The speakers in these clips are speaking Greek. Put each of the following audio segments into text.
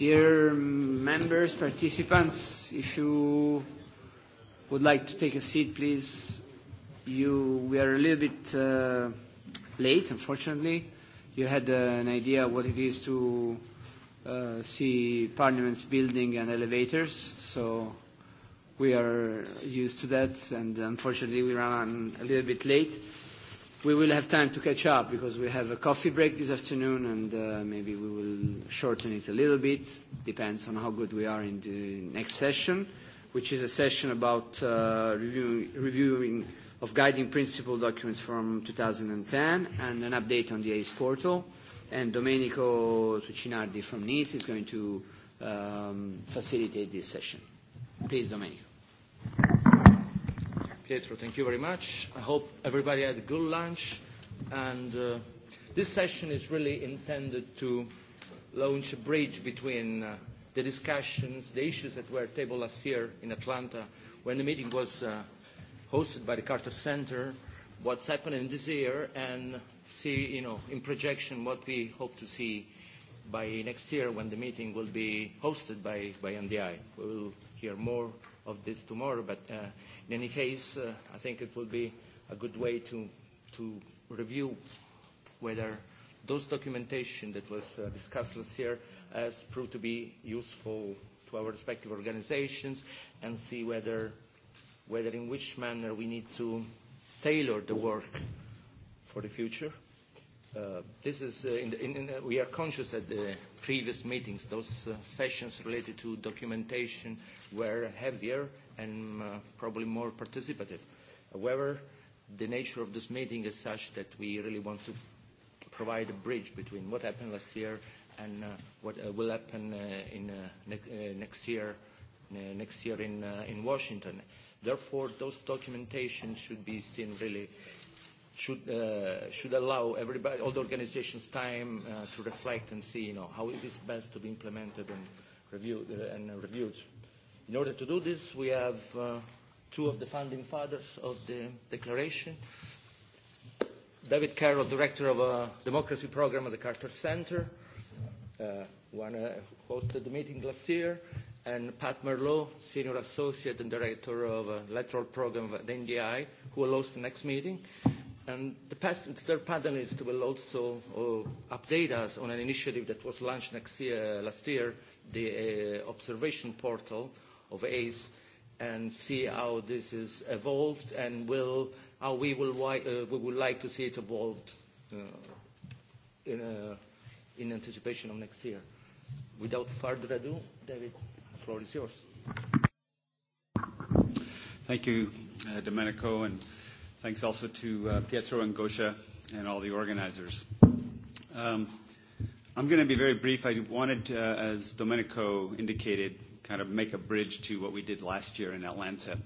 Dear members, participants, if you would like to take a seat, please. You, we are a little bit late, unfortunately. You had an idea what it is to see Parliament's building and elevators, so we are used to that, and unfortunately we ran a little bit late. We will have time to catch up because we have a coffee break this afternoon and maybe we will shorten it a little bit. Depends on how good we are in the next session, which is a session about reviewing of guiding principle documents from 2010 and an update on the ACE portal. And Domenico Tucinardi from NEEDS is going to facilitate this session. Please, Domenico. Pietro, thank you very much. I hope everybody had a good lunch. And this session is really intended to launch a bridge between the discussions, the issues that were tabled last year in Atlanta when the meeting was hosted by the Carter Center, what's happening this year, and see, you know, in projection what we hope to see by next year when the meeting will be hosted by NDI. We will hear more of this tomorrow, but In any case, I think it would be a good way to review whether those documentation that was discussed last year has proved to be useful to our respective organizations and see whether whether in which manner we need to tailor the work for the future. This is, we are conscious that the previous meetings, those sessions related to documentation were heavier and probably more participative. However, the nature of this meeting is such that we really want to provide a bridge between what happened last year and what will happen in next year next year in in Washington. Therefore, those documentation should be seen really should should allow everybody, all the organizations, time to reflect and see, you know, how it is best to be implemented and reviewed and reviewed In order to do this, we have two of the founding fathers of the Declaration. David Carroll, director of a democracy program at the Carter Center, one hosted the meeting last year, and Pat Merlot, senior associate and director of a electoral program at the NDI, who will host the next meeting. And the third panelist will also update us on an initiative that was launched next year, last year, the observation portal of ACE and see how this is evolved and will how we will we would like to see it evolved in in anticipation of next year. Without further ado, David, the floor is yours. Thank you, Domenico, and thanks also to Pietro and Gosha and all the organizers. Um, I'm going to be very brief. I wanted, as Domenico indicated, kind of make a bridge to what we did last year in Atlanta.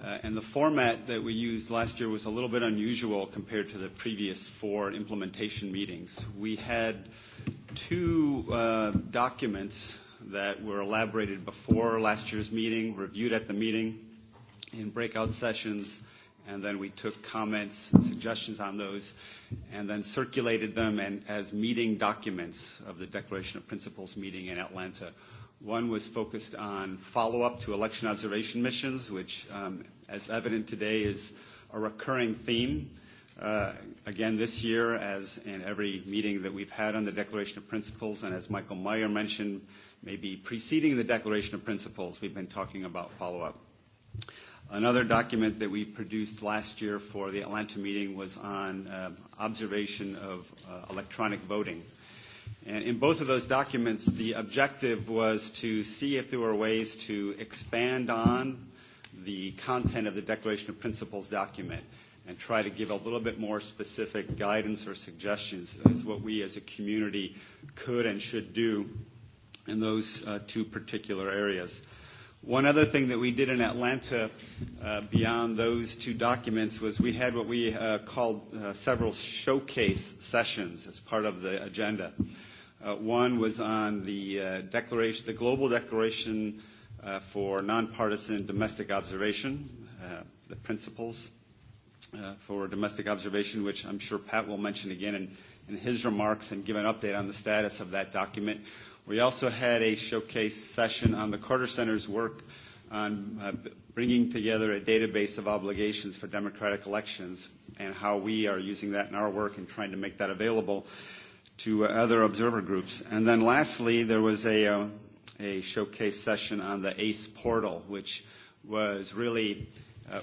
And the format that we used last year was a little bit unusual compared to the previous four implementation meetings. We had two documents that were elaborated before last year's meeting, reviewed at the meeting in breakout sessions, and then we took comments and suggestions on those and then circulated them as meeting documents of the Declaration of Principles meeting in Atlanta. One was focused on follow-up to election observation missions, which, as evident today, is a recurring theme. Again, this year, as in every meeting that we've had on the Declaration of Principles, and as Michael Meyer mentioned, maybe preceding the Declaration of Principles, we've been talking about follow-up. Another document that we produced last year for the Atlanta meeting was on observation of electronic voting. And in both of those documents, the objective was to see if there were ways to expand on the content of the Declaration of Principles document and try to give a little bit more specific guidance or suggestions as what we as a community could and should do in those two particular areas. One other thing that we did in Atlanta beyond those two documents was we had what we called several showcase sessions as part of the agenda. One was on the declaration, the Global Declaration for Nonpartisan Domestic Observation, the principles for domestic observation, which I'm sure Pat will mention again in his remarks and give an update on the status of that document. We also had a showcase session on the Carter Center's work on bringing together a database of obligations for democratic elections and how we are using that in our work and trying to make that available to other observer groups. And then lastly, there was a a showcase session on the ACE portal, which was really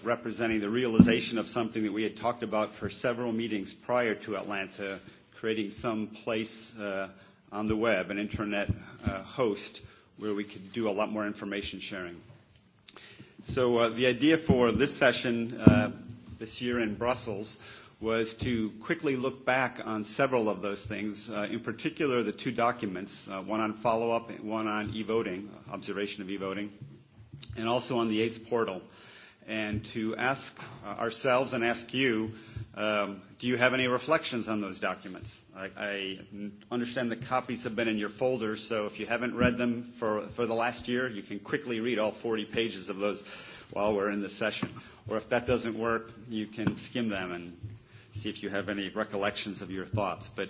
representing the realization of something that we had talked about for several meetings prior to Atlanta, creating some place on the web, an internet host, where we could do a lot more information sharing. So the idea for this session this year in Brussels was to quickly look back on several of those things, in particular the two documents, one on follow-up and one on e-voting, observation of e-voting, and also on the ACE portal, and to ask ourselves and ask you, do you have any reflections on those documents? I understand the copies have been in your folders, so if you haven't read them for the last year, you can quickly read all 40 pages of those while we're in the session. Or if that doesn't work, you can skim them and see if you have any recollections of your thoughts. But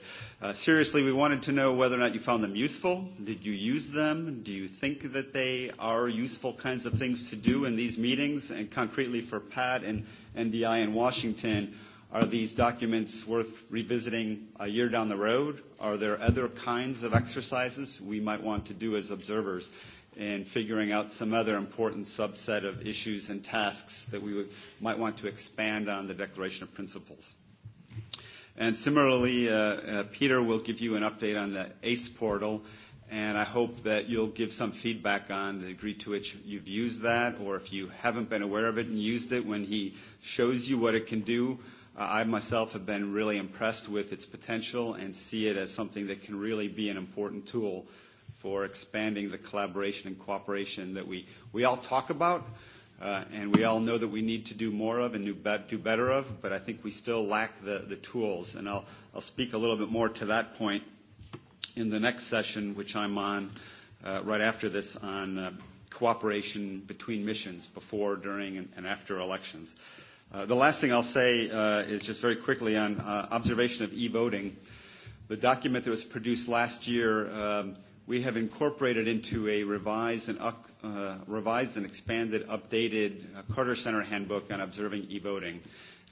seriously, we wanted to know whether or not you found them useful. Did you use them? Do you think that they are useful kinds of things to do in these meetings? And concretely for PAD and NDI in Washington, are these documents worth revisiting a year down the road? Are there other kinds of exercises we might want to do as observers? and figuring out some other important subset of issues and tasks that we might want to expand on the Declaration of Principles. And similarly, Peter will give you an update on the ACE portal, and I hope that you'll give some feedback on the degree to which you've used that, or if you haven't been aware of it and used it when he shows you what it can do. I myself have been really impressed with its potential and see it as something that can really be an important tool for expanding the collaboration and cooperation that we all talk about and we all know that we need to do more of and do better of, but I think we still lack the tools. And I'll speak a little bit more to that point in the next session, which I'm on right after this, on cooperation between missions before, during, and after elections. The last thing I'll say is just very quickly on observation of e-voting. The document that was produced last year we have incorporated into a revised and revised and expanded, updated Carter Center Handbook on Observing E-Voting.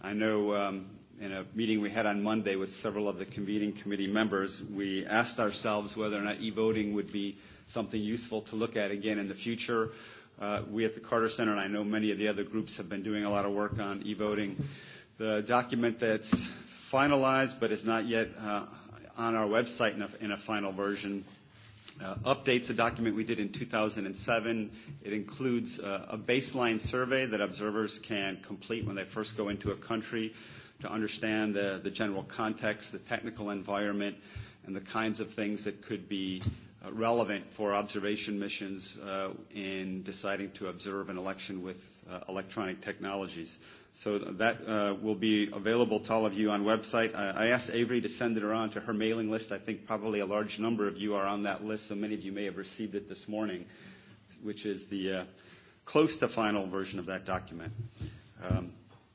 I know in a meeting we had on Monday with several of the convening committee members, we asked ourselves whether or not e-voting would be something useful to look at again in the future. We at the Carter Center, and I know many of the other groups, have been doing a lot of work on e-voting. The document that's finalized but is not yet on our website in a final version updates a document we did in 2007. It includes a baseline survey that observers can complete when they first go into a country to understand the general context, the technical environment, and the kinds of things that could be relevant for observation missions in deciding to observe an election with electronic technologies. So that will be available to all of you on website. I asked Avery to send it around to her mailing list. I think probably a large number of you are on that list, so many of you may have received it this morning, which is the close to final version of that document.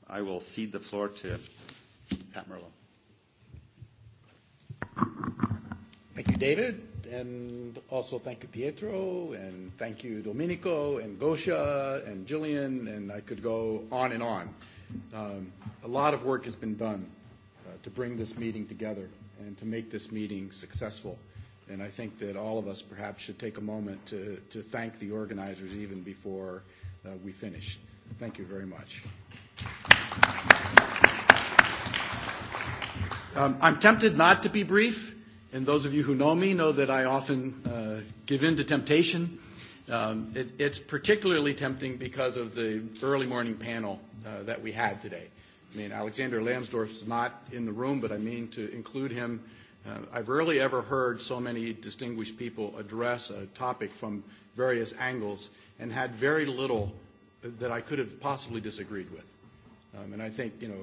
I will cede the floor to Pat Merlo. Thank you, David and also thank you, Pietro, and thank you, Domenico, and Gosha, and Jillian, and I could go on and on. Um, a lot of work has been done to bring this meeting together and to make this meeting successful. And I think that all of us perhaps should take a moment to, to thank the organizers even before we finish. Thank you very much. Um, I'm tempted not to be brief and those of you who know me know that I often give in to temptation. It's particularly tempting because of the early morning panel that we had today. I mean, Alexander Lambsdorff is not in the room, but I mean to include him. I've rarely ever heard so many distinguished people address a topic from various angles and had very little that I could have possibly disagreed with. And I think, you know,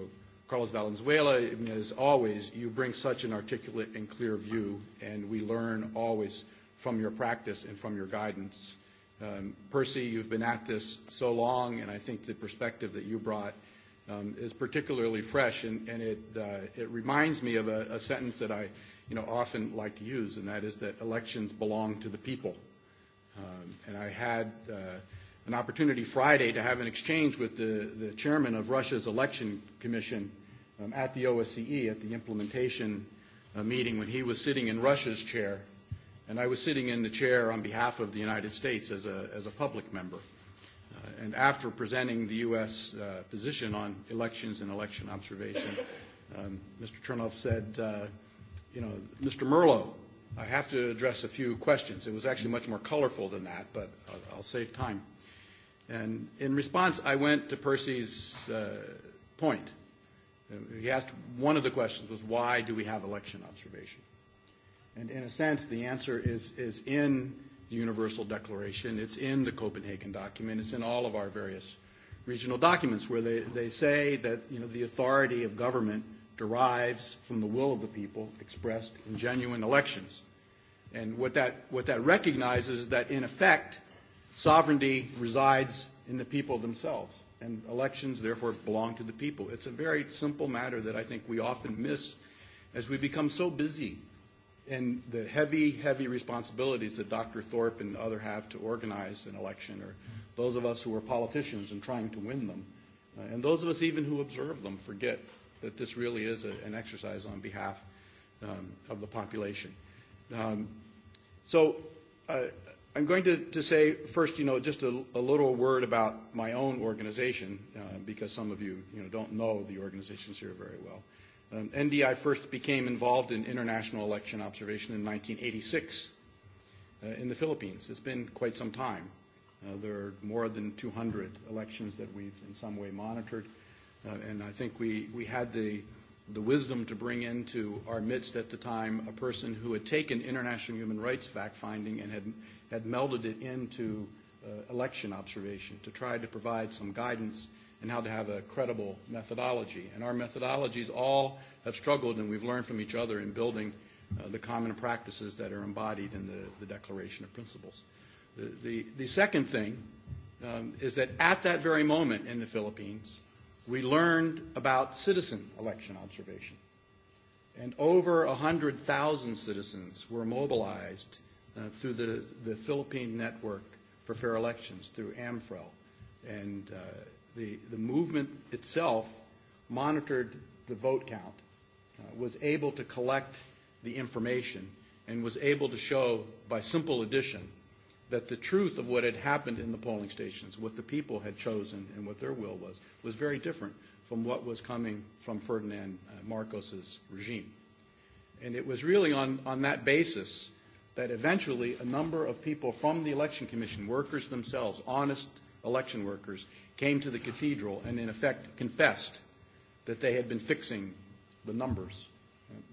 Carlos Valenzuela as always, you bring such an articulate and clear view, and we learn always from your practice and from your guidance. Percy, you've been at this so long, and I think the perspective that you brought is particularly fresh, and it it reminds me of a sentence that I you know, often like to use, and that is that elections belong to the people. And I had an opportunity Friday to have an exchange with the, the chairman of Russia's election commission at the OSCE at the implementation meeting when he was sitting in Russia's chair, and I was sitting in the chair on behalf of the United States as a, as a public member. and after presenting the U.S. position on elections and election observation, Mr. Chernov said, you know, Mr. Merlo, I have to address a few questions. It was actually much more colorful than that, but I'll save time. And in response, I went to Percy's point. He asked one of the questions was why do we have election observation? And in a sense, the answer is is in the Universal Declaration. It's in the Copenhagen document. It's in all of our various regional documents where they, they say that you know, the authority of government derives from the will of the people expressed in genuine elections. And what that, what that recognizes is that, in effect, sovereignty resides in the people themselves, and elections, therefore, belong to the people. It's a very simple matter that I think we often miss as we become so busy in the heavy, heavy responsibilities that Dr. Thorpe and others have to organize an election, or those of us who are politicians and trying to win them, and those of us even who observe them forget that this really is an exercise on behalf of the population. So I'm going to, to say first, you know, just a, little word about my own organization, because some of you, you know, don't know the organizations here very well. NDI first became involved in international election observation in 1986 in the Philippines. It's been quite some time. there are more than 200 elections that we've in some way monitored, and I think we, we had the the wisdom to bring into our midst at the time a person who had taken international human rights fact finding and had had melded it into election observation to try to provide some guidance and how to have a credible methodology. And our methodologies all have struggled, and we've learned from each other in building the common practices that are embodied in the Declaration of Principles. The second thing is that at that very moment in the Philippines, we learned about citizen election observation. And over 100,000 citizens were mobilized through the, the Philippine Network for Fair Elections, through AMFREL. And the, the movement itself monitored the vote count, was able to collect the information, and was able to show by simple addition that the truth of what had happened in the polling stations, what the people had chosen and what their will was, was very different from what was coming from Ferdinand Marcos's regime. And it was really on, on that basis that eventually a number of people from the Election Commission, workers themselves, honest election workers, came to the cathedral and in effect confessed that they had been fixing the numbers.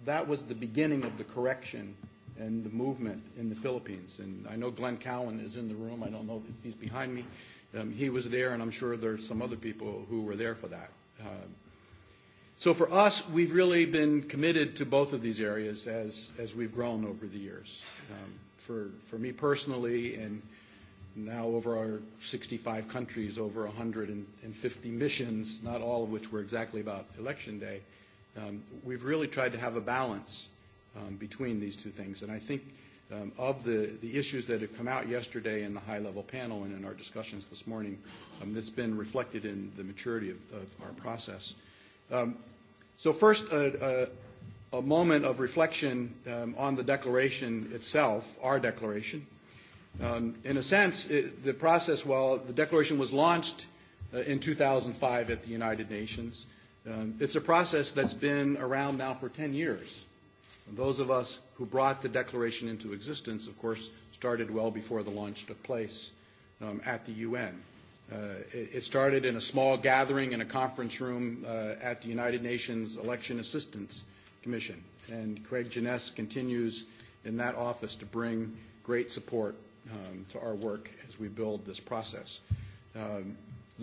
That was the beginning of the correction and the movement in the Philippines. And I know Glenn Cowan is in the room. I don't know if he's behind me. He was there, and I'm sure there are some other people who were there for that. So for us, we've really been committed to both of these areas as as we've grown over the years. For for me personally, and now over our 65 countries, over 150 missions, not all of which were exactly about election day, we've really tried to have a balance between these two things. And I think of the the issues that have come out yesterday in the high-level panel and in our discussions this morning, that's been reflected in the maturity of our process. So first, a moment of reflection on the declaration itself, our declaration. In a sense, the process, while the declaration was launched in 2005 at the United Nations, it's a process that's been around now for 10 years. Those of us who brought the declaration into existence, of course, started well before the launch took place at the UN. It started in a small gathering in a conference room at the United Nations Election Assistance Commission, and Craig Jeunesse continues in that office to bring great support to our work as we build this process. There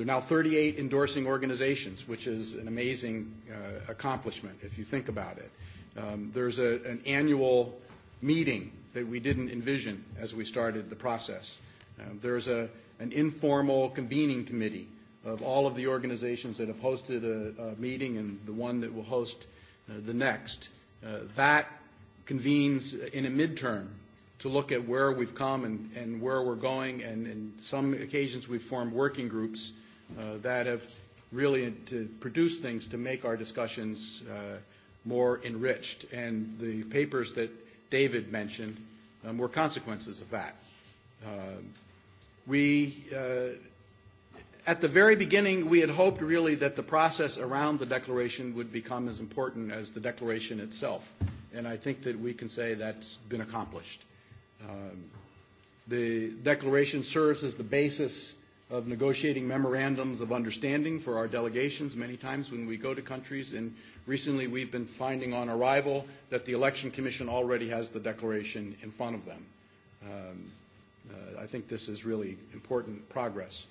are now 38 endorsing organizations, which is an amazing accomplishment if you think about it. There's an annual meeting that we didn't envision as we started the process. There's a an informal convening committee of all of the organizations that have hosted a meeting and the one that will host the next. That convenes in a midterm to look at where we've come and where we're going, and in some occasions we've formed working groups that have really to produce things to make our discussions more enriched. And the papers that David mentioned were consequences of that. We, at the very beginning, we had hoped really that the process around the declaration would become as important as the declaration itself, and I think that we can say that's been accomplished. The declaration serves as the basis of negotiating memorandums of understanding for our delegations many times when we go to countries, and recently we've been finding on arrival that the Election Commission already has the declaration in front of them. I think this is really important progress.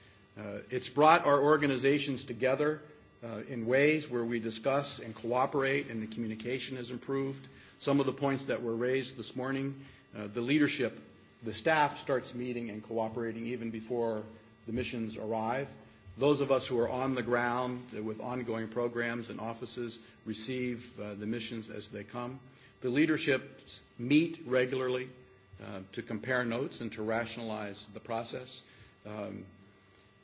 It's brought our organizations together in ways where we discuss and cooperate, and the communication has improved. Some of the points that were raised this morning, the leadership, the staff starts meeting and cooperating even before the missions arrive. Those of us who are on the ground with ongoing programs and offices receive the missions as they come. The leaderships meet regularly to compare notes and to rationalize the process.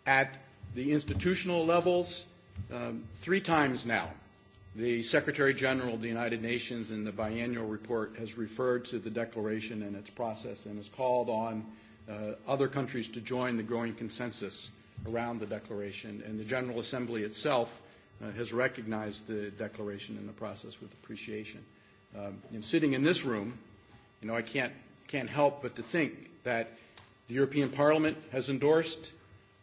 At the institutional levels, three times now, the Secretary General of the United Nations in the biannual report has referred to the declaration and its process and has called on other countries to join the growing consensus around the declaration. And the General Assembly itself has recognized the declaration and the process with appreciation. Sitting in this room, you know, I can't can't help but to think that the European Parliament has endorsed,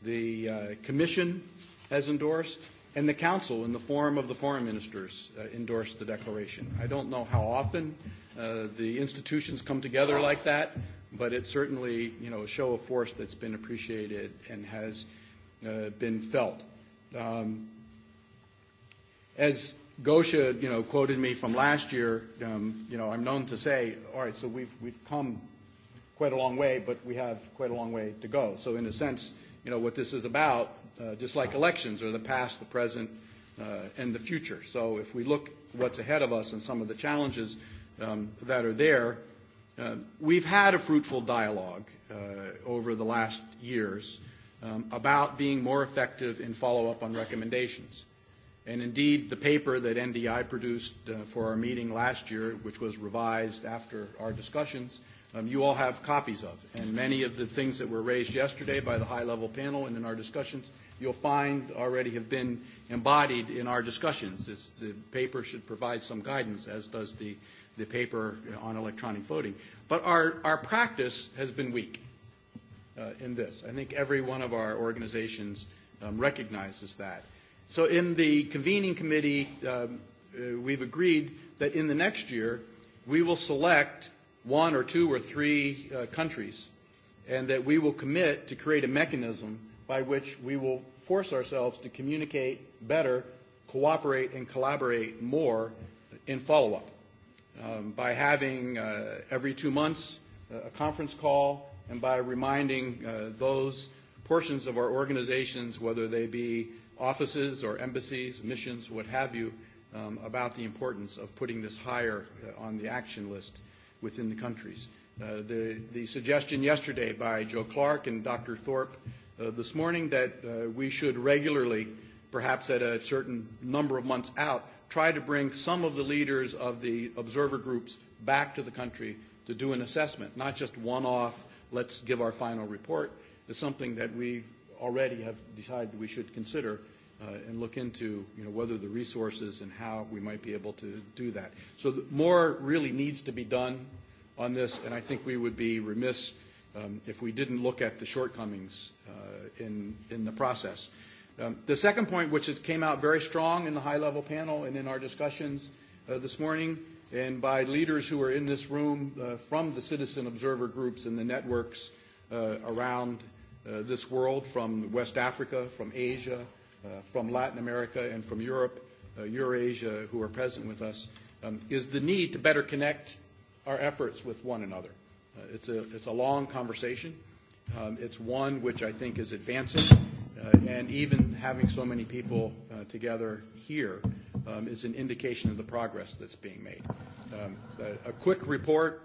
the Commission has endorsed, and the Council, in the form of the foreign ministers, endorsed the declaration. I don't know how often the institutions come together like that, but it's certainly you know, a show of force that's been appreciated and has been felt. As Gosha, you know, quoted me from last year. you know, I'm known to say, all right, so we've, come quite a long way, but we have quite a long way to go. So in a sense, you know, what this is about, just like elections, are the past, the present, and the future. So if we look what's ahead of us and some of the challenges that are there, we've had a fruitful dialogue over the last years about being more effective in follow-up on recommendations. And indeed, the paper that NDI produced for our meeting last year, which was revised after our discussions, you all have copies of. And many of the things that were raised yesterday by the high-level panel and in our discussions, you'll find already have been embodied in our discussions. The paper should provide some guidance, as does the paper on electronic voting. But our practice has been weak in this. I think every one of our organizations recognizes that. So in the convening committee, we've agreed that in the next year, we will select one or two or three countries, and that we will commit to create a mechanism by which we will force ourselves to communicate better, cooperate, and collaborate more in follow-up by having every two months a conference call and by reminding those portions of our organizations, whether they be offices or embassies, missions, what have you, about the importance of putting this higher on the action list within the countries. The the suggestion yesterday by Joe Clark and Dr. Thorpe this morning that we should regularly, perhaps at a certain number of months out, try to bring some of the leaders of the observer groups back to the country to do an assessment, not just one-off, let's give our final report, is something that we already have decided we should consider and look into, you know, whether the resources and how we might be able to do that. So more really needs to be done on this, and I think we would be remiss if we didn't look at the shortcomings in in the process. The second point, which came out very strong in the high-level panel and in our discussions this morning, and by leaders who are in this room from the citizen observer groups and the networks around this world from West Africa, from Asia, from Latin America, and from Europe, Eurasia, who are present with us, is the need to better connect our efforts with one another. It's a it's a long conversation. It's one which I think is advancing, and even having so many people together here is an indication of the progress that's being made. A quick report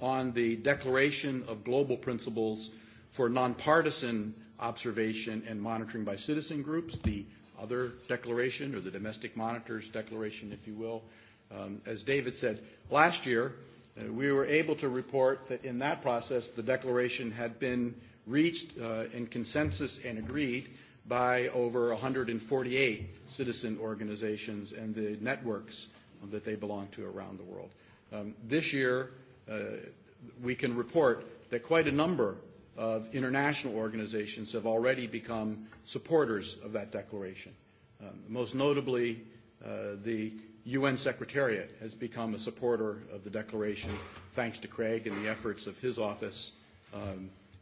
on the Declaration of Global Principles for nonpartisan observation and monitoring by citizen groups, the other declaration or the domestic monitors declaration, if you will. As David said, last year we were able to report that in that process the declaration had been reached in consensus and agreed by over 148 citizen organizations and the networks that they belong to around the world. This year we can report that quite a number of international organizations have already become supporters of that declaration. Most notably, the UN Secretariat has become a supporter of the declaration, thanks to Craig and the efforts of his office.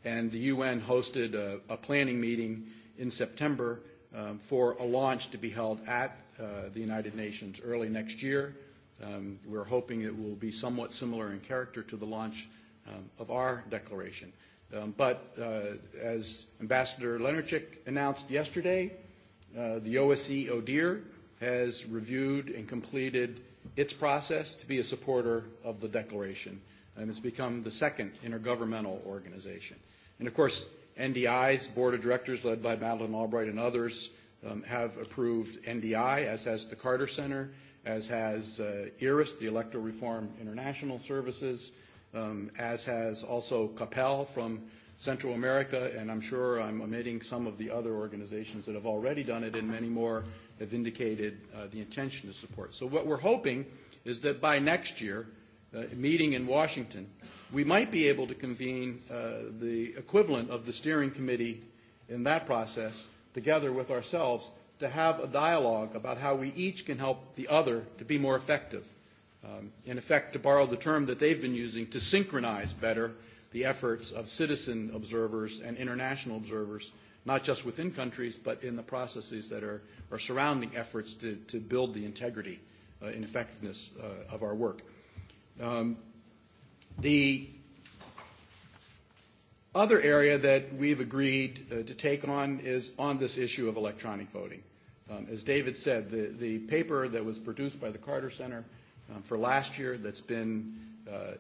And the UN hosted a planning meeting in September for a launch to be held at the United Nations early next year. We're hoping it will be somewhat similar in character to the launch of our declaration. But as Ambassador Lenarchik announced yesterday, the OSCE ODIHR has reviewed and completed its process to be a supporter of the declaration, and it's become the second intergovernmental organization. And, of course, NDI's Board of Directors, led by Madeleine Albright and others, have approved NDI, as has the Carter Center, as has IRIS, the Electoral Reform International Services, as has also Capel from Central America, and I'm sure I'm omitting some of the other organizations that have already done it, and many more have indicated the intention to support. So what we're hoping is that by next year, uh meeting in Washington, we might be able to convene the equivalent of the steering committee in that process, together with ourselves, to have a dialogue about how we each can help the other to be more effective in effect, to borrow the term that they've been using, to synchronize better the efforts of citizen observers and international observers, not just within countries, but in the processes that are surrounding efforts to build the integrity and effectiveness of our work. The other area that we've agreed to take on is on this issue of electronic voting. As David said, the paper that was produced by the Carter Center for last year that's been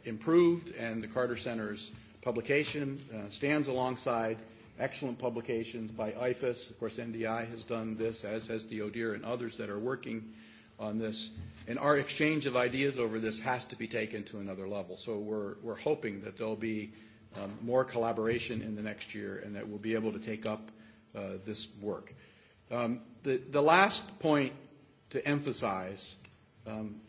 improved, and the Carter Center's publication stands alongside excellent publications by IFAS. Of course, NDI has done this, as has the ODIR and others that are working on this. And our exchange of ideas over this has to be taken to another level. So we're, we're hoping that there'll be more collaboration in the next year and that we'll be able to take up this work. The, the last point to emphasize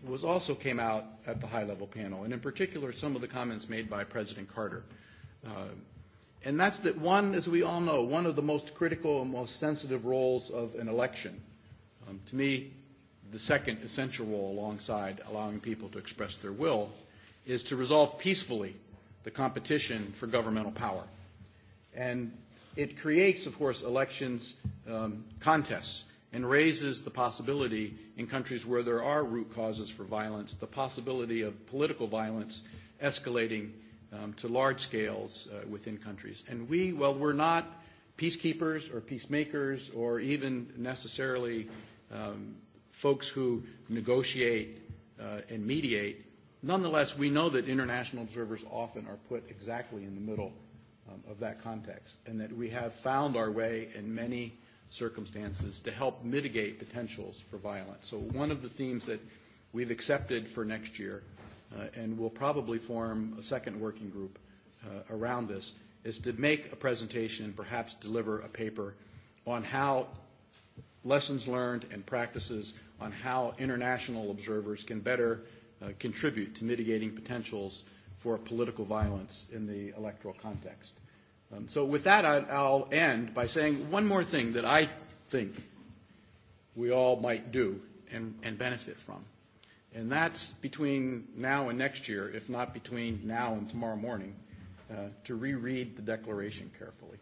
was also came out at the high-level panel, and in particular some of the comments made by President Carter. And that's that one, as we all know, one of the most critical and most sensitive roles of an election. To me, the second essential role alongside allowing people to express their will is to resolve peacefully the competition for governmental power. And it creates, of course, elections contests and raises the possibility in countries where there are root causes for violence, the possibility of political violence escalating to large scales within countries. And we, well, we're not peacekeepers or peacemakers or even necessarily folks who negotiate and mediate. Nonetheless, we know that international observers often are put exactly in the middle of that context and that we have found our way in many circumstances to help mitigate potentials for violence. So one of the themes that we've accepted for next year, and we'll probably form a second working group around this, is to make a presentation and perhaps deliver a paper on how lessons learned and practices on how international observers can better contribute to mitigating potentials for political violence in the electoral context. So with that, I'll end by saying one more thing that I think we all might do and benefit from. And that's between now and next year, if not between now and tomorrow morning, to reread the Declaration carefully.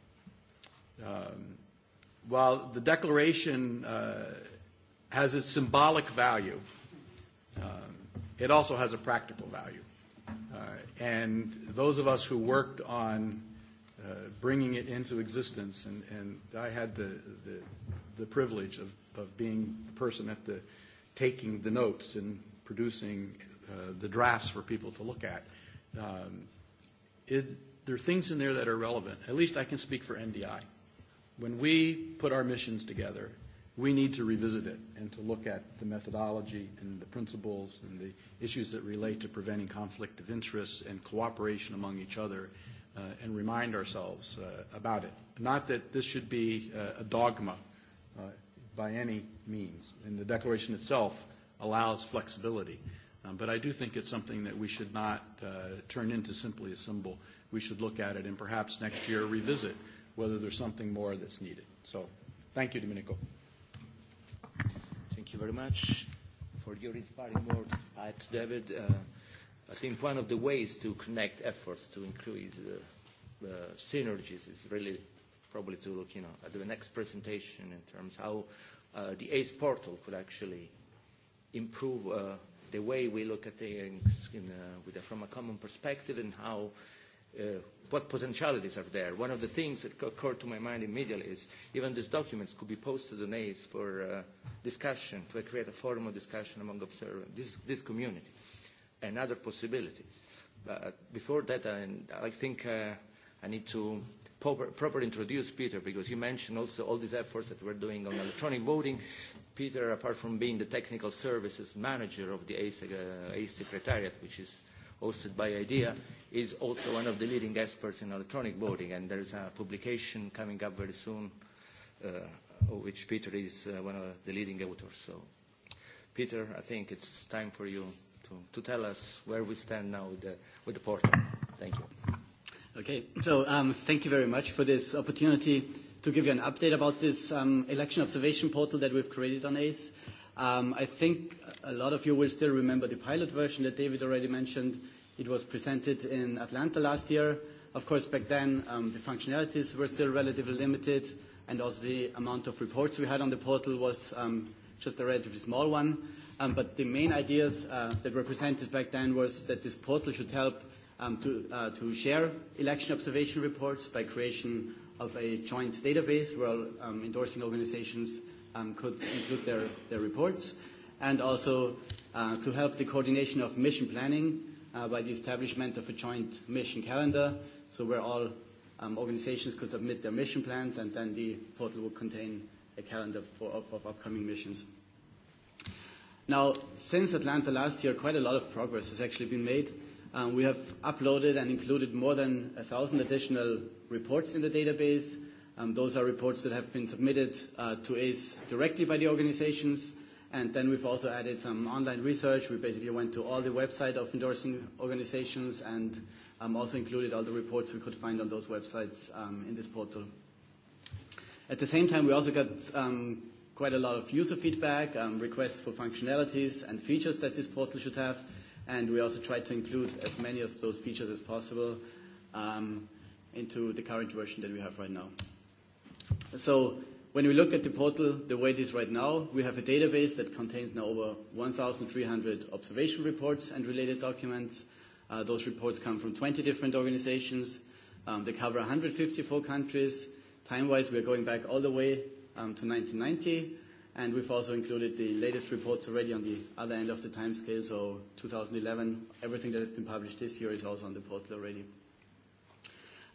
While the Declaration has a symbolic value, it also has a practical value. And those of us who worked on bringing it into existence. And, and I had the, the, the privilege of, of being the person at the taking the notes and producing the drafts for people to look at. Um, there are things in there that are relevant. At least I can speak for NDI. When we put our missions together, we need to revisit it and to look at the methodology and the principles and the issues that relate to preventing conflict of interest and cooperation among each other and remind ourselves about it. Not that this should be a dogma by any means, and the Declaration itself allows flexibility. But I do think it's something that we should not turn into simply a symbol. We should look at it and perhaps next year revisit whether there's something more that's needed. So thank you, Domenico. Thank you very much for your inspiring words, David. I think one of the ways to connect efforts to increase synergies is really probably to look you know, at the next presentation in terms how the ACE portal could actually improve the way we look at things from a common perspective and how what potentialities are there. One of the things that occurred to my mind immediately is even these documents could be posted on ACE for discussion, to create a forum of discussion among observers, this community another possibility. But before that, I think I need to properly introduce Peter because you mentioned also all these efforts that we're doing on electronic voting. Peter, apart from being the technical services manager of the ACE Secretariat, which is hosted by IDEA, is also one of the leading experts in electronic voting. And there is a publication coming up very soon, of which Peter is one of the leading authors. So, Peter, I think it's time for you to tell us where we stand now with the portal. Thank you. Okay. So thank you very much for this opportunity to give you an update about this election observation portal that we've created on ACE. I think a lot of you will still remember the pilot version that David already mentioned. It was presented in Atlanta last year. Of course, back then, the functionalities were still relatively limited, and also the amount of reports we had on the portal was just a relatively small one. But the main ideas that were presented back then was that this portal should help to share election observation reports by creation of a joint database where endorsing organizations could include their their reports, and also to help the coordination of mission planning by the establishment of a joint mission calendar, so where all organizations could submit their mission plans, and then the portal would contain a calendar for of upcoming missions. Now, since Atlanta last year, quite a lot of progress has actually been made. We have uploaded and included more than 1,000 additional reports in the database. Those are reports that have been submitted to ACE directly by the organizations. And then we've also added some online research. We basically went to all the website of endorsing organizations and also included all the reports we could find on those websites in this portal. At the same time, we also got quite a lot of user feedback, requests for functionalities and features that this portal should have, and we also tried to include as many of those features as possible into the current version that we have right now. So when we look at the portal the way it is right now, we have a database that contains now over 1,300 observation reports and related documents. Those reports come from 20 different organizations. They cover 154 countries Time-wise, we are going back all the way um, to 1990, and we've also included the latest reports already on the other end of the time scale, so 2011, everything that has been published this year is also on the portal already.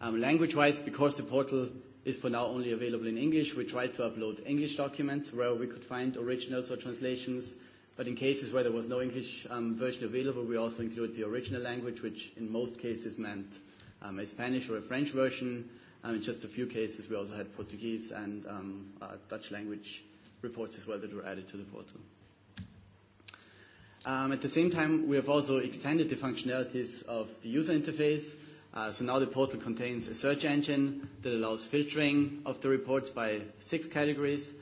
Um, Language-wise, because the portal is for now only available in English, we tried to upload English documents where we could find originals or translations, but in cases where there was no English um, version available, we also included the original language, which in most cases meant um, a Spanish or a French version, In just a few cases, we also had Portuguese and Dutch language reports as well that were added to the portal. At the same time, we have also extended the functionalities of the user interface. So now the portal contains a search engine that allows filtering of the reports by six categories.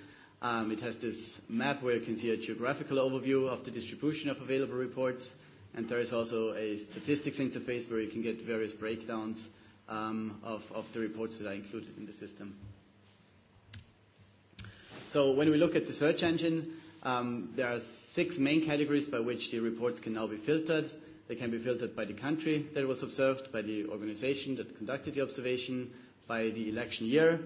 It has this map where you can see a geographical overview of the distribution of available reports. And there is also a statistics interface where you can get various breakdowns of the reports that are included in the system. So when we look at the search engine, there are six main categories by which the reports can now be filtered. They can be filtered by the country that was observed, by the organization that conducted the observation, by the election year,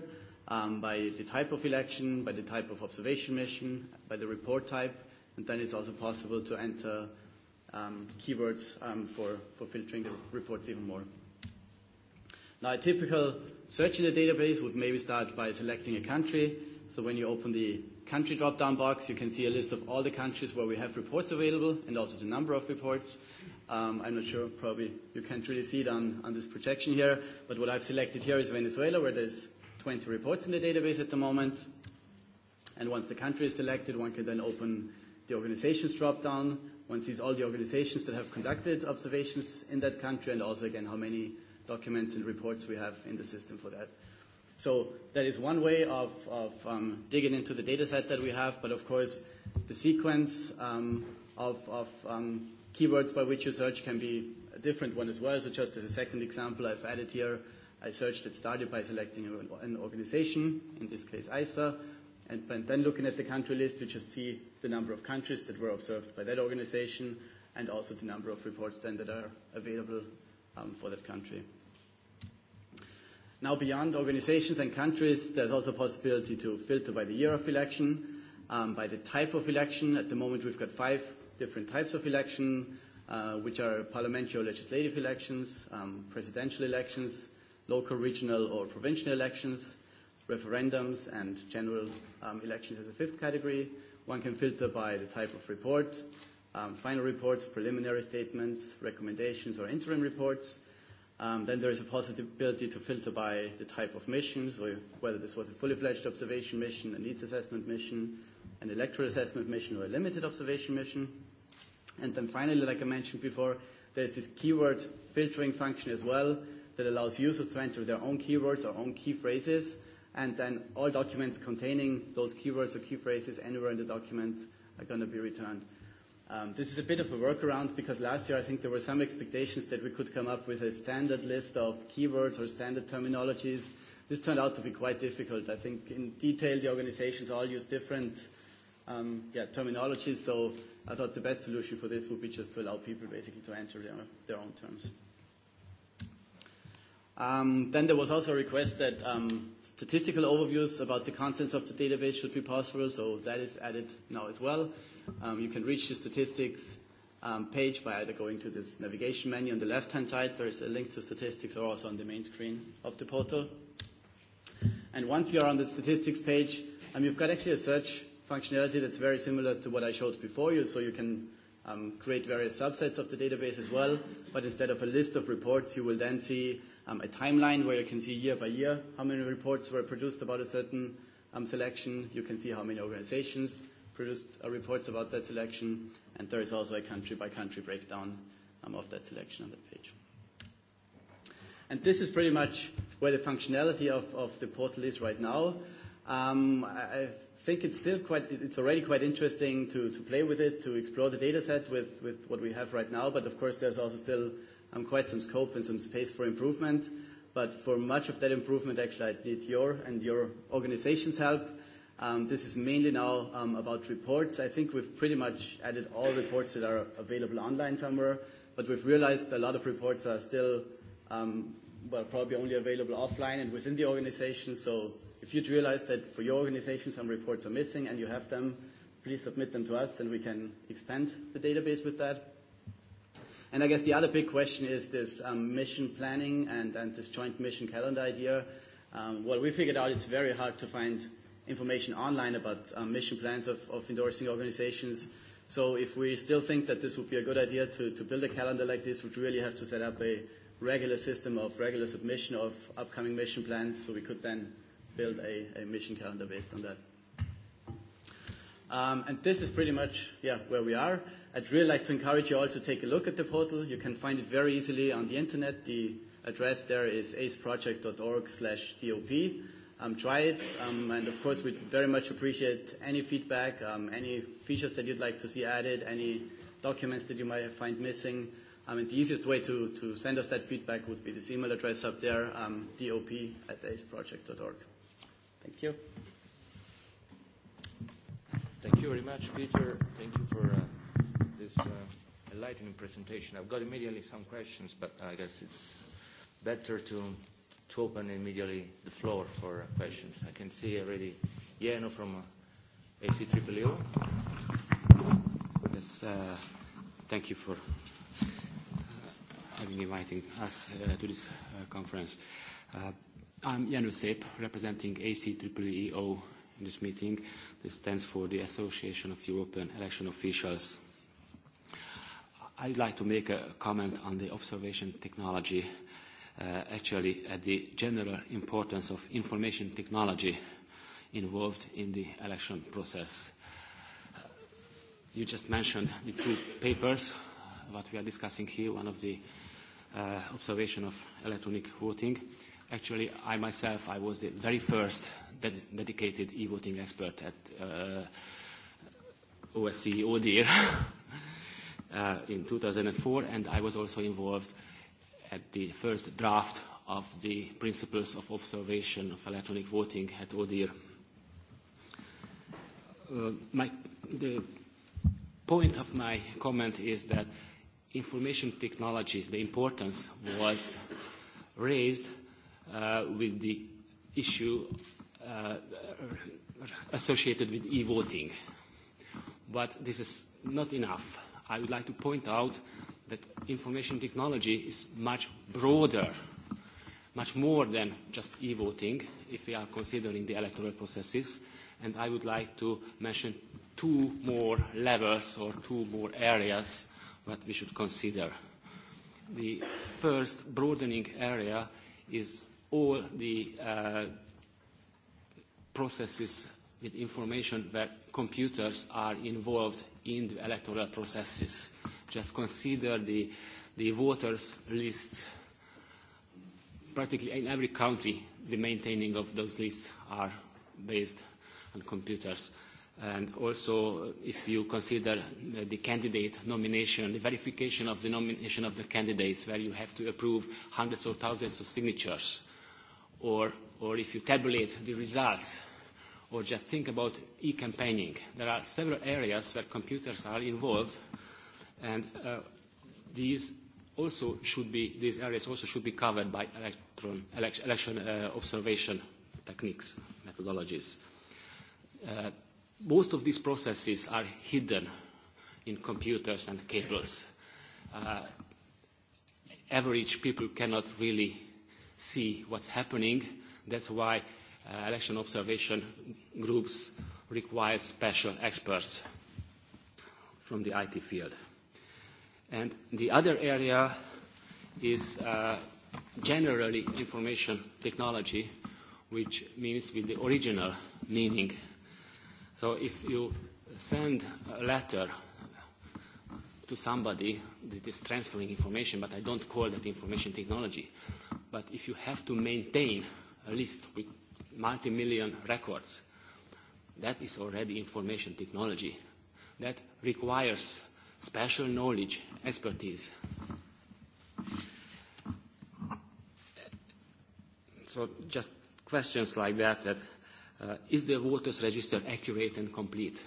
by the type of election, by the type of observation mission, by the report type, and then it's also possible to enter keywords for filtering the reports even more. Now, a typical search in a database would maybe start by selecting a country. So when you open the country drop-down box, you can see a list of all the countries where we have reports available and also the number of reports. Um, I'm not sure, probably you can't really see it on, on this projection here, but what I've selected here is Venezuela, where there's 20 reports in the database at the moment. And once the country is selected, one can then open the organizations drop-down. One sees all the organizations that have conducted observations in that country and also, again, how many documents and reports we have in the system for that. So that is one way of, of digging into the data set that we have, but of course the sequence um, of, of um, keywords by which you search can be a different one as well. So just as a second example, I've added here, I searched it started by selecting an organization, in this case ISA, and then looking at the country list, you just see the number of countries that were observed by that organization and also the number of reports then that are available um, for that country. Now, beyond organizations and countries, there's also a possibility to filter by the year of election, by the type of election. At the moment, we've got five different types of election, which are parliamentary or legislative elections, presidential elections, local, regional, or provincial elections, referendums, and general elections as a fifth category. One can filter by the type of report, final reports, preliminary statements, recommendations, or interim reports. Um Then there is a possibility to filter by the type of mission, so whether this was a fully fledged observation mission, a needs assessment mission, an electoral assessment mission, or a limited observation mission. And then finally, like I mentioned before, there's this keyword filtering function as well that allows users to enter their own keywords or own key phrases, and then all documents containing those keywords or key phrases anywhere in the document are going to be returned. This is a bit of a workaround because last year I think there were some expectations that we could come up with a standard list of keywords or standard terminologies. This turned out to be quite difficult. I think in detail the organizations all use different terminologies, so I thought the best solution for this would be just to allow people basically to enter their own terms. Then there was also a request that statistical overviews about the contents of the database should be possible, so that is added now as well. You can reach the statistics page by either going to this navigation menu on the left-hand side. There is a link to statistics or also on the main screen of the portal. And once you are on the statistics page, you've got actually a search functionality that's very similar to what I showed before you. So you can create various subsets of the database as well. But instead of a list of reports, you will then see a timeline where you can see year by year how many reports were produced about a certain selection. You can see how many organizations produced reports about that selection, and there is also a country-by-country breakdown of that selection on that page. And this is pretty much where the functionality of the portal is right now. I think it's still quite, it's already quite interesting to to play with it, to explore the data set with with what we have right now, but of course there's also still quite some scope and some space for improvement. But for much of that improvement, actually, I need your and your organization's help This is mainly now about reports. I think we've pretty much added all reports that are available online somewhere, but we've realized a lot of reports are still, well, probably only available offline and within the organization. So if you'd realize that for your organization some reports are missing and you have them, please submit them to us and we can expand the database with that. And I guess the other big question is this mission planning and this joint mission calendar idea. Well, we figured out it's very hard to find information online about mission plans of of endorsing organizations. So if we still think that this would be a good idea to to build a calendar like this, we'd really have to set up a regular system of regular submission of upcoming mission plans so we could then build a a mission calendar based on that. and this is pretty much yeah where we are. I'd really like to encourage you all to take a look at the portal. You can find it very easily on the internet. The address there is aceproject.org/dop um, try it. Um, and of course, we'd very much appreciate any feedback, um, any features that you'd like to see added, any documents that you might find missing. I mean, the easiest way to, to send us that feedback would be this email address up there, um, dop at aceproject.org. Thank you. Thank you very much, Peter. Thank you for uh, this uh, enlightening presentation. I've got immediately some questions, but I guess it's better to to open immediately the floor for questions. I can see already Jeno from ACOO. Yes, thank you for having invited us to this conference. I'm Jeno Sip, representing ACEEO in this meeting. This stands for the Association of European Election Officials. I'd like to make a comment on the observation technology actually at the general importance of information technology involved in the election process. You just mentioned the two papers, what we are discussing here, one of the observation of electronic voting. Actually, I myself, I was the very first dedicated e-voting expert at OSCE ODIR in 2004, and I was also involved at the first draft of the principles of observation of electronic voting at ODIR. The point of my comment is that information technology, the importance was raised with the issue associated with e-voting. But this is not enough I would like to point out that information technology is much broader, much more than just e-voting, if we are considering the electoral processes. And I would like to mention two more levels or two more areas that we should consider. The first broadening area is all the processes with information where computers are involved in the electoral processes. Just consider the the voters lists. Practically in every country, the maintaining of those lists are based on computers. And also, if you consider the candidate nomination, the verification of the nomination of the candidates, where you have to approve hundreds or thousands of signatures, or if you tabulate the results or just think about e-campaigning. There are several areas where computers are involved, and these also should be these areas also should be covered by electron election observation techniques methodologies. Most of these processes are hidden in computers and cables. Average people cannot really see what's happening. That's why election observation groups require special experts from the IT field. And the other area is generally information technology, which means with the original meaning. So if you send a letter to somebody that is transferring information, but I don't call that information technology, but if you have to maintain a list with multi-million records. That is already information technology. That requires special knowledge, expertise. So just questions like that, that is the voters register accurate and complete?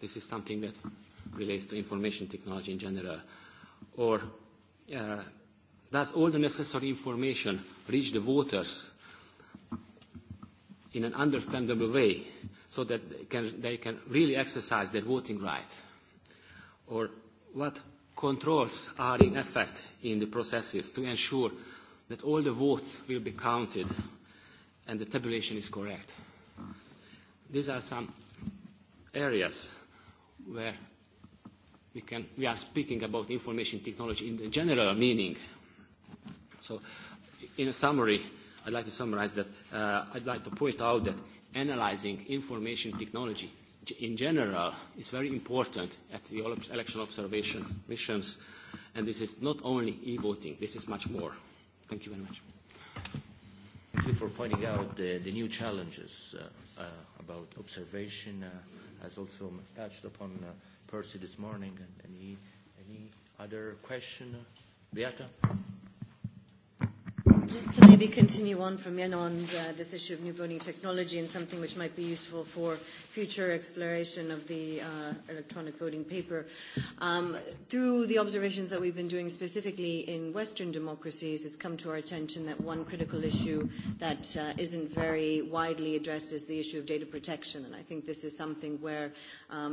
This is something that relates to information technology in general. Or does all the necessary information reach the voters in an understandable way so that they can really exercise their voting right? Or what controls are in effect in the processes to ensure that all the votes will be counted and the tabulation is correct? These are some areas where we can we are speaking about information technology in the general meaning. So in a summary I'd like to summarize that I'd like to point out that analyzing information technology in general is very important at the election observation missions, and this is not only e-voting, this is much more. Thank you very much. Thank you for pointing out the new challenges about observation, as also touched upon Percy this morning. Any other question? Beata? just to maybe continue on from Yen on this issue of new voting technology and something which might be useful for future exploration of the electronic voting paper. Through the observations that we've been doing specifically in Western democracies, it's come to our attention that one critical issue that isn't very widely addressed is the issue of data protection. And I think this is something where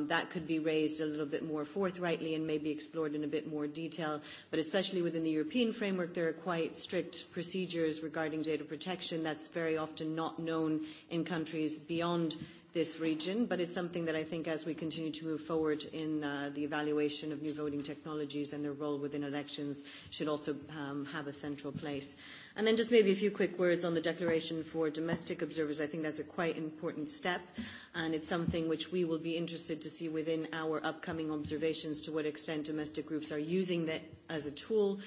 that could be raised a little bit more forthrightly and maybe explored in a bit more detail. But especially within the European framework, there are quite strict procedures procedures regarding data protection that's very often not known in countries beyond this region, but it's something that I think as we continue to move forward in the evaluation of new voting technologies and their role within elections should also have a central place. And then just maybe a few quick words on the declaration for domestic observers. I think that's a quite important step and it's something which we will be interested to see within our upcoming observations to what extent domestic groups are using that as a tool,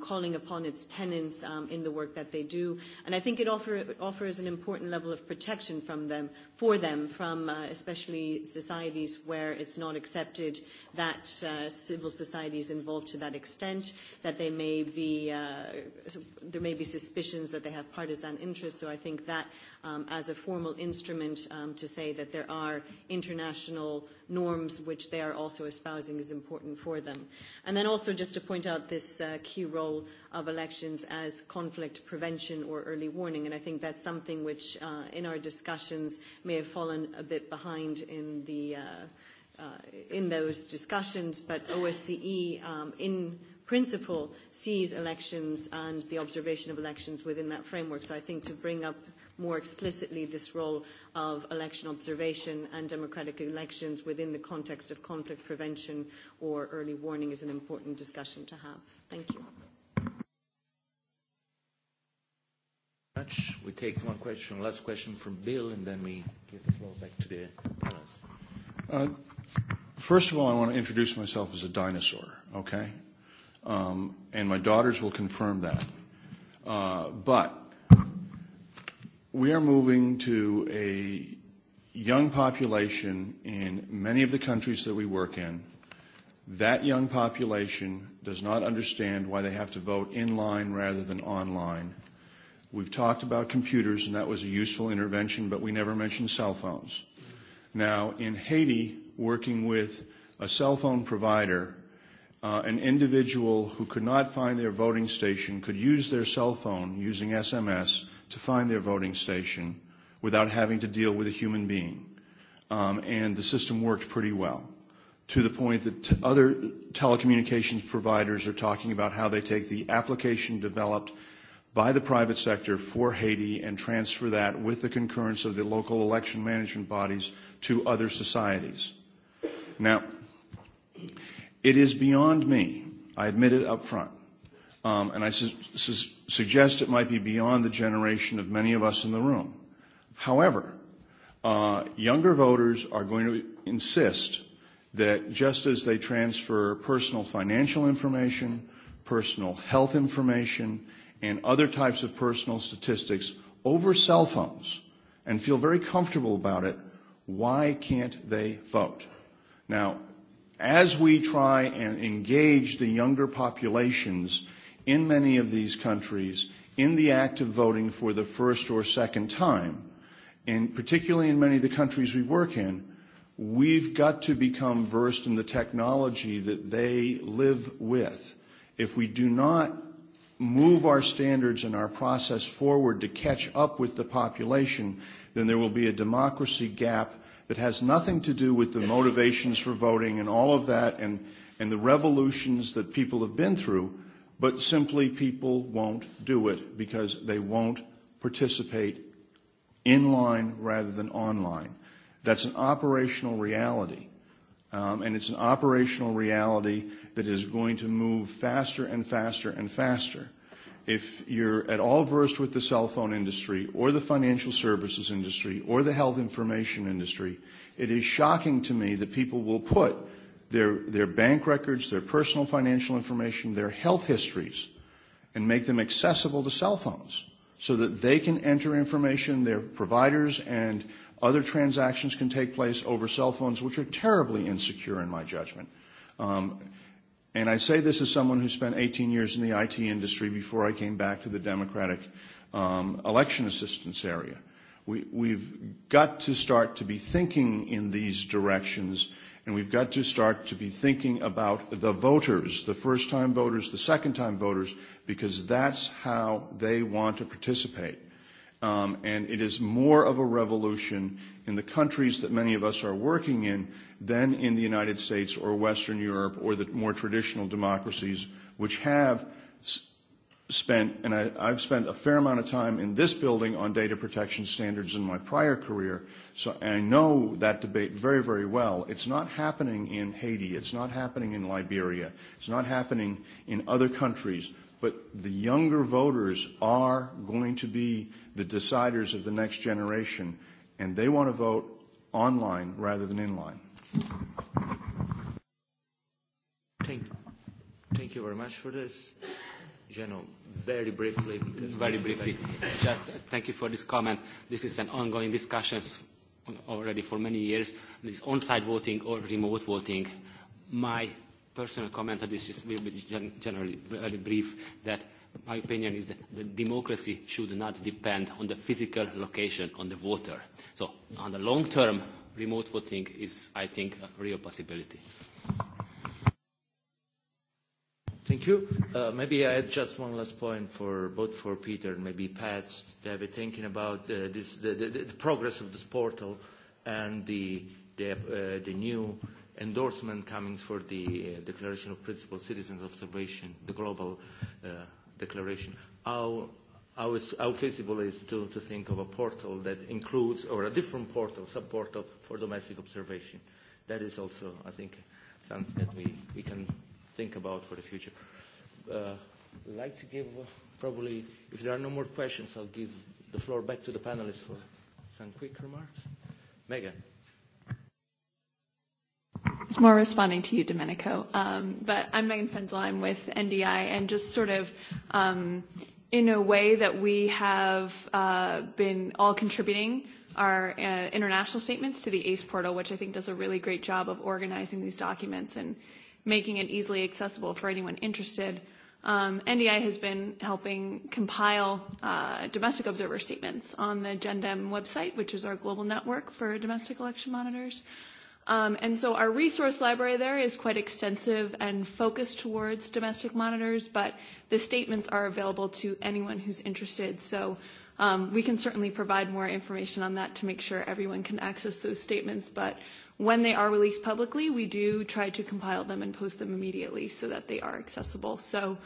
calling upon its tenants in the work that they do. And I think it offers an important level of protection from them, for them, from especially societies where it's not accepted that civil society is involved to that extent, that they may be, there may be suspicions that they have partisan interests. So I think that as a formal instrument to say that there are international norms which they are also espousing is important for them. And then also just to point out this key role of elections as conflict prevention or early warning, and I think that's something which in our discussions may have fallen a bit behind in the in those discussions, but OSCE in principle sees elections and the observation of elections within that framework. So I think to bring up more explicitly this role of election observation and democratic elections within the context of conflict prevention or early warning is an important discussion to have. Thank you. much. We take one question, last question from Bill, and then we give the floor back to the panelists. First of all, I want to introduce myself as a dinosaur, okay? And my daughters will confirm that. But we are moving to a young population in many of the countries that we work in. That young population does not understand why they have to vote in line rather than online. We've talked about computers, and that was a useful intervention, but we never mentioned cell phones. Now, in Haiti, working with a cell phone provider, an individual who could not find their voting station could use their cell phone using SMS to find their voting station without having to deal with a human being. And the system worked pretty well to the point that other telecommunications providers are talking about how they take the application developed by the private sector for Haiti and transfer that with the concurrence of the local election management bodies to other societies. Now, it is beyond me. I admit it up front. And I suggest it might be beyond the generation of many of us in the room. However, younger voters are going to insist that just as they transfer personal financial information, personal health information, and other types of personal statistics over cell phones and feel very comfortable about it, why can't they vote? Now, as we try and engage the younger populations in many of these countries in the act of voting for the first or second time, and particularly in many of the countries we work in, we've got to become versed in the technology that they live with. If we do not move our standards and our process forward to catch up with the population, then there will be a democracy gap that has nothing to do with the motivations for voting and all of that and, and the revolutions that people have been through but simply people won't do it because they won't participate in line rather than online. That's an operational reality. And it's an operational reality that is going to move faster and faster and faster. If you're at all versed with the cell phone industry or the financial services industry or the health information industry, it is shocking to me that people will put their, their bank records, their personal financial information, their health histories, and make them accessible to cell phones so that they can enter information, their providers and other transactions can take place over cell phones, which are terribly insecure in my judgment. Um, and I say this as someone who spent 18 years in the IT industry before I came back to the Democratic um, election assistance area. We, we've got to start to be thinking in these directions And we've got to start to be thinking about the voters, the first-time voters, the second-time voters, because that's how they want to participate. And it is more of a revolution in the countries that many of us are working in than in the United States or Western Europe or the more traditional democracies, which have spent, and I, I've spent a fair amount of time in this building on data protection standards in my prior career, so I know that debate very, very well. It's not happening in Haiti. It's not happening in Liberia. It's not happening in other countries. But the younger voters are going to be the deciders of the next generation, and they want to vote online rather than in line. Thank, thank you very much for this. General, very briefly. Very briefly. Just thank you for this comment. This is an ongoing discussion already for many years, this on-site voting or remote voting. My personal comment on this is will be generally very brief, that my opinion is that democracy should not depend on the physical location on the voter. So on the long term, remote voting is, I think, a real possibility. Thank you. Maybe I add just one last point for both for Peter and maybe Pat. They been thinking about this the progress of this portal and the new endorsement coming for the Declaration of Principal Citizens Observation, the global declaration. How feasible is to think of a portal that includes or a different portal, sub-portal for domestic observation? That is also, I think, something that we can think about for the future like to give probably, if there are no more questions, I'll give the floor back to the panelists for some quick remarks. Megan. It's more responding to you, Domenico. Um, but I'm Megan Fenzel. I'm with NDI, and just sort of um, in a way that we have uh, been all contributing our uh, international statements to the ACE portal, which I think does a really great job of organizing these documents and making it easily accessible for anyone interested. Um, NDI has been helping compile domestic observer statements on the GenDem website, which is our global network for domestic election monitors. Um, and so our resource library there is quite extensive and focused towards domestic monitors, but the statements are available to anyone who's interested. So um, we can certainly provide more information on that to make sure everyone can access those statements. But when they are released publicly, we do try to compile them and post them immediately so that they are accessible. So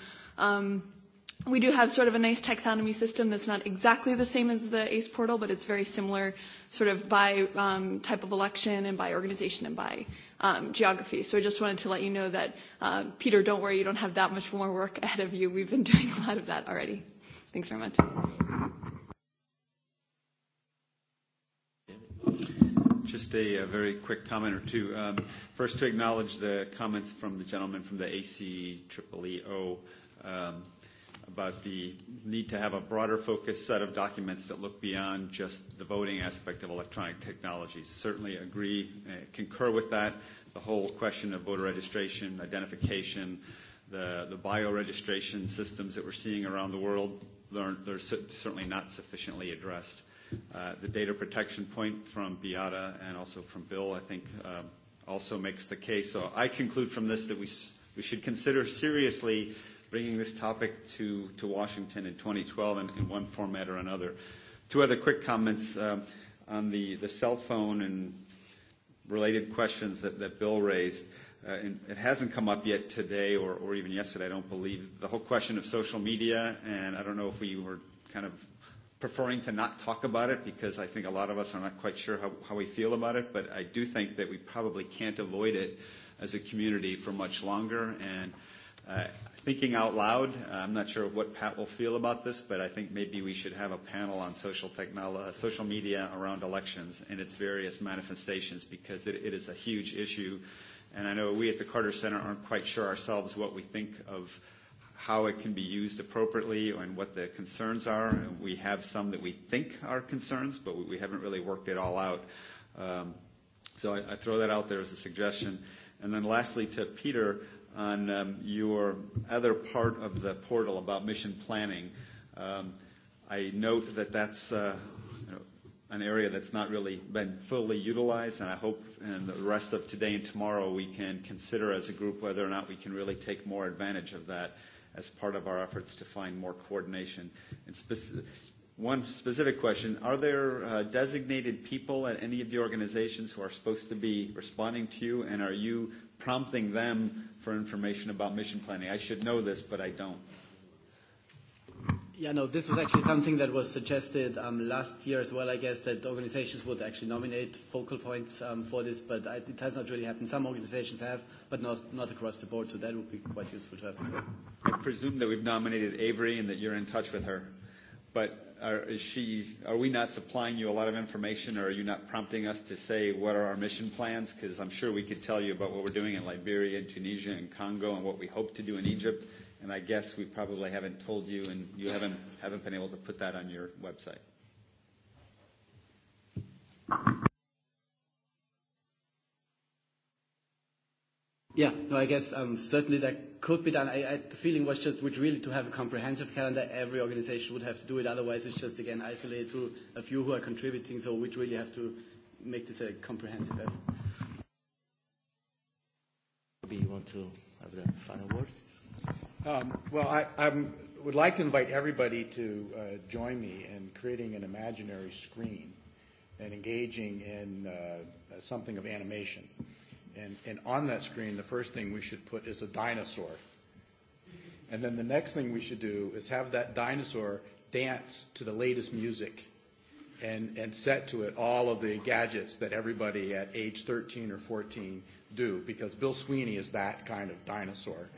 we do have sort of a nice taxonomy system that's not exactly the same as the ACE portal, but it's very similar sort of by type of election and by organization and by um, geography. So I just wanted to let you know that, Peter, don't worry, you don't have that much more work ahead of you. We've been doing a lot of that already. Thanks very much. Just a very quick comment or two. First, to acknowledge the comments from the gentleman from the um, about the need to have a broader focused set of documents that look beyond just the voting aspect of electronic technologies. Certainly agree, concur with that. The whole question of voter registration, identification, the the bioregistration systems that we're seeing around the world, they're certainly not sufficiently addressed. The data protection point from Beata and also from Bill, I think, also makes the case. So I conclude from this that we we should consider seriously bringing this topic to to Washington in 2012 in one format or another. Two other quick comments on the the cell phone and related questions that that Bill raised. It hasn't come up yet today or or even yesterday, I don't believe. The whole question of social media, and I don't know if we were kind of preferring to not talk about it because I think a lot of us are not quite sure how, how we feel about it, but I do think that we probably can't avoid it as a community for much longer. And uh, thinking out loud, I'm not sure what Pat will feel about this, but I think maybe we should have a panel on social technology, social media around elections and its various manifestations because it, it is a huge issue. And I know we at the Carter Center aren't quite sure ourselves what we think of how it can be used appropriately and what the concerns are. We have some that we think are concerns, but we haven't really worked it all out. So I throw that out there as a suggestion. And then lastly, to Peter, on your other part of the portal about mission planning, I note that that's an area that's not really been fully utilized, and I hope in the rest of today and tomorrow we can consider as a group whether or not we can really take more advantage of that as part of our efforts to find more coordination. One specific question, are there designated people at any of the organizations who are supposed to be responding to you, and are you prompting them for information about mission planning? I should know this, but I don't. Yeah, no, this was actually something that was suggested last year as well, I guess, that organizations would actually nominate focal points for this, but it has not really happened. Some organizations have, but not across the board, so that would be quite useful to have as well. I presume that we've nominated Avery and that you're in touch with her, but are, is she, are we not supplying you a lot of information or are you not prompting us to say what are our mission plans? Because I'm sure we could tell you about what we're doing in Liberia and Tunisia and Congo and what we hope to do in Egypt and I guess we probably haven't told you and you haven't haven't been able to put that on your website. Yeah, no, I guess um, certainly that could be done. I, the feeling was just would really to have a comprehensive calendar. Every organization would have to do it. Otherwise, it's just, again, isolated to a few who are contributing. So we'd really have to make this a comprehensive effort. Maybe you want to have the final word? Well, I would like to invite everybody to join me in creating an imaginary screen and engaging in something of animation. And on that screen, the first thing we should put is a dinosaur. And then the next thing we should do is have that dinosaur dance to the latest music and set to it all of the gadgets that everybody at age 13 or 14 do because Bill Sweeney is that kind of dinosaur.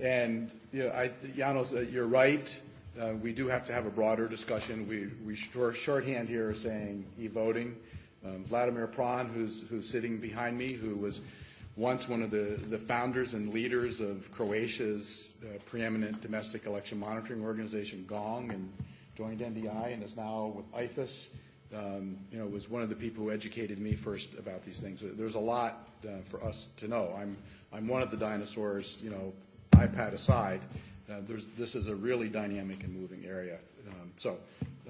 and you know, I, Janos, you're right. we do have to have a broader discussion. We, we shorthand here are saying e-voting. Vladimir Pran, who's, who's sitting behind me, who was once one of the, the founders and leaders of Croatia's preeminent domestic election monitoring organization, GONG, and joined NDI and is now with IFAS um, you know, was one of the people who educated me first about these things. There's a lot for us to know. I'm, I'm one of the dinosaurs, you know, iPad aside. there's, this is a really dynamic and moving area. Um, so,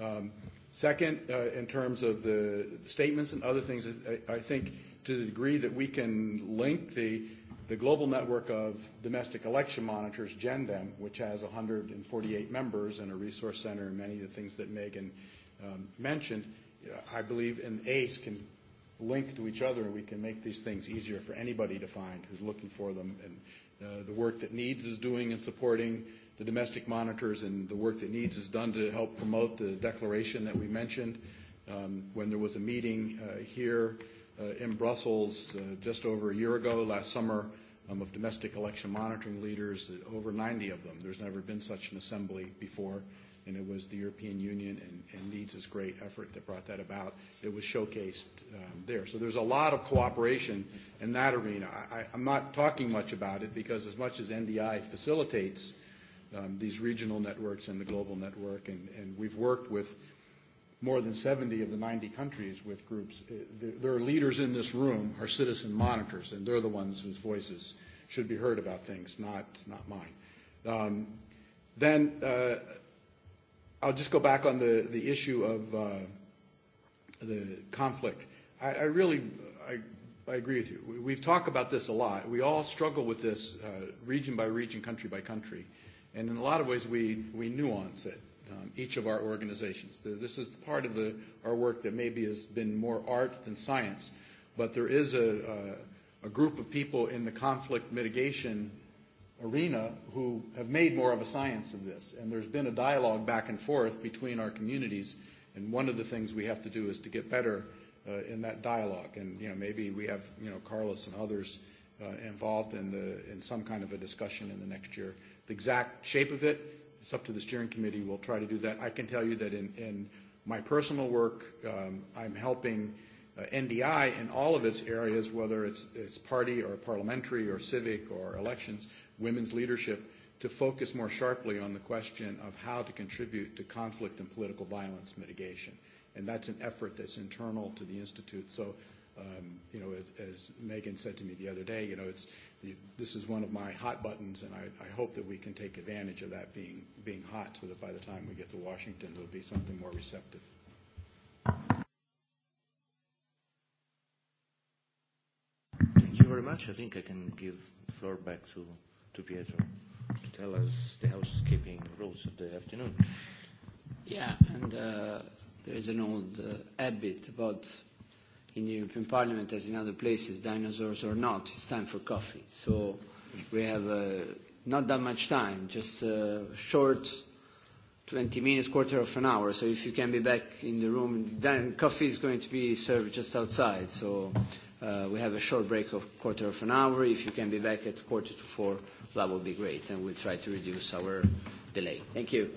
um, second, in terms of the statements and other things, I, I think to the degree that we can link the the global network of domestic election monitors, GENDEM, which has 148 members and a resource center and many of the things that Megan mentioned, I believe, and ACE can link to each other, and we can make these things easier for anybody to find who's looking for them. And the work that NEEDS is doing in supporting the domestic monitors and the work that NEEDS is done to help promote the declaration that we mentioned. When there was a meeting here in Brussels just over a year ago, last summer, of domestic election monitoring leaders, over 90 of them. There's never been such an assembly before and it was the European Union and, and Leeds' great effort that brought that about. It was showcased there. So there's a lot of cooperation in that arena. I, I'm not talking much about it because as much as NDI facilitates these regional networks and the global network, and, and we've worked with more than 70 of the 90 countries with groups. There are leaders in this room, are citizen monitors, and they're the ones whose voices should be heard about things, not, not mine. Um, then I'll just go back on the, the issue of the conflict. I, I really I, I agree with you. We've talked about this a lot. We all struggle with this region by region, country by country. And in a lot of ways, we, we nuance it, each of our organizations. This is part of the, our work that maybe has been more art than science, but there is a, a group of people in the conflict mitigation arena who have made more of a science of this. And there's been a dialogue back and forth between our communities. And one of the things we have to do is to get better in that dialogue. And, you know, maybe we have, you know, Carlos and others involved in, the, in some kind of a discussion in the next year. The exact shape of it, it's up to the steering committee. We'll try to do that. I can tell you that in, in my personal work, um, I'm helping NDI in all of its areas, whether it's, it's party or parliamentary or civic or elections – women's leadership to focus more sharply on the question of how to contribute to conflict and political violence mitigation. And that's an effort that's internal to the Institute. So, um, you know, as Megan said to me the other day, you know, it's the, this is one of my hot buttons, and I, I hope that we can take advantage of that being, being hot so that by the time we get to Washington, there'll be something more receptive. Thank you very much. I think I can give the floor back to to Pietro to tell us the housekeeping rules of the afternoon. Yeah, and there is an old habit about in the European Parliament, as in other places, dinosaurs or not, it's time for coffee. So we have not that much time, just a short 20 minutes, quarter of an hour. So if you can be back in the room, then coffee is going to be served just outside. So We have a short break of quarter of an hour. If you can be back at quarter to four, that would be great, and we'll try to reduce our delay. Thank you.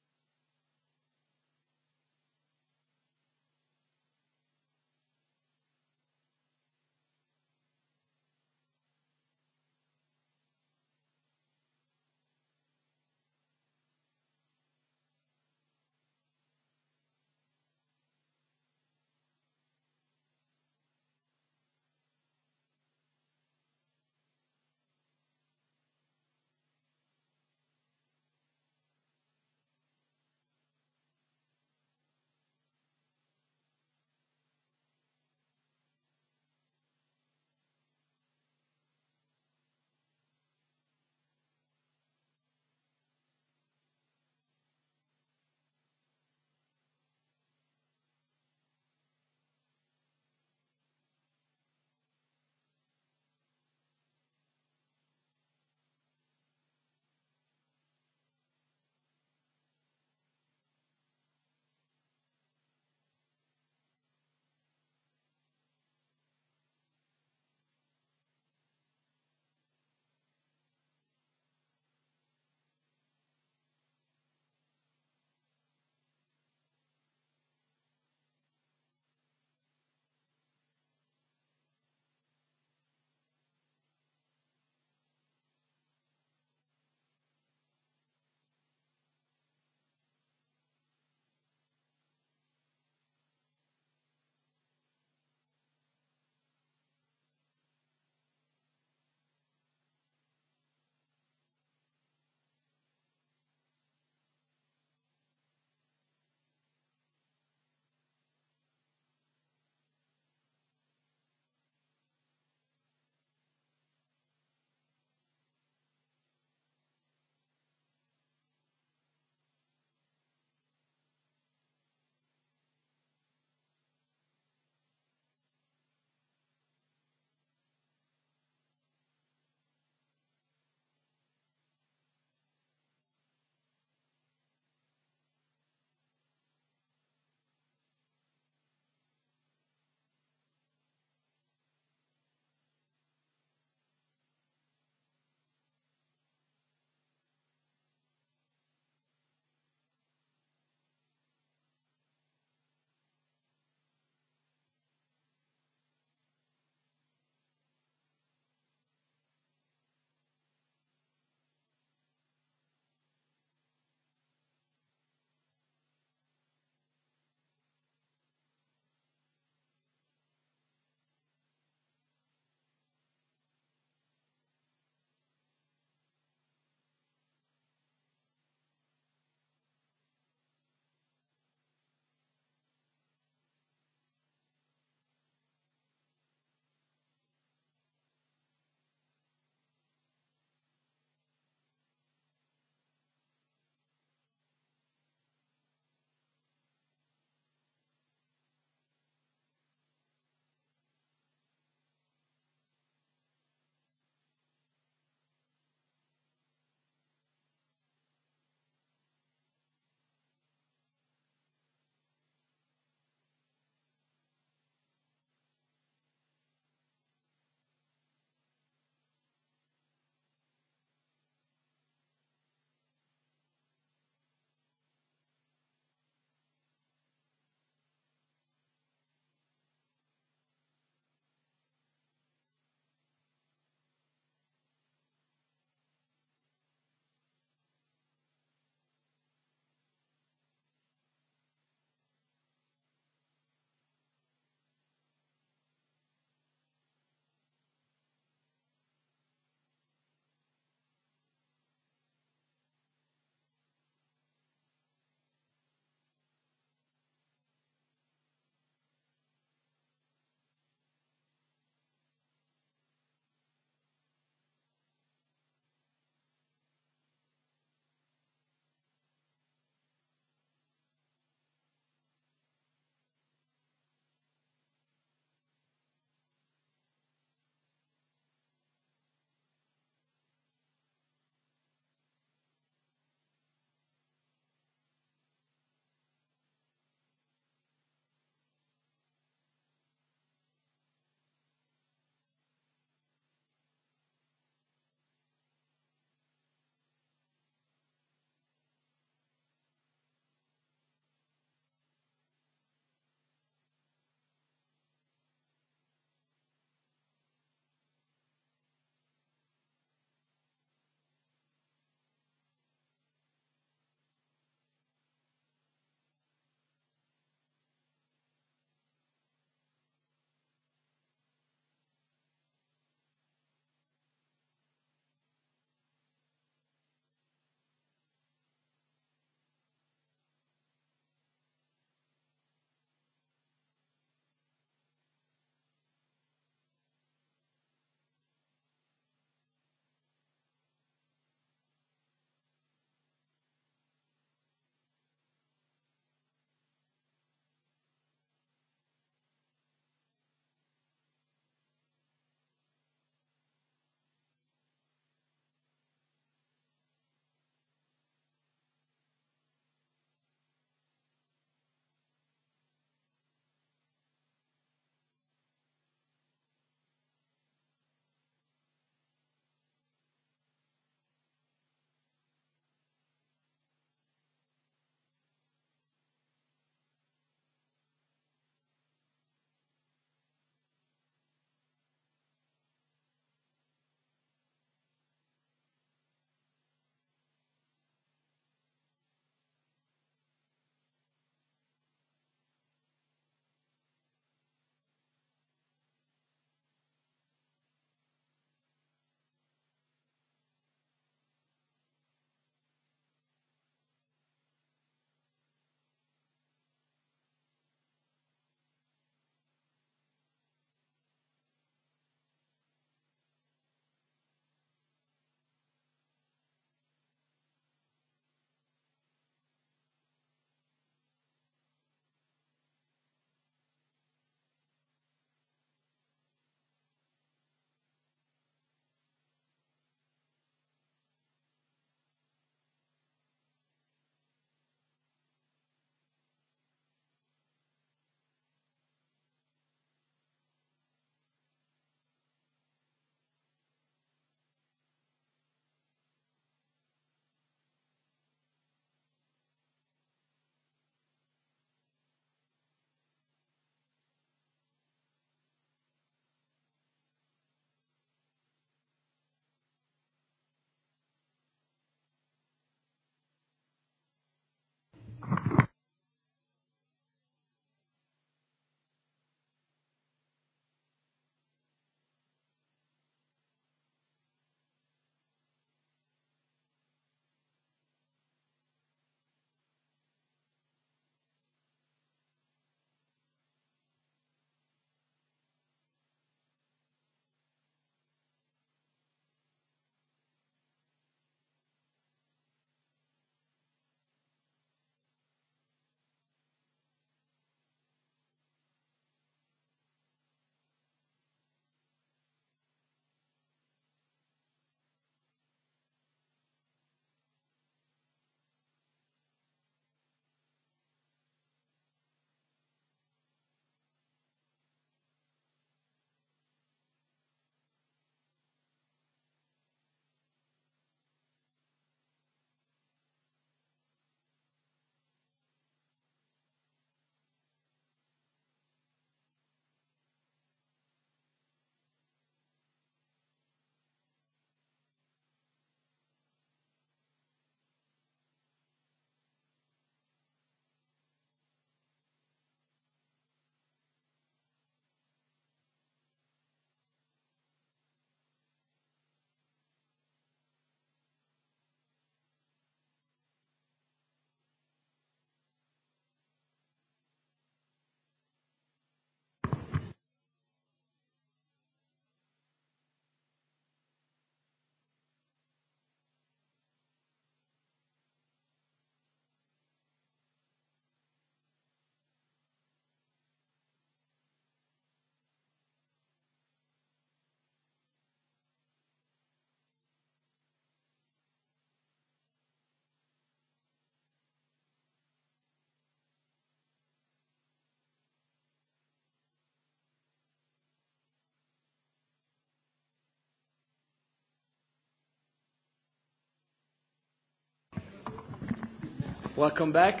Welcome back.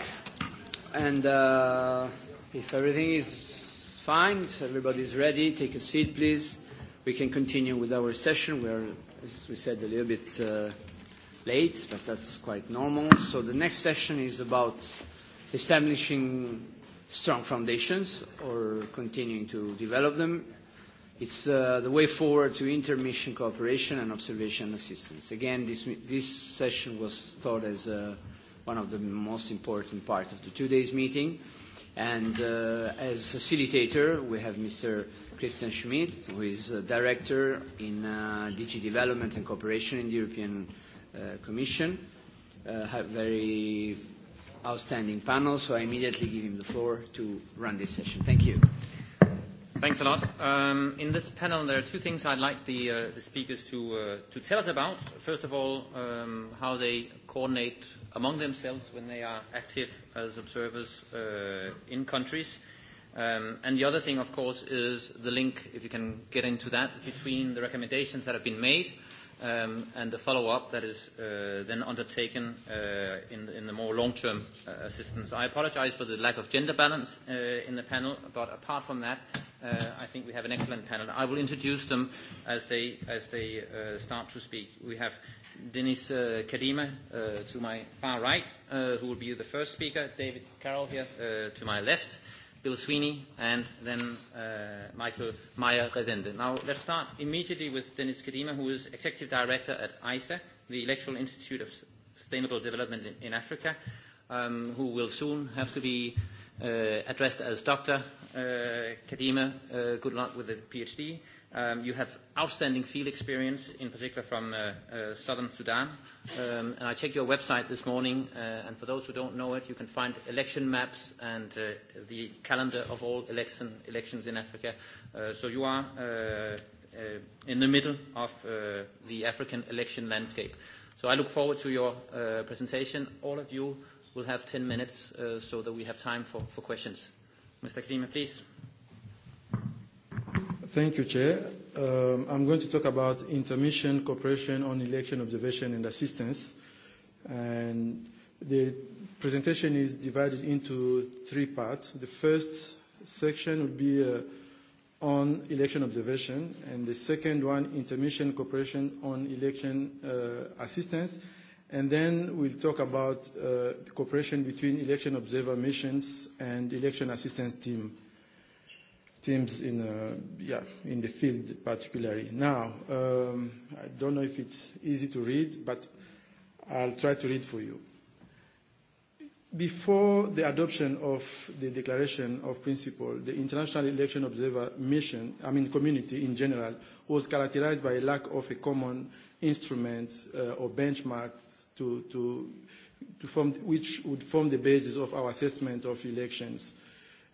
And uh, if everything is fine, if everybody's ready, take a seat, please. We can continue with our session. We are, as we said, a little bit uh, late, but that's quite normal. So the next session is about establishing strong foundations or continuing to develop them. It's uh, the way forward to intermission cooperation and observation assistance. Again, this, this session was thought as a one of the most important parts of the two days meeting. And as facilitator, we have Mr. Christian Schmidt, who is Director in DG Development and Cooperation in the European Commission. Have very outstanding panel, so I immediately give him the floor to run this session. Thank you. Thanks a lot. In this panel, there are two things I'd like the speakers to tell us about. First of all, how they coordinate among themselves when they are active as observers in countries. And the other thing, of course, is the link, if you can get into that, between the recommendations that have been made and the follow-up that is then undertaken in the more long-term assistance. I apologize for the lack of gender balance in the panel, but apart from that, I think we have an excellent panel. I will introduce them as they start to speak. We have Denis Kadima to my far right, who will be the first speaker, David Carroll here to my left, Bill Sweeney, and then Michael Meyer-Resende. Now, let's start immediately with Dennis Kadima, who is Executive Director at ISA, the Electoral Institute of Sustainable Development in Africa, who will soon have to be addressed as Dr. Kadima. Good luck with the PhD. You have outstanding field experience, in particular from southern Sudan. And I checked your website this morning, and for those who don't know it, you can find election maps and the calendar of all elections in Africa. So you are in the middle of the African election landscape. So I look forward to your presentation. All of you will have 10 minutes so that we have time for questions. Mr. Klima, please. Thank you, Chair. I'm going to talk about intermission cooperation on election observation and assistance. And the presentation is divided into three parts. The first section will be on election observation, and the second one, intermission cooperation on election assistance. And then we'll talk about cooperation between election observer missions and election assistance team teams in yeah, in the field particularly. Now, I don't know if it's easy to read, but I'll try to read for you. Before the adoption of the Declaration of Principle, the International Election Observer Mission, I mean community in general, was characterized by a lack of a common instrument or benchmark to to to form which would form the basis of our assessment of elections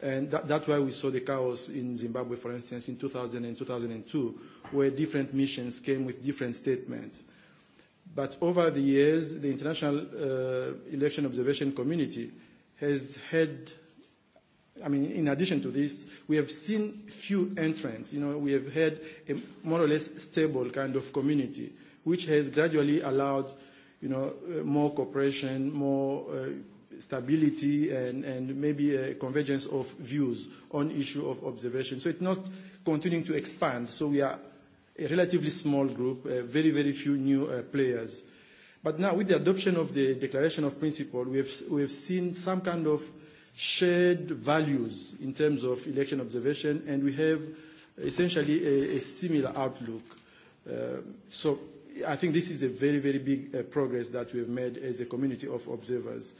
And that's why we saw the chaos in Zimbabwe, for instance, in 2000 and 2002, where different missions came with different statements. But over the years, the international election observation community has had, I mean, in addition to this, we have seen few entrants. You know, we have had a more or less stable kind of community, which has gradually allowed, you know, more cooperation, more stability and, and maybe a convergence of views on issue of observation. So it's not continuing to expand. So we are a relatively small group, very, very few new players. But now with the adoption of the Declaration of Principle, we have, we have seen some kind of shared values in terms of election observation, and we have essentially a, a similar outlook. so I think this is a very, very big progress that we have made as a community of observers.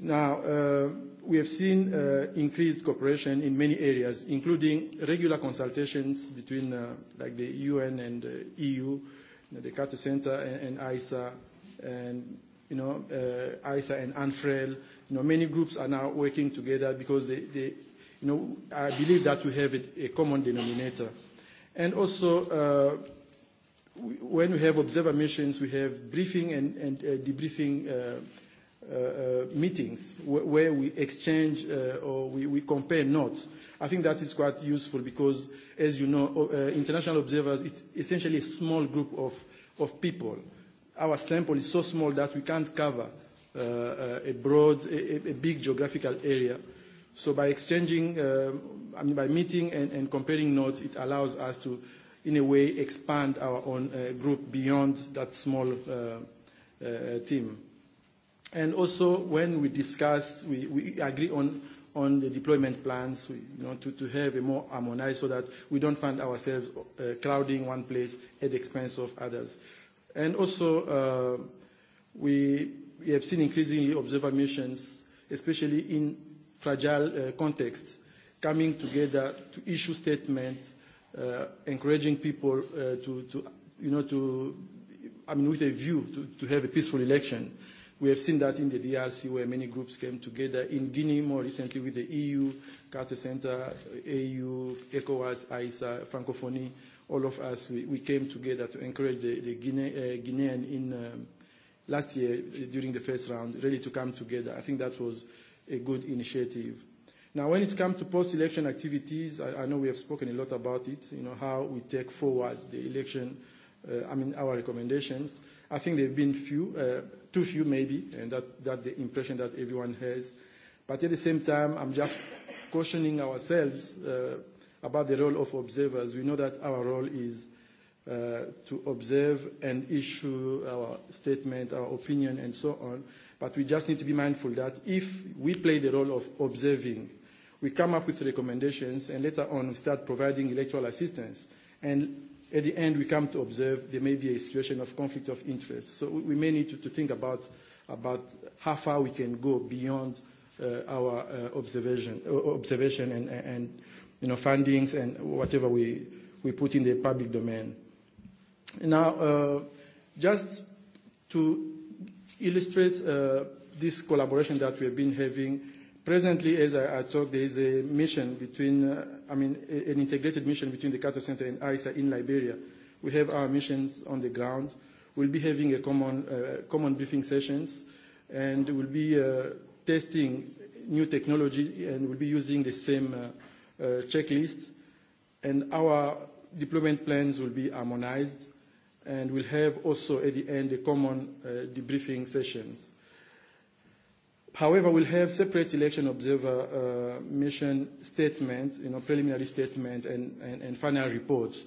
Now, we have seen increased cooperation in many areas, including regular consultations between like the UN and the EU, the Carter Center and ISA, and you know, ISA and UNFREL. You know, many groups are now working together because they, they you know, I believe that we have a common denominator. And also, when we have observer missions, we have briefing and debriefing meetings where we exchange or we compare notes. I think that is quite useful because, as you know, international observers, it's essentially a small group of of people. Our sample is so small that we can't cover a broad, a big geographical area. So by exchanging, I mean by meeting and comparing notes, it allows us to, in a way, expand our own group beyond that small team. And also when we discuss, we, we agree on on the deployment plans, you know, to, to have a more harmonized so that we don't find ourselves crowding one place at the expense of others. And also, we, we have seen increasingly observer missions, especially in fragile contexts, coming together to issue statements, encouraging people to, to, you know, to, I mean, with a view to, to have a peaceful election. We have seen that in the DRC where many groups came together, in Guinea more recently with the EU, Carter Center, AU, ECOWAS, ISA, Francophonie, all of us, we came together to encourage the Guinean in last year during the first round really to come together. I think that was a good initiative. Now, when it comes to post-election activities, I know we have spoken a lot about it, you know, how we take forward the election, I mean, our recommendations. I think there have been few, too few maybe, and that that's the impression that everyone has. But at the same time, I'm just cautioning ourselves about the role of observers. We know that our role is to observe and issue our statement, our opinion, and so on. But we just need to be mindful that if we play the role of observing, we come up with recommendations and later on we start providing electoral assistance. And at the end we come to observe there may be a situation of conflict of interest. So we may need to think about about how far we can go beyond our observation observation and you know findings and whatever we we put in the public domain. Now just to illustrate this collaboration that we have been having, presently as I talked, there is a mission between I mean, an integrated mission between the Carter Center and ISA in Liberia. We have our missions on the ground. We'll be having a common, common briefing sessions, and we'll be testing new technology, and we'll be using the same checklist. And our deployment plans will be harmonized, and we'll have also at the end a common debriefing sessions. However, we'll have separate election observer mission statements, you know, preliminary statement and, and final reports,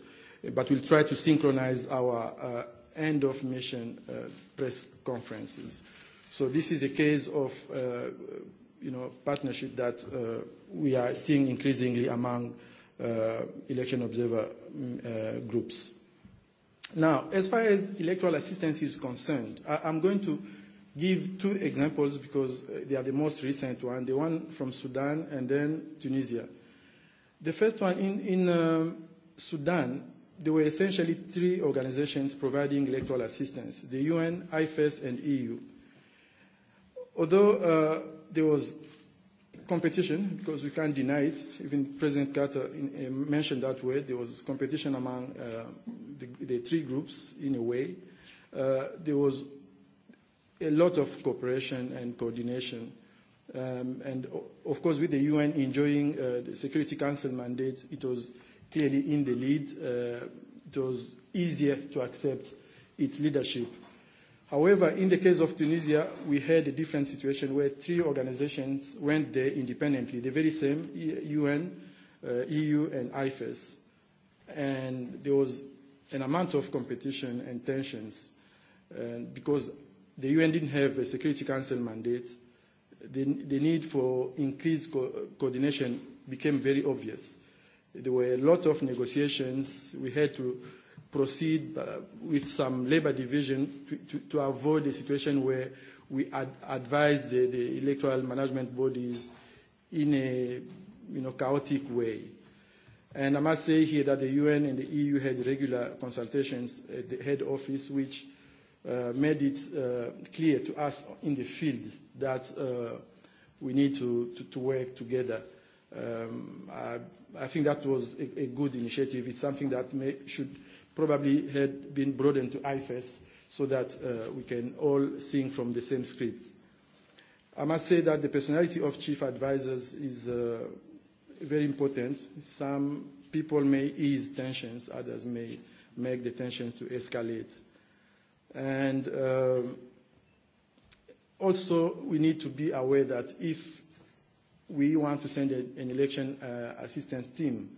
but we'll try to synchronize our end of mission press conferences. So this is a case of, you know, partnership that we are seeing increasingly among election observer groups. Now, as far as electoral assistance is concerned, I'm going to give two examples because they are the most recent one, the one from Sudan and then Tunisia. The first one, in, in Sudan, there were essentially three organizations providing electoral assistance, the UN, IFES, and EU. Although there was competition, because we can't deny it, even President Carter mentioned that way. there was competition among the three groups in a way. There was a lot of cooperation and coordination. And of course, with the UN enjoying the Security Council mandate, it was clearly in the lead. It was easier to accept its leadership. However, in the case of Tunisia, we had a different situation where three organizations went there independently, the very same, UN, EU, and IFES. And there was an amount of competition and tensions because the UN didn't have a Security Council mandate, the, the need for increased coordination became very obvious. There were a lot of negotiations. We had to proceed with some labor division to, to, avoid a situation where we ad the, the electoral management bodies in a you know, chaotic way. And I must say here that the UN and the EU had regular consultations at the head office, which made it clear to us in the field that we need to to work together. I think that was a good initiative. It's something that should probably have been broadened to IFES so that we can all sing from the same script. I must say that the personality of chief advisors is very important. Some people may ease tensions, others may make the tensions to escalate. And also, we need to be aware that if we want to send an election assistance team,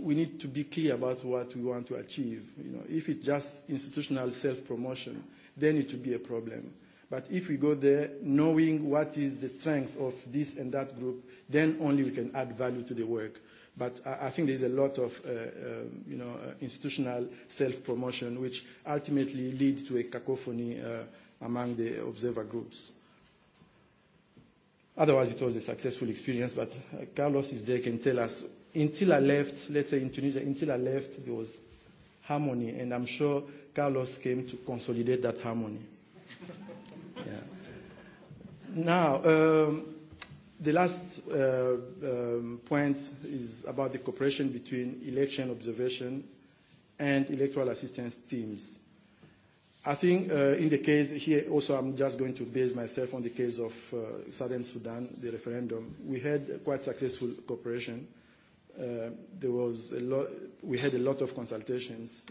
we need to be clear about what we want to achieve. You know, if it's just institutional self-promotion, then it will be a problem. But if we go there knowing what is the strength of this and that group, then only we can add value to the work. But I think there's a lot of you know institutional self-promotion which ultimately leads to a cacophony among the observer groups. Otherwise, it was a successful experience, but Carlos is there can tell us. Until I left, let's say in Tunisia, until I left, there was harmony, and I'm sure Carlos came to consolidate that harmony. Now, um, The last point is about the cooperation between election observation and electoral assistance teams. I think in the case here also I'm just going to base myself on the case of Southern Sudan, the referendum. We had quite successful cooperation. There was a lot, we had a lot of consultations,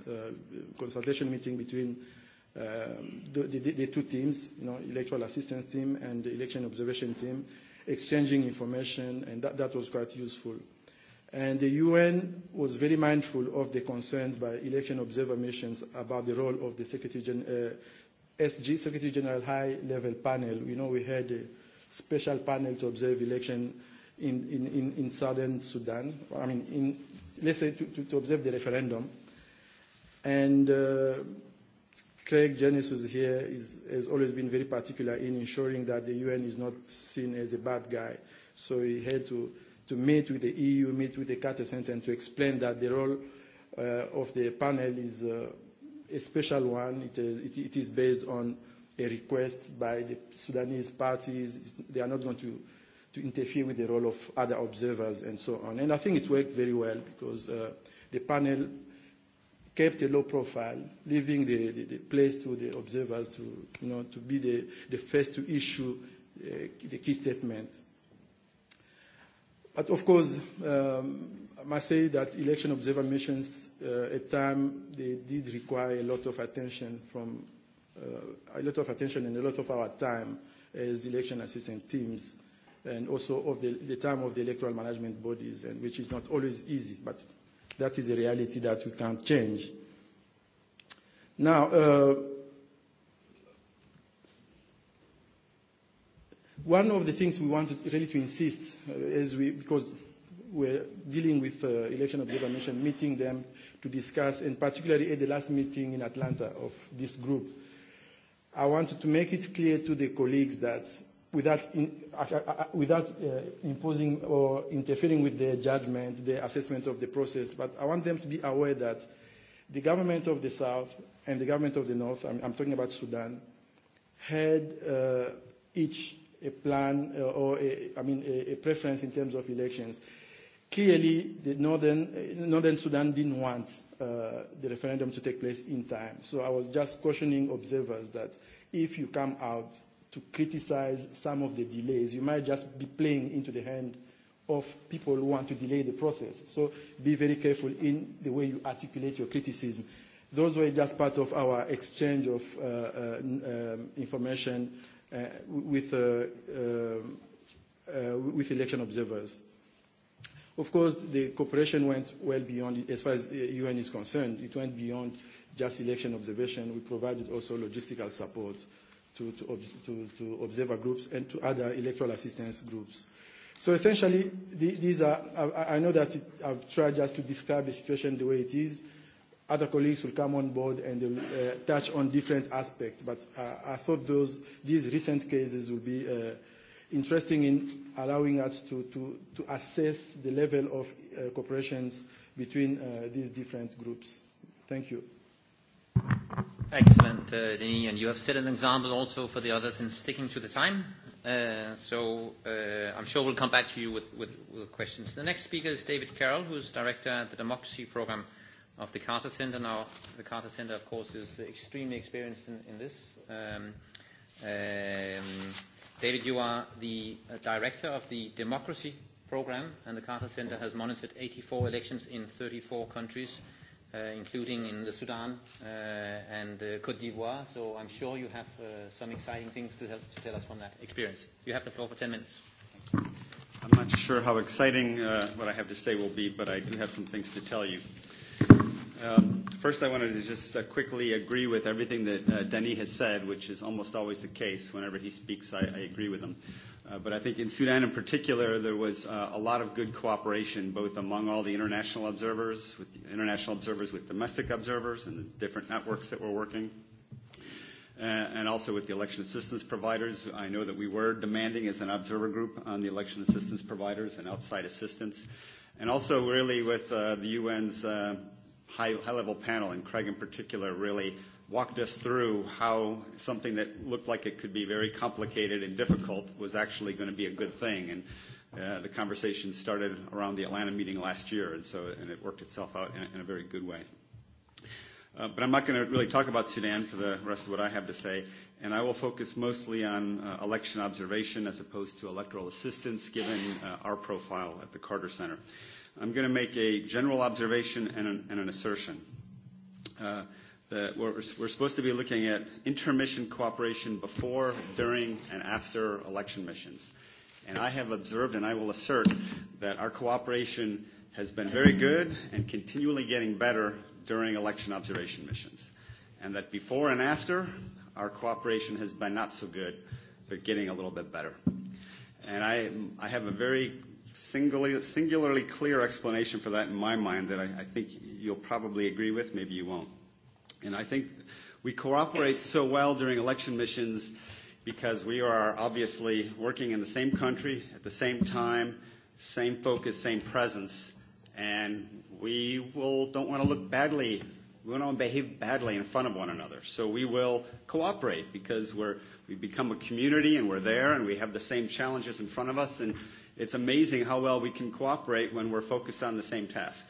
consultation meeting between the two teams, you know, electoral assistance team and the election observation team exchanging information, and that was quite useful. And the UN was very mindful of the concerns by election observer missions about the role of the Secretary General, SG Secretary General High Level Panel. We know, we had a special panel to observe election in in in southern Sudan. I mean, in let's say to to observe the referendum, and. Craig Genesis here is, has always been very particular in ensuring that the UN is not seen as a bad guy. So he had to, to meet with the EU, meet with the Carter Center, and to explain that the role uh, of the panel is uh, a special one. It, is, it, it is based on a request by the Sudanese parties. They are not going to, to interfere with the role of other observers and so on. And I think it worked very well because uh, the panel kept a low profile, leaving the, the, place to the observers to, you know, to be the, the first to issue the key statements. But of course, um, I must say that election observer missions uh, at time they did require a lot of attention from uh, a lot of attention and a lot of our time as election assistant teams and also of the, the time of the electoral management bodies, and which is not always easy, but That is a reality that we can't change. Now, one of the things we want really to insist is we, because we're dealing with election observer mission, meeting them to discuss, and particularly at the last meeting in Atlanta of this group, I wanted to make it clear to the colleagues that without without imposing or interfering with their judgment, their assessment of the process. But I want them to be aware that the government of the South and the government of the North, I'm talking about Sudan, had each a plan or I mean a preference in terms of elections. Clearly, the northern northern Sudan didn't want the referendum to take place in time. So I was just cautioning observers that if you come out to criticize some of the delays. You might just be playing into the hand of people who want to delay the process. So be very careful in the way you articulate your criticism. Those were just part of our exchange of information with with election observers. Of course, the cooperation went well beyond, as far as the UN is concerned, it went beyond just election observation. We provided also logistical support to, to, to, observer groups and to other electoral assistance groups. So essentially, these are, I, know that I've tried just to describe the situation the way it is. Other colleagues will come on board and they'll uh, touch on different aspects, but I thought those, these recent cases will be uh, interesting in allowing us to, to, to assess the level of uh, cooperation between uh, these different groups. Thank you. Excellent, Denis. And you have set an example also for the others in sticking to the time. So I'm sure we'll come back to you with questions. The next speaker is David Carroll, who is director at the Democracy Program of the Carter Center. Now, the Carter Center, of course, is extremely experienced in this. David, you are the director of the Democracy Program, and the Carter Center has monitored 84 elections in 34 countries including in the Sudan and Côte d'Ivoire. So I'm sure you have some exciting things to tell us from that experience. You have the floor for 10 minutes. I'm not sure how exciting what I have to say will be, but I do have some things to tell you. First, I wanted to just quickly agree with everything that Denis has said, which is almost always the case. Whenever he speaks, I agree with him. But I think in Sudan in particular, there was a lot of good cooperation, both among all the international observers, with international observers, with domestic observers, and the different networks that were working, and also with the election assistance providers. I know that we were demanding as an observer group on the election assistance providers and outside assistance, and also really with the UN's high-level panel, and Craig in particular, really walked us through how something that looked like it could be very complicated and difficult was actually going to be a good thing. And the conversation started around the Atlanta meeting last year, and so and it worked itself out in a very good way. But I'm not going to really talk about Sudan for the rest of what I have to say, and I will focus mostly on election observation as opposed to electoral assistance, given our profile at the Carter Center. I'm going to make a general observation and an assertion that we're, we're supposed to be looking at intermission cooperation before, during, and after election missions. And I have observed, and I will assert, that our cooperation has been very good and continually getting better during election observation missions. And that before and after, our cooperation has been not so good, but getting a little bit better. And I, I have a very singularly, singularly clear explanation for that in my mind that I, I think you'll probably agree with, maybe you won't. And I think we cooperate so well during election missions because we are obviously working in the same country at the same time, same focus, same presence. And we will don't want to look badly. We don't want to behave badly in front of one another. So we will cooperate because we're, we become a community and we're there and we have the same challenges in front of us. And it's amazing how well we can cooperate when we're focused on the same task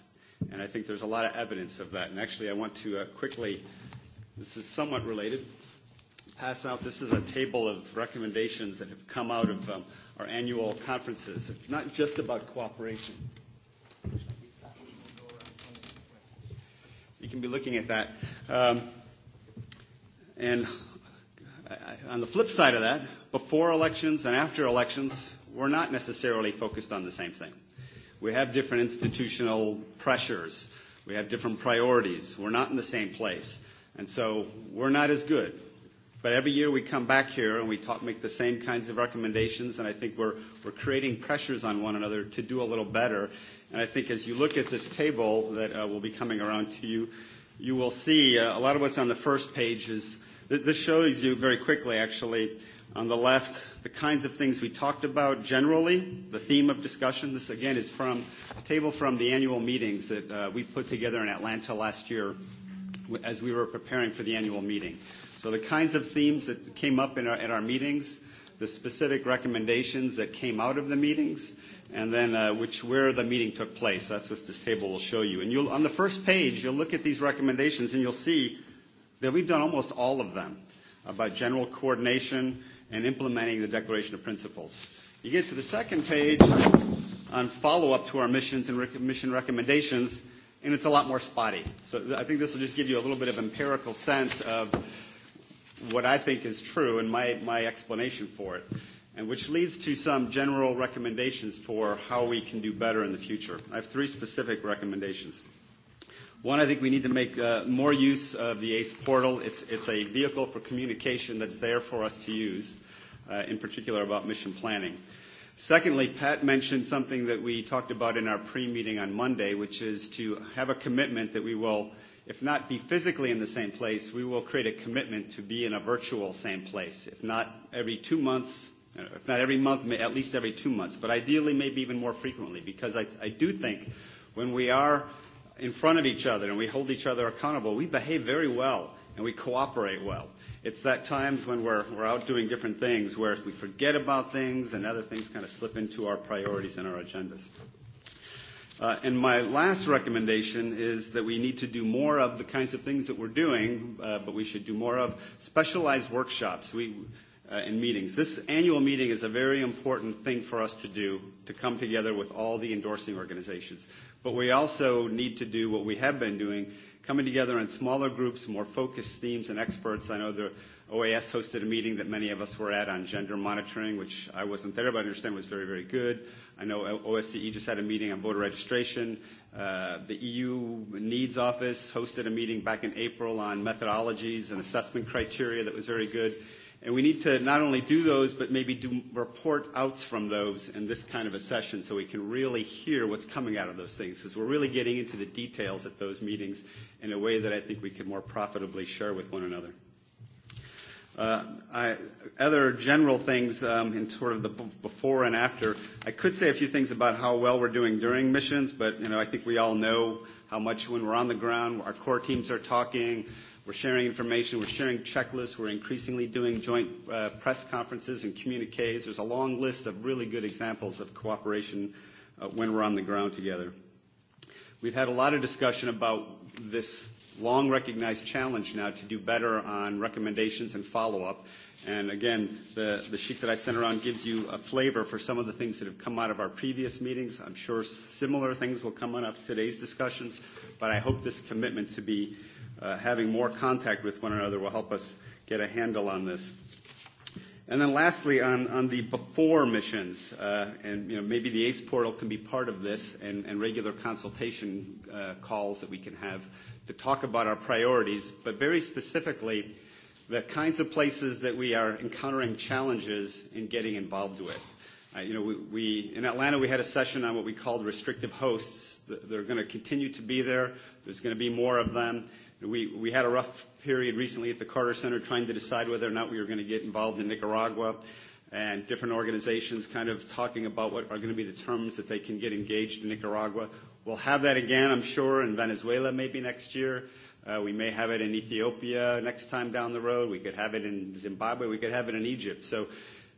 and I think there's a lot of evidence of that. And actually, I want to quickly, this is somewhat related, pass out. This is a table of recommendations that have come out of our annual conferences. It's not just about cooperation. You can be looking at that. Um, and on the flip side of that, before elections and after elections, we're not necessarily focused on the same thing. We have different institutional pressures. We have different priorities. We're not in the same place. And so we're not as good. But every year we come back here and we talk, make the same kinds of recommendations, and I think we're, we're creating pressures on one another to do a little better. And I think as you look at this table that will be coming around to you, you will see a lot of what's on the first page is, this shows you very quickly actually On the left, the kinds of things we talked about generally, the theme of discussion. This, again, is from a table from the annual meetings that we put together in Atlanta last year as we were preparing for the annual meeting. So the kinds of themes that came up in our, at our meetings, the specific recommendations that came out of the meetings, and then which where the meeting took place. That's what this table will show you. And you'll, on the first page, you'll look at these recommendations and you'll see that we've done almost all of them about general coordination, and implementing the Declaration of Principles. You get to the second page on follow-up to our missions and mission recommendations, and it's a lot more spotty. So I think this will just give you a little bit of empirical sense of what I think is true and my, my explanation for it, and which leads to some general recommendations for how we can do better in the future. I have three specific recommendations. One, I think we need to make more use of the ACE portal. It's it's a vehicle for communication that's there for us to use, in particular about mission planning. Secondly, Pat mentioned something that we talked about in our pre-meeting on Monday, which is to have a commitment that we will, if not be physically in the same place, we will create a commitment to be in a virtual same place, if not every two months, if not every month, at least every two months, but ideally maybe even more frequently, because I I do think when we are in front of each other and we hold each other accountable, we behave very well and we cooperate well. It's that times when we're, we're out doing different things where we forget about things and other things kind of slip into our priorities and our agendas. Uh And my last recommendation is that we need to do more of the kinds of things that we're doing, uh but we should do more of specialized workshops. We in meetings. This annual meeting is a very important thing for us to do, to come together with all the endorsing organizations. But we also need to do what we have been doing, coming together in smaller groups, more focused themes and experts. I know the OAS hosted a meeting that many of us were at on gender monitoring, which I wasn't there, but I understand was very, very good. I know OSCE just had a meeting on voter registration. The EU Needs Office hosted a meeting back in April on methodologies and assessment criteria that was very good. And we need to not only do those, but maybe do report outs from those in this kind of a session so we can really hear what's coming out of those things, because we're really getting into the details at those meetings in a way that I think we can more profitably share with one another. Uh Other general things um in sort of the before and after, I could say a few things about how well we're doing during missions, but you know, I think we all know how much when we're on the ground, our core teams are talking We're sharing information. We're sharing checklists. We're increasingly doing joint press conferences and communiques. There's a long list of really good examples of cooperation when we're on the ground together. We've had a lot of discussion about this long recognized challenge now to do better on recommendations and follow-up. And again, the, the sheet that I sent around gives you a flavor for some of the things that have come out of our previous meetings. I'm sure similar things will come out of today's discussions, but I hope this commitment to be having more contact with one another will help us get a handle on this. And then lastly, on the before missions, and you know maybe the ACE portal can be part of this and regular consultation calls that we can have to talk about our priorities, but very specifically the kinds of places that we are encountering challenges in getting involved with. You know, we in Atlanta we had a session on what we called restrictive hosts. They're going to continue to be there. There's going to be more of them. We we had a rough period recently at the Carter Center trying to decide whether or not we were going to get involved in Nicaragua and different organizations kind of talking about what are going to be the terms that they can get engaged in Nicaragua. We'll have that again, I'm sure, in Venezuela maybe next year. We may have it in Ethiopia next time down the road. We could have it in Zimbabwe. We could have it in Egypt. So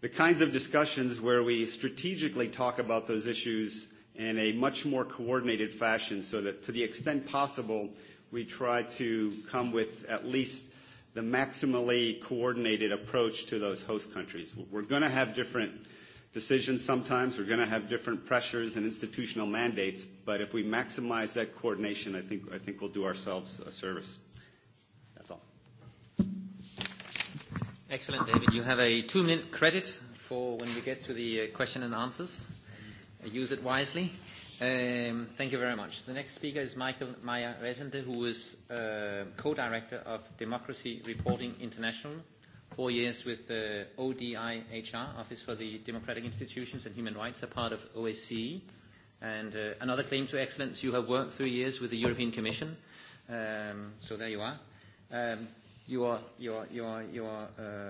the kinds of discussions where we strategically talk about those issues in a much more coordinated fashion so that to the extent possible, we try to come with at least the maximally coordinated approach to those host countries. We're going to have different decisions sometimes. We're going to have different pressures and institutional mandates. But if we maximize that coordination, I think, I think we'll do ourselves a service. That's all. Excellent, David. You have a two-minute credit for when we get to the question and answers. Use it wisely. Thank you very much. The next speaker is Michael Meyer Resende, who is co-director of Democracy Reporting International, four years with the ODIHR, Office for the Democratic Institutions and Human Rights, a part of OSCE. And another claim to excellence, you have worked three years with the European Commission. So there you are. Your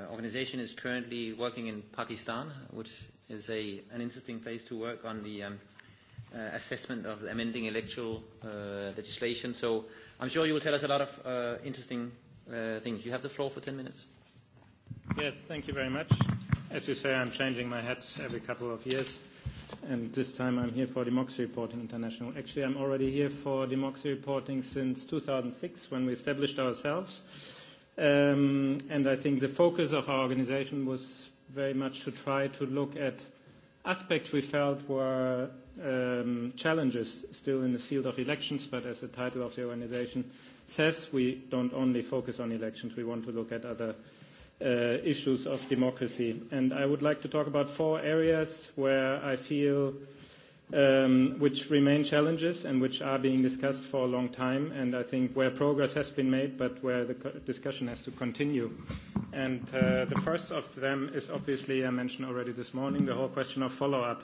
organization is currently working in Pakistan, which is an interesting place to work on the assessment of amending electoral legislation. So I'm sure you will tell us a lot of interesting things. You have the floor for 10 minutes. Yes, thank you very much. As you say, I'm changing my hat every couple of years. And this time I'm here for Democracy Reporting International. Actually, I'm already here for Democracy Reporting since 2006 when we established ourselves. And I think the focus of our organization was very much to try to look at aspects we felt were challenges still in the field of elections, but as the title of the organization says, we don't only focus on elections, we want to look at other issues of democracy. And I would like to talk about four areas where I feel which remain challenges and which are being discussed for a long time, and I think where progress has been made, but where the discussion has to continue. And the first of them is obviously, I mentioned already this morning, the whole question of follow-up.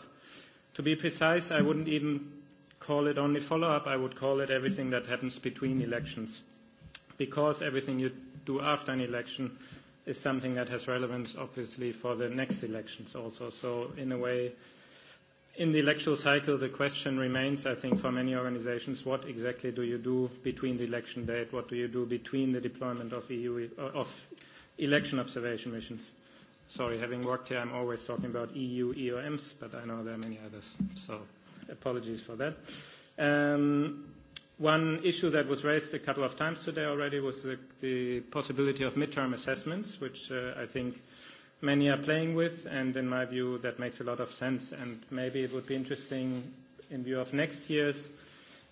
To be precise, I wouldn't even call it only follow-up, I would call it everything that happens between elections. Because everything you do after an election is something that has relevance, obviously, for the next elections also. So in a way, in the electoral cycle, the question remains, I think, for many organizations, what exactly do you do between the election date? What do you do between the deployment of EU of election observation missions? Sorry, having worked here, I'm always talking about EU EOMs, but I know there are many others, so apologies for that. One issue that was raised a couple of times today already was the possibility of midterm assessments, which I think many are playing with, and in my view, that makes a lot of sense. And maybe it would be interesting, in view of next year's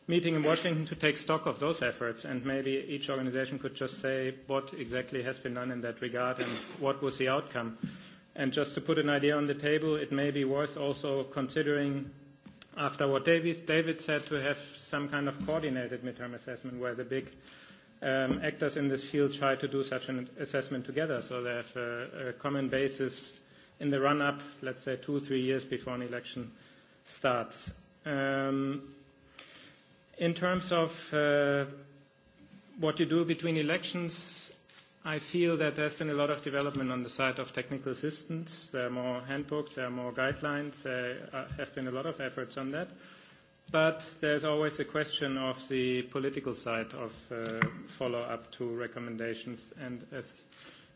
meeting in Washington, to take stock of those efforts. And maybe each organization could just say what exactly has been done in that regard and what was the outcome. And just to put an idea on the table, it may be worth also considering, after what David said, to have some kind of coordinated midterm assessment where the big actors in this field try to do such an assessment together so they have a common basis in the run-up, let's say two, three years before an election starts. In terms of what you do between elections, I feel that there's been a lot of development on the side of technical assistance. There are more handbooks, there are more guidelines, there have been a lot of efforts on that. But there's always a question of the political side of follow-up to recommendations. And as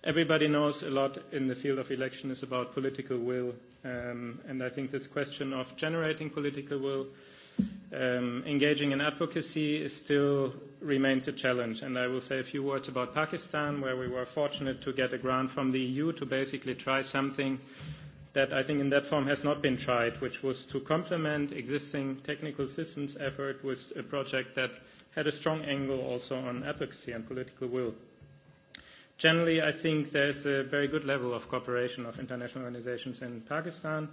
everybody knows, a lot in the field of election is about political will. And I think this question of generating political will, engaging in advocacy, still remains a challenge. And I will say a few words about Pakistan, where we were fortunate to get a grant from the EU to basically try something that I think in that form has not been tried, which was to complement existing technical assistance effort with a project that had a strong angle also on advocacy and political will. Generally, I think there's a very good level of cooperation of international organizations in Pakistan.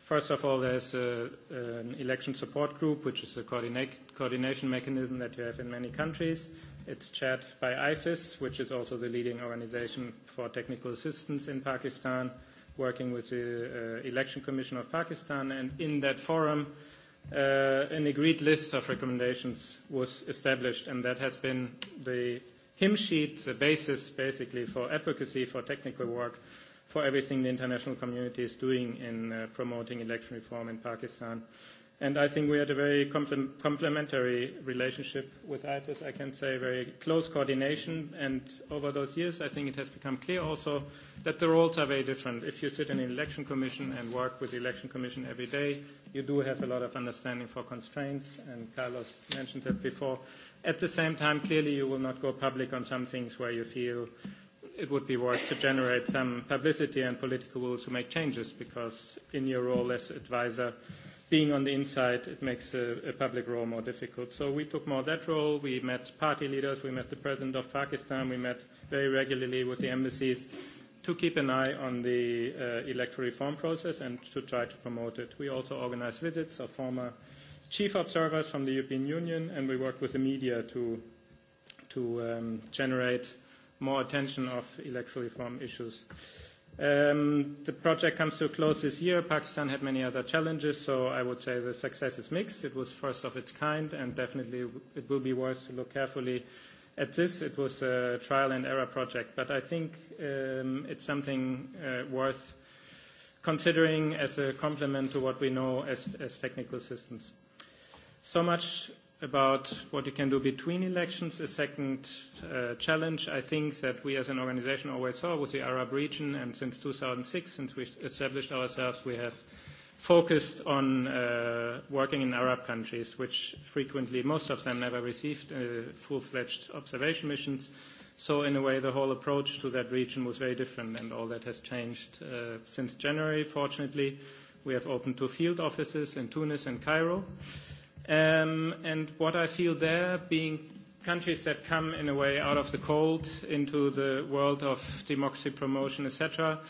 First of all, there's an election support group, which is a coordination mechanism that you have in many countries. It's chaired by IFIS, which is also the leading organization for technical assistance in Pakistan working with the Election Commission of Pakistan, and in that forum, an agreed list of recommendations was established, and that has been the hymn sheet, the basis basically for advocacy, for technical work, for everything the international community is doing in promoting election reform in Pakistan And I think we had a very complementary relationship with ITIS. I can say very close coordination. And over those years, I think it has become clear also that the roles are very different. If you sit in an election commission and work with the election commission every day, you do have a lot of understanding for constraints, and Carlos mentioned that before. At the same time, clearly you will not go public on some things where you feel it would be worth to generate some publicity and political will to make changes, because in your role as advisor, being on the inside, it makes a public role more difficult. So we took more that role. We met party leaders. We met the president of Pakistan. We met very regularly with the embassies to keep an eye on the electoral reform process and to try to promote it. We also organized visits of former chief observers from the European Union, and we worked with the media to to generate more attention of electoral reform issues. The project comes to a close this year. Pakistan had many other challenges, so I would say the success is mixed. It was first of its kind, and definitely it will be worth to look carefully at this. It was a trial and error project, but I think it's something worth considering as a complement to what we know as technical systems. So much about what you can do between elections. A second challenge, I think, that we as an organization always saw was the Arab region, and since 2006, since we established ourselves, we have focused on working in Arab countries, which frequently, most of them, never received full-fledged observation missions. So in a way, the whole approach to that region was very different, and all that has changed since January, fortunately. We have opened two field offices in Tunis and Cairo. And what I feel there, being countries that come in a way out of the cold into the world of democracy promotion, etc.,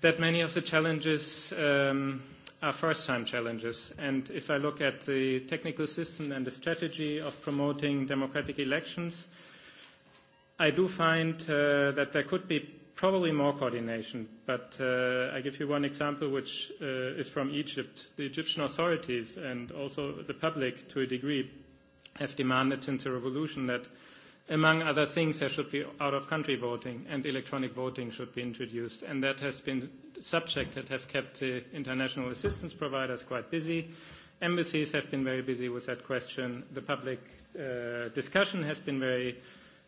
that many of the challenges are first-time challenges. And if I look at the technical system and the strategy of promoting democratic elections, I do find that there could be probably more coordination, but I give you one example which is from Egypt. The Egyptian authorities and also the public to a degree have demanded since the revolution that among other things there should be out-of-country voting and electronic voting should be introduced and that has been subject that have kept the international assistance providers quite busy. Embassies have been very busy with that question. The public discussion has been very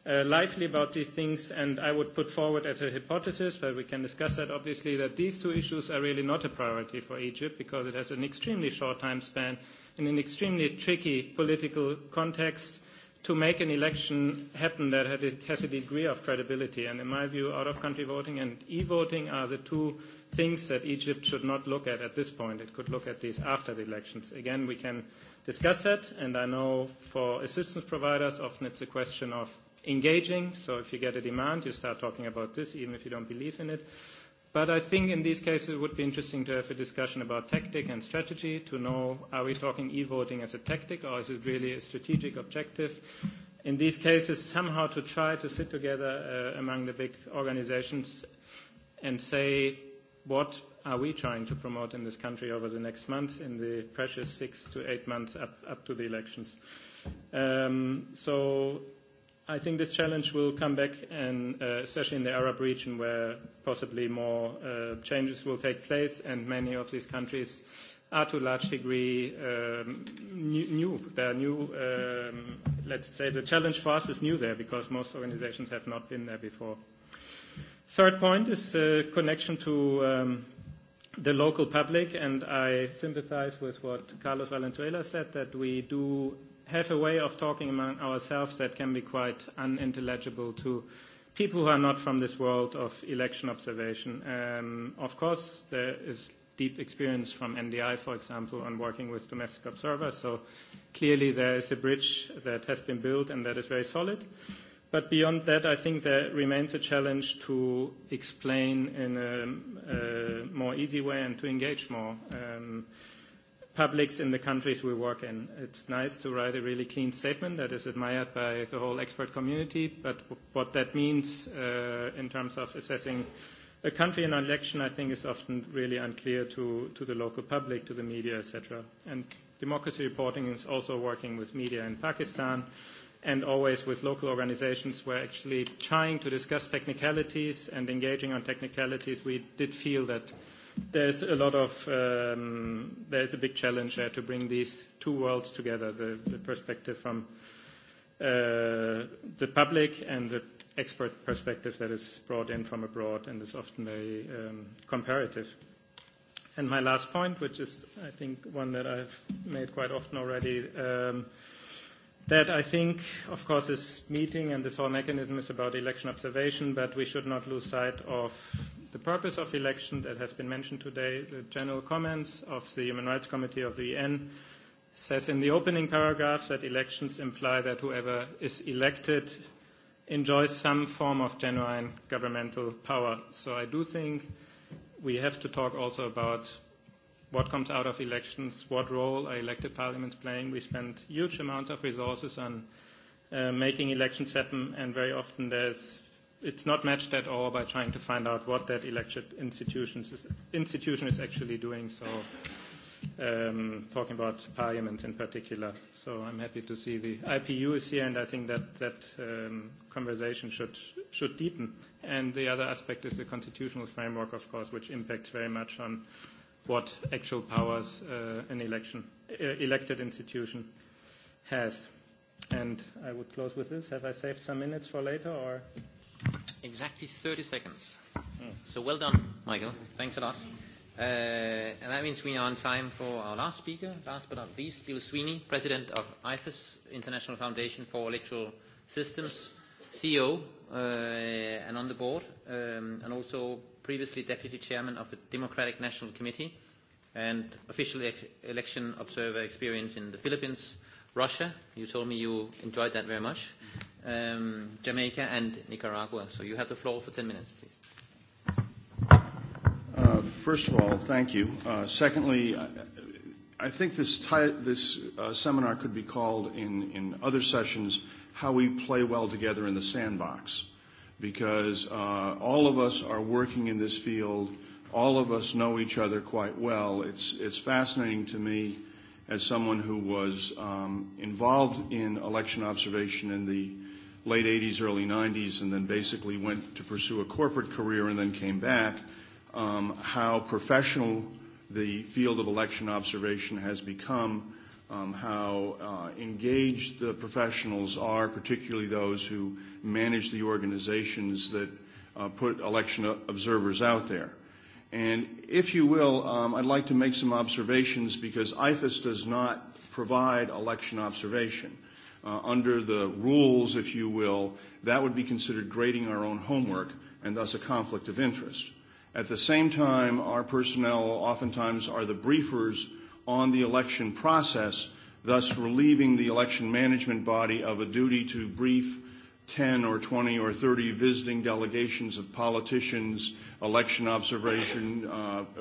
lively about these things, and I would put forward as a hypothesis, but we can discuss that obviously, that these two issues are really not a priority for Egypt because it has an extremely short time span in an extremely tricky political context to make an election happen that has a degree of credibility. And in my view, out-of-country voting and e-voting are the two things that Egypt should not look at at this point. It could look at these after the elections. Again, we can discuss that, and I know for assistance providers, often it's a question of engaging. So if you get a demand, you start talking about this, even if you don't believe in it. But I think in these cases it would be interesting to have a discussion about tactic and strategy to know are we talking e-voting as a tactic or is it really a strategic objective? In these cases, somehow to try to sit together among the big organizations and say what are we trying to promote in this country over the next months in the precious six to eight months up to the elections. So I think this challenge will come back, and especially in the Arab region, where possibly more changes will take place, and many of these countries are to a large degree new. They new. Let's say the challenge for us is new there because most organizations have not been there before. Third point is connection to the local public, and I sympathize with what Carlos Valenzuela said, that we do have a way of talking among ourselves that can be quite unintelligible to people who are not from this world of election observation. Of course, there is deep experience from NDI, for example, on working with domestic observers, so clearly there is a bridge that has been built and that is very solid. But beyond that, I think there remains a challenge to explain in a more easy way and to engage more publics in the countries we work in. It's nice to write a really clean statement that is admired by the whole expert community, but what that means in terms of assessing a country in an election, I think, is often really unclear to, the local public, to the media, etc. And democracy reporting is also working with media in Pakistan and always with local organizations where actually trying to discuss technicalities and engaging on technicalities, we did feel that there's a lot of there is a big challenge there to bring these two worlds together, the perspective from the public and the expert perspective that is brought in from abroad and is often very comparative. And my last point, which is, I think, one that I've made quite often already, that I think, of course, this meeting and this whole mechanism is about election observation, but we should not lose sight of the purpose of election that has been mentioned today, the general comments of the Human Rights Committee of the UN says in the opening paragraphs that elections imply that whoever is elected enjoys some form of genuine governmental power. So I do think we have to talk also about what comes out of elections, what role are elected parliaments playing. We spend huge amounts of resources on making elections happen, and very often there's it's not matched at all by trying to find out what that elected institutions is, institution is actually doing. So um, talking about parliament in particular. So I'm happy to see the IPU is here, and I think that that conversation should should deepen. And the other aspect is the constitutional framework, of course, which impacts very much on what actual powers an elected institution has. And I would close with this. Have I saved some minutes for later, or? exactly 30 seconds. So well done, Michael. Thanks a lot. And that means we are on time for our last speaker, last but not least, Bill Sweeney, President of IFAS, International Foundation for Electoral Systems, CEO and on the board, and also previously Deputy Chairman of the Democratic National Committee and official election observer experience in the Philippines, Russia. You told me you enjoyed that very much. Jamaica and Nicaragua. So you have the floor for 10 minutes, please. first of all, thank you. secondly, I think this, seminar could be called in, other sessions how we play well together in the sandbox because all of us are working in this field. All of us know each other quite well. It's, fascinating to me as someone who was involved in election observation in the late 80s, early 90s, and then basically went to pursue a corporate career and then came back, how professional the field of election observation has become, how engaged the professionals are, particularly those who manage the organizations that put election observers out there. And if you will, I'd like to make some observations because IFAS does not provide election observation under the rules, if you will, that would be considered grading our own homework and thus a conflict of interest. At the same time, our personnel oftentimes are the briefers on the election process, thus relieving the election management body of a duty to brief 10 or 20 or 30 visiting delegations of politicians, election observation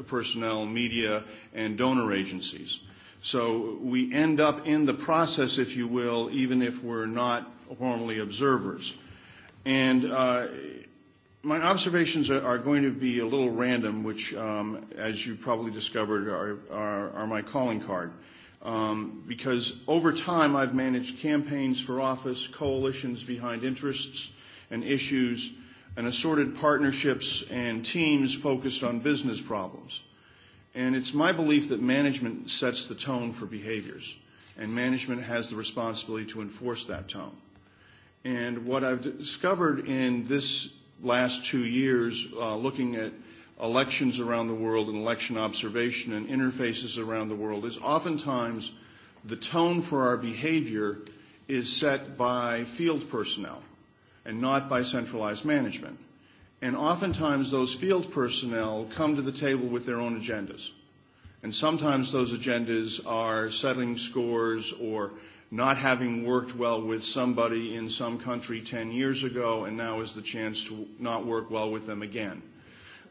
personnel, media, and donor agencies. So we end up in the process, if you will, even if we're not formally observers. And my observations are going to be a little random, which, as you probably discovered, are my calling card. Because over time, I've managed campaigns for office, coalitions behind interests and issues, and assorted partnerships and teams focused on business problems. And it's my belief that management sets the tone for behaviors, and management has the responsibility to enforce that tone. And what I've discovered in this last two years, looking at elections around the world and election observation and interfaces around the world, is oftentimes the tone for our behavior is set by field personnel and not by centralized management. And oftentimes those field personnel come to the table with their own agendas. And sometimes those agendas are settling scores or not having worked well with somebody in some country 10 years ago and now is the chance to not work well with them again.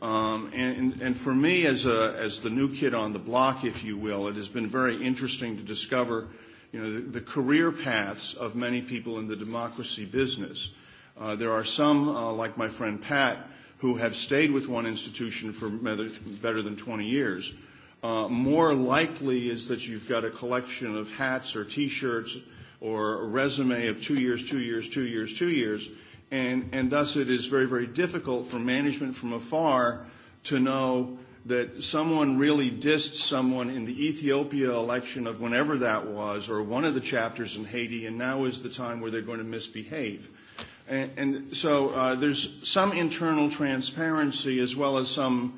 Um, and, and for me, as, a, as the new kid on the block, if you will, it has been very interesting to discover you know, the, the career paths of many people in the democracy business. There are some, like my friend Pat, who have stayed with one institution for better than 20 years. More likely is that you've got a collection of hats or T-shirts or a resume of two years, two years, two years, two years, and and thus it is very, very difficult for management from afar to know that someone really dissed someone in the Ethiopia election of whenever that was, or one of the chapters in Haiti, and now is the time where they're going to misbehave. And so there's some internal transparency as well as some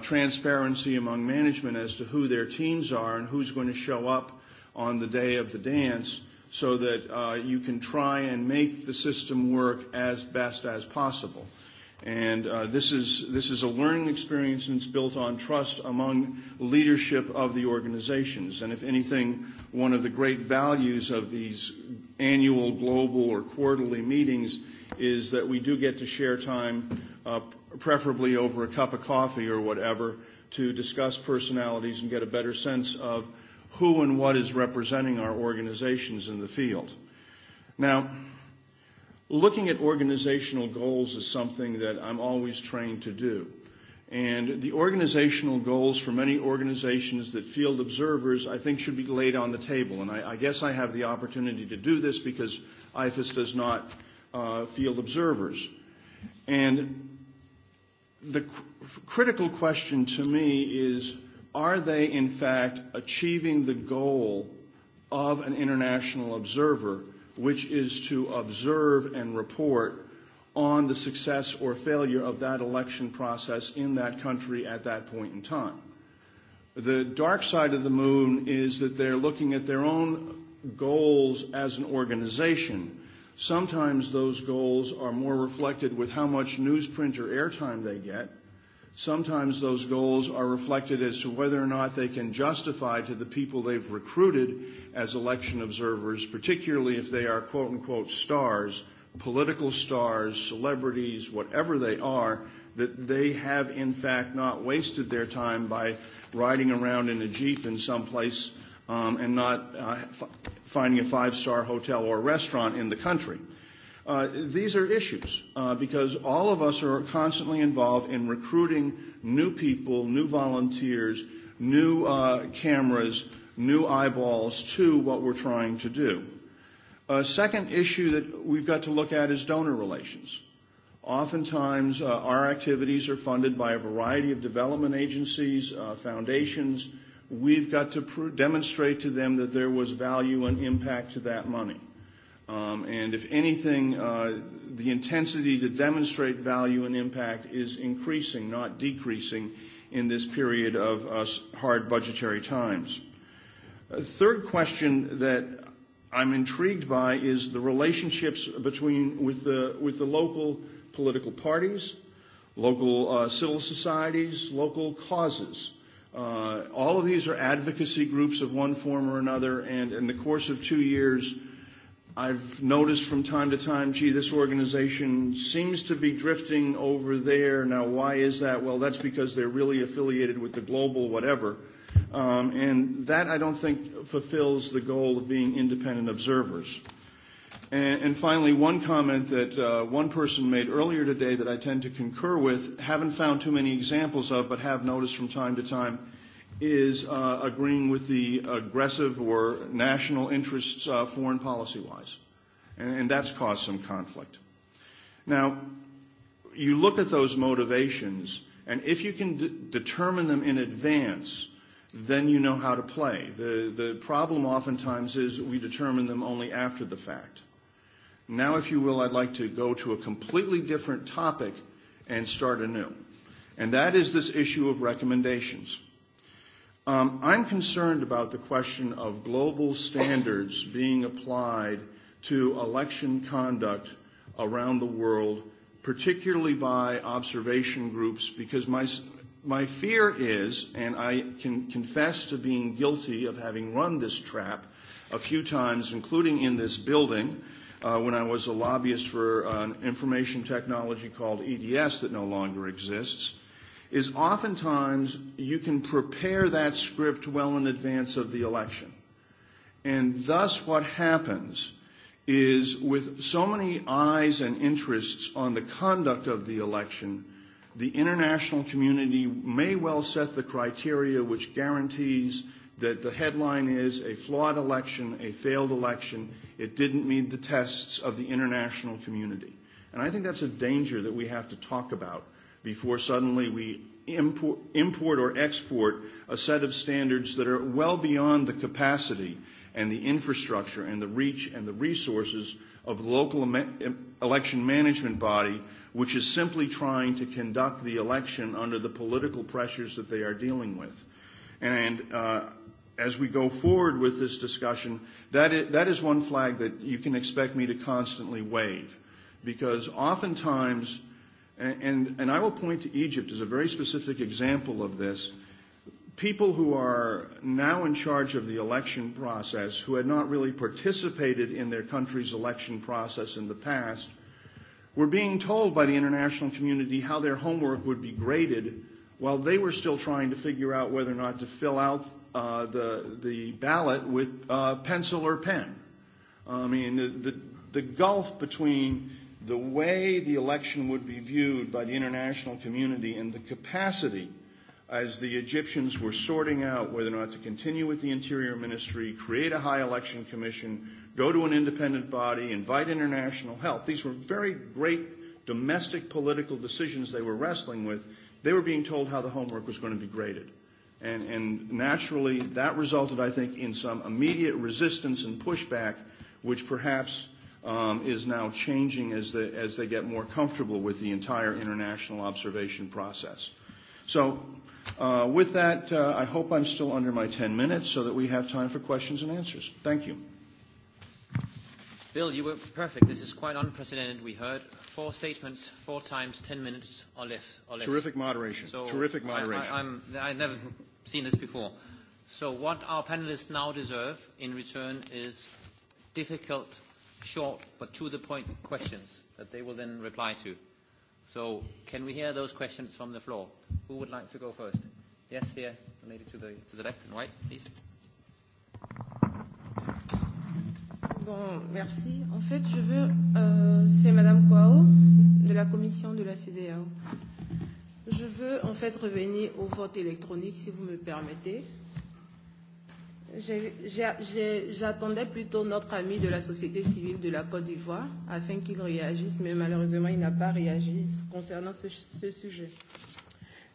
transparency among management as to who their teams are and who's going to show up on the day of the dance so that you can try and make the system work as best as possible. And this is this is a learning experience and it's built on trust among leadership of the organizations. And if anything, one of the great values of these annual global or quarterly meetings is that we do get to share time, preferably over a cup of coffee or whatever, to discuss personalities and get a better sense of who and what is representing our organizations in the field. Now looking at organizational goals is something that I'm always trained to do. And the organizational goals for many organizations that field observers, I think, should be laid on the table. And I, I guess I have the opportunity to do this because IFAS does not uh, field observers. And the critical question to me is, are they, in fact, achieving the goal of an international observer – which is to observe and report on the success or failure of that election process in that country at that point in time. The dark side of the moon is that they're looking at their own goals as an organization. Sometimes those goals are more reflected with how much newsprint or airtime they get sometimes those goals are reflected as to whether or not they can justify to the people they've recruited as election observers, particularly if they are quote unquote stars, political stars, celebrities, whatever they are, that they have in fact not wasted their time by riding around in a jeep in some place and not finding a five-star hotel or restaurant in the country. These are issues because all of us are constantly involved in recruiting new people, new volunteers, new cameras, new eyeballs to what we're trying to do. A second issue that we've got to look at is donor relations. Oftentimes, our activities are funded by a variety of development agencies, foundations. We've got to demonstrate to them that there was value and impact to that money. And if anything, the intensity to demonstrate value and impact is increasing, not decreasing, in this period of hard budgetary times. A third question that I'm intrigued by is the relationships between with the with the local political parties, local civil societies, local causes. All of these are advocacy groups of one form or another, and in the course of two years I've noticed from time to time, gee, this organization seems to be drifting over there. Now, why is that? Well, that's because they're really affiliated with the global whatever. Um, and that, I don't think, fulfills the goal of being independent observers. And, and finally, one comment that uh, one person made earlier today that I tend to concur with, haven't found too many examples of, but have noticed from time to time, is agreeing with the aggressive or national interests foreign policy-wise. And that's caused some conflict. Now, you look at those motivations, and if you can determine them in advance, then you know how to play. The, the problem oftentimes is we determine them only after the fact. Now, if you will, I'd like to go to a completely different topic and start anew. And that is this issue of recommendations. I'm concerned about the question of global standards being applied to election conduct around the world, particularly by observation groups, because my my fear is, and I can confess to being guilty of having run this trap a few times, including in this building, when I was a lobbyist for an information technology called EDS that no longer exists is oftentimes you can prepare that script well in advance of the election. And thus what happens is with so many eyes and interests on the conduct of the election, the international community may well set the criteria which guarantees that the headline is a flawed election, a failed election. It didn't meet the tests of the international community. And I think that's a danger that we have to talk about before suddenly we import or export a set of standards that are well beyond the capacity and the infrastructure and the reach and the resources of the local election management body, which is simply trying to conduct the election under the political pressures that they are dealing with. And as we go forward with this discussion, that is one flag that you can expect me to constantly wave, because oftentimes And, and I will point to Egypt as a very specific example of this. People who are now in charge of the election process, who had not really participated in their country's election process in the past, were being told by the international community how their homework would be graded while they were still trying to figure out whether or not to fill out uh, the, the ballot with uh, pencil or pen. I mean, the, the, the gulf between the way the election would be viewed by the international community and the capacity as the Egyptians were sorting out whether or not to continue with the Interior Ministry, create a high election commission, go to an independent body, invite international help. These were very great domestic political decisions they were wrestling with. They were being told how the homework was going to be graded. And, and naturally, that resulted, I think, in some immediate resistance and pushback, which perhaps um, is now changing as, the, as they get more comfortable with the entire international observation process. So uh, with that, I hope I'm still under my 10 minutes so that we have time for questions and answers. Thank you. Bill, you were perfect. This is quite unprecedented. We heard four statements, four times, 10 minutes or less. Or less. Terrific moderation. So Terrific moderation. I'm, I've never seen this before. So what our panelists now deserve in return is difficult short but to the point questions that they will then reply to. So can we hear those questions from the floor? Who would like to go first? Yes, here, the lady to the, to the left and right, please. Bon, merci. En fait, je veux... Euh, C'est Madame Quao, de la commission de la CDAO. Je veux en fait revenir au vote électronique, si vous me permettez J'attendais plutôt notre ami de la société civile de la Côte d'Ivoire afin qu'il réagisse, mais malheureusement, il n'a pas réagi concernant ce, ce sujet.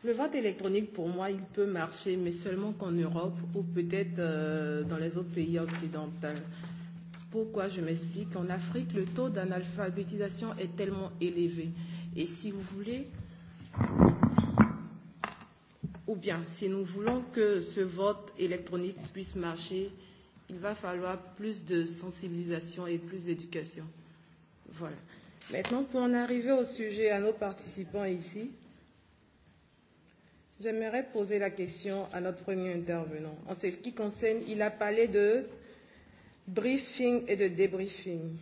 Le vote électronique, pour moi, il peut marcher, mais seulement qu'en Europe ou peut-être dans les autres pays occidentaux. Pourquoi je m'explique En Afrique, le taux d'analphabétisation est tellement élevé. Et si vous voulez, ou bien si nous voulons que ce vote électronique puisse marcher, il va falloir plus de sensibilisation et plus d'éducation. Voilà. Maintenant, pour en arriver au sujet à nos participants ici, j'aimerais poser la question à notre premier intervenant. En ce qui concerne, il a parlé de briefing et de débriefing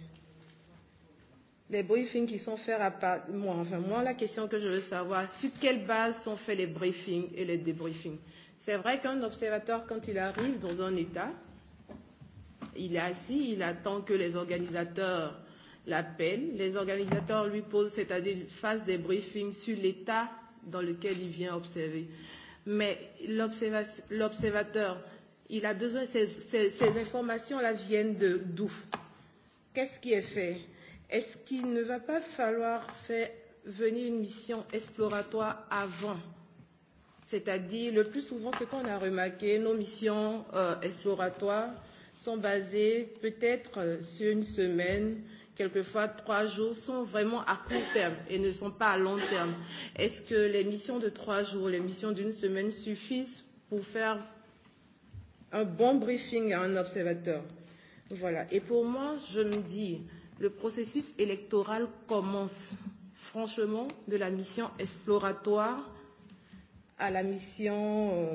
les briefings qui sont faits à part, moi, enfin, moi, la question que je veux savoir, sur quelle base sont faits les briefings et les débriefings C'est vrai qu'un observateur, quand il arrive dans un État, il est assis, il attend que les organisateurs l'appellent. Les organisateurs lui posent, c'est-à-dire fassent des briefings sur l'état dans lequel il vient observer. Mais l'observateur, il a besoin, ces, ces, ces informations-là viennent de d'où Qu'est-ce qui est fait Est-ce qu'il ne va pas falloir faire venir une mission exploratoire avant C'est-à-dire, le plus souvent, ce qu'on a remarqué, nos missions exploratoires sont basées peut-être sur une semaine, quelquefois trois jours, sont vraiment à court terme et ne sont pas à long terme. Est-ce que les missions de trois jours, les missions d'une semaine suffisent pour faire un bon briefing à un observateur Voilà. Et pour moi, je me dis, le processus électoral commence. Franchement, de la mission exploratoire à la mission,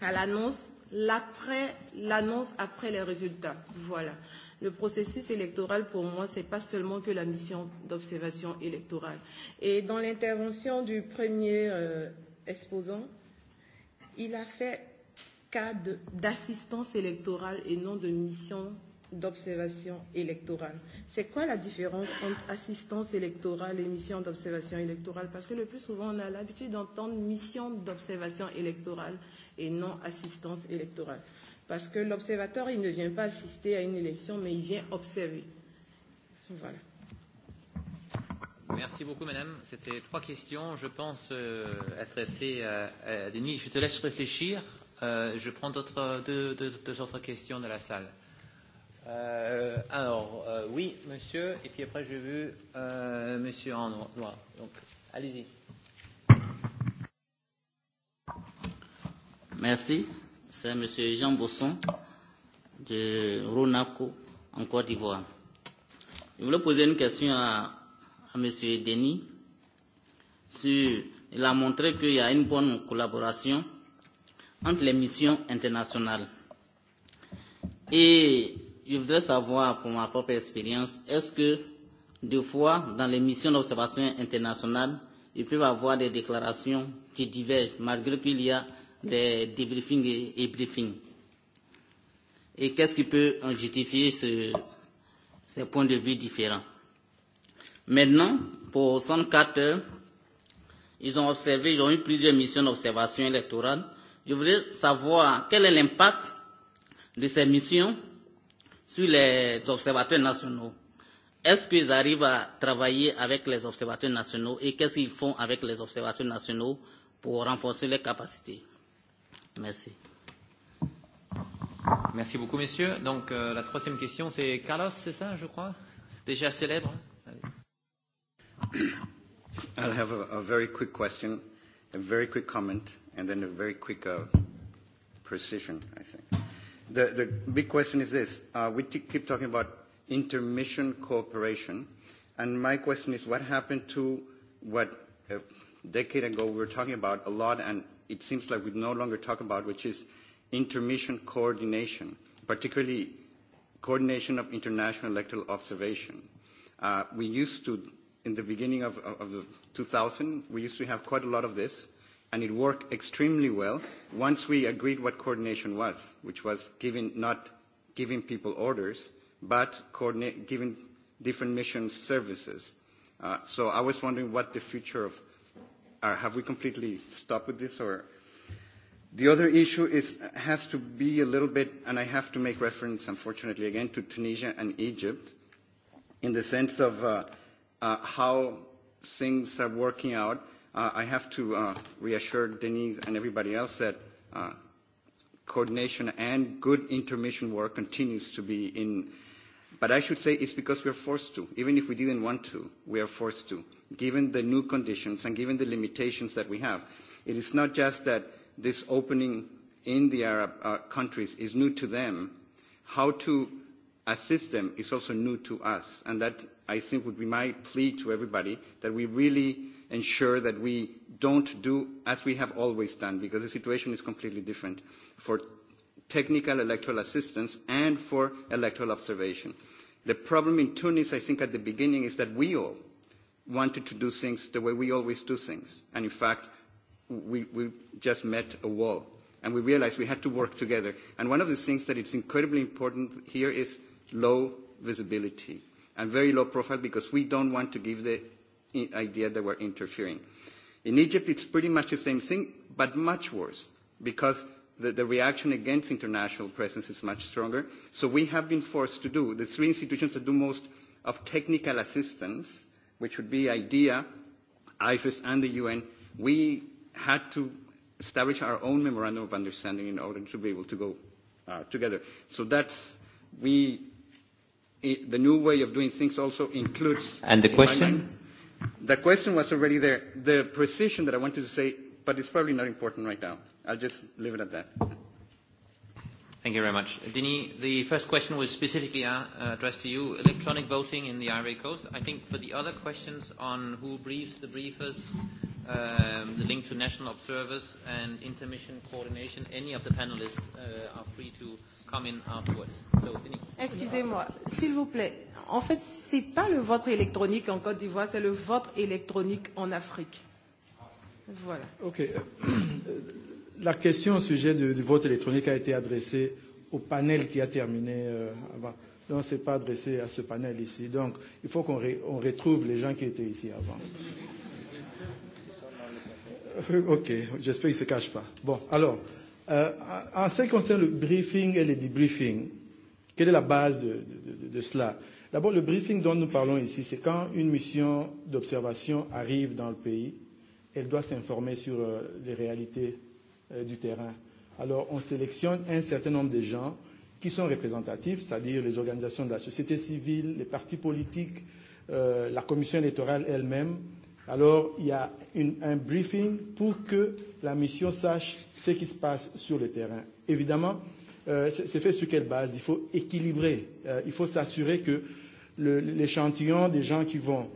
à l'annonce, l'annonce après les résultats. Voilà. Le processus électoral, pour moi, ce n'est pas seulement que la mission d'observation électorale. Et dans l'intervention du premier exposant, il a fait cas d'assistance électorale et non de mission d'observation électorale. C'est quoi la différence entre assistance électorale et mission d'observation électorale Parce que le plus souvent, on a l'habitude d'entendre mission d'observation électorale et non assistance électorale. Parce que l'observateur, il ne vient pas assister à une élection, mais il vient observer. Voilà. Merci beaucoup, madame. C'était trois questions, je pense, adressées à Denis. Je te laisse réfléchir. Je prends deux autres questions de la salle alors, oui, monsieur, et puis après, j'ai vu euh, monsieur en noir. Donc, allez-y. Merci. C'est monsieur Jean Bosson de Ronaco, en Côte d'Ivoire. Je voulais poser une question à, à monsieur Denis. Sur, il a montré qu'il y a une bonne collaboration entre les missions internationales. Et je voudrais savoir, pour ma propre expérience, est-ce que, des fois, dans les missions d'observation internationale, il peut avoir des déclarations qui divergent, malgré qu'il y a des débriefings et briefings. Et qu'est-ce qui peut justifier ce, ces points de vue différents Maintenant, pour 104 heures, ils ont observé, ils ont eu plusieurs missions d'observation électorale. Je voudrais savoir quel est l'impact de ces missions sur les observateurs nationaux. Est-ce qu'ils arrivent à travailler avec les observateurs nationaux et qu'est-ce qu'ils font avec les observateurs nationaux pour renforcer les capacités Merci. Merci beaucoup, messieurs. Donc, la troisième question, c'est Carlos, c'est ça, je crois Déjà célèbre. I'll have a, a very quick question, a very quick comment, and then a very quick uh, precision, I think the big question is this we keep talking about intermission cooperation and my question is what happened to what a decade ago we were talking about a lot and it seems like we no longer talk about which is intermission coordination particularly coordination of international electoral observation we used to in the beginning of of the 2000 we used to have quite a lot of this and it worked extremely well once we agreed what coordination was, which was not giving people orders, but giving different missions services. So I was wondering what the future of, have we completely stopped with this, or the other issue is has to be a little bit, and I have to make reference, unfortunately, again to Tunisia and Egypt, in the sense of how things are working out I have to reassure Denise and everybody else that coordination and good intermission work continues to be in. But I should say it's because we are forced to. Even if we didn't want to, we are forced to, given the new conditions and given the limitations that we have. It is not just that this opening in the Arab countries is new to them. How to assist them is also new to us. And that, I think, would be my plea to everybody, that we really ensure that we don't do as we have always done, because the situation is completely different for technical electoral assistance and for electoral observation. The problem in Tunis, I think, at the beginning is that we all wanted to do things the way we always do things. And in fact, we, just met a wall. And we realized we had to work together. And one of the things that is incredibly important here is low visibility and very low profile because we don't want to give the idea that we're interfering. In Egypt, it's pretty much the same thing, but much worse, because the reaction against international presence is much stronger. So we have been forced to do, the three institutions that do most of technical assistance, which would be IDEA, IFES, and the UN, we had to establish our own memorandum of understanding in order to be able to go together. So that's, we, the new way of doing things also includes. And the question? The question was already there. The precision that I wanted to say, but it's probably not important right now. I'll just leave it at that. Thank you very much. Dini, the first question was specifically addressed to you, electronic voting in the IRA Coast. I think for the other questions on who briefs the briefers, the link to national observers and intermission coordination, any of the panelists are free to come in afterwards. So, Excusez-moi, s'il vous plaît En fait, ce n'est pas le vote électronique en Côte d'Ivoire, c'est le vote électronique en Afrique. Voilà. OK. La question au sujet du, vote électronique a été adressée au panel qui a terminé avant. Donc, ce n'est pas adressé à ce panel ici. Donc, il faut qu'on on retrouve les gens qui étaient ici avant. OK, j'espère qu'ils ne se cachent pas. Bon, alors, euh, en ce qui concerne le briefing et le debriefing, quelle est la base de, de, de, de cela D'abord, le briefing dont nous parlons ici, c'est quand une mission d'observation arrive dans le pays, elle doit s'informer sur les réalités du terrain. Alors, on sélectionne un certain nombre de gens qui sont représentatifs, c'est-à-dire les organisations de la société civile, les partis politiques, la commission électorale elle-même. Alors, il y a un briefing pour que la mission sache ce qui se passe sur le terrain. Évidemment, c'est fait sur quelle base Il faut équilibrer, il faut s'assurer que l'échantillon des gens qui vont,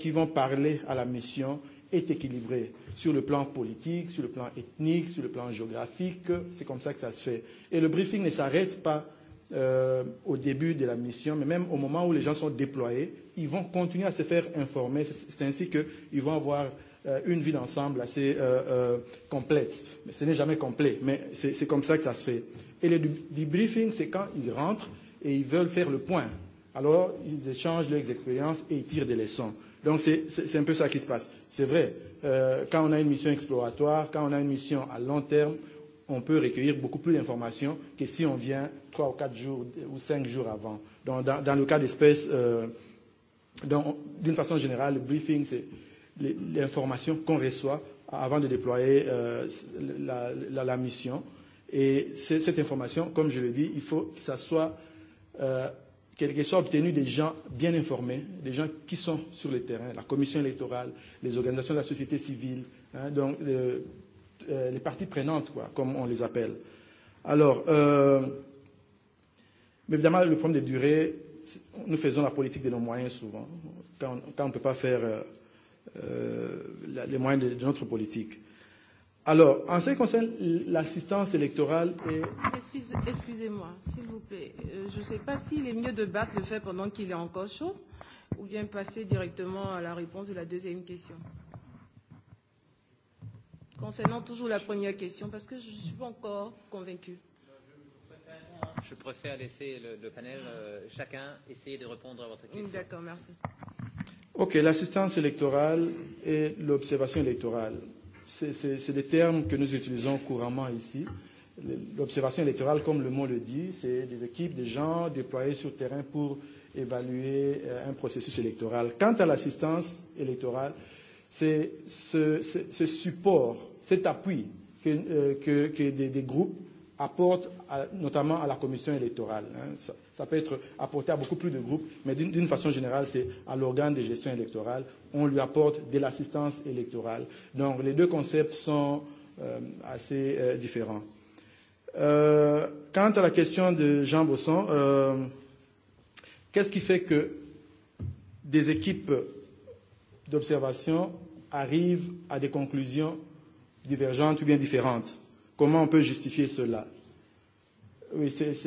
qui vont parler à la mission est équilibré sur le plan politique, sur le plan ethnique, sur le plan géographique. C'est comme ça que ça se fait. Et le briefing ne s'arrête pas au début de la mission, mais même au moment où les gens sont déployés, ils vont continuer à se faire informer. C'est ainsi qu'ils vont avoir une vie d'ensemble assez complète. Mais ce n'est jamais complet, mais c'est comme ça que ça se fait. Et le debriefing, c'est quand ils rentrent et ils veulent faire le point alors ils échangent leurs expériences et ils tirent des leçons. Donc c'est un peu ça qui se passe. C'est vrai, quand on a une mission exploratoire, quand on a une mission à long terme, on peut recueillir beaucoup plus d'informations que si on vient trois ou quatre jours ou cinq jours avant. Dans, dans, dans le cas euh, d'une façon générale, le briefing, c'est l'information qu'on reçoit avant de déployer la, la, la mission. Et cette information, comme je l'ai dis, il faut que ça soit quelque soit obtenus des gens bien informés, des gens qui sont sur le terrain, la commission électorale, les organisations de la société civile, donc les parties prenantes, quoi, comme on les appelle. Alors, euh, évidemment, le problème des durées, nous faisons la politique de nos moyens souvent, quand, on ne peut pas faire euh, les moyens de notre politique. Alors, en ce qui concerne l'assistance électorale et... Excusez-moi, s'il vous plaît. Je ne sais pas s'il est mieux de battre le fait pendant qu'il est encore chaud ou bien passer directement à la réponse de la deuxième question. Concernant toujours la première question, parce que je ne suis pas encore convaincue. Je préfère laisser le, le panel, chacun, essayer de répondre à votre question. D'accord, merci. Ok, l'assistance électorale et l'observation électorale c'est des termes que nous utilisons couramment ici. L'observation électorale, comme le mot le dit, c'est des équipes, des gens déployés sur terrain pour évaluer un processus électoral. Quant à l'assistance électorale, c'est ce support, cet appui que des groupes apporte notamment à la commission électorale. Ça peut être apporté à beaucoup plus de groupes, mais d'une façon générale, c'est à l'organe de gestion électorale. On lui apporte de l'assistance électorale. Donc les deux concepts sont assez différents. Quant à la question de Jean Bosson, qu'est-ce qui fait que des équipes d'observation arrivent à des conclusions divergentes ou bien différentes Comment on peut justifier cela Oui, c'est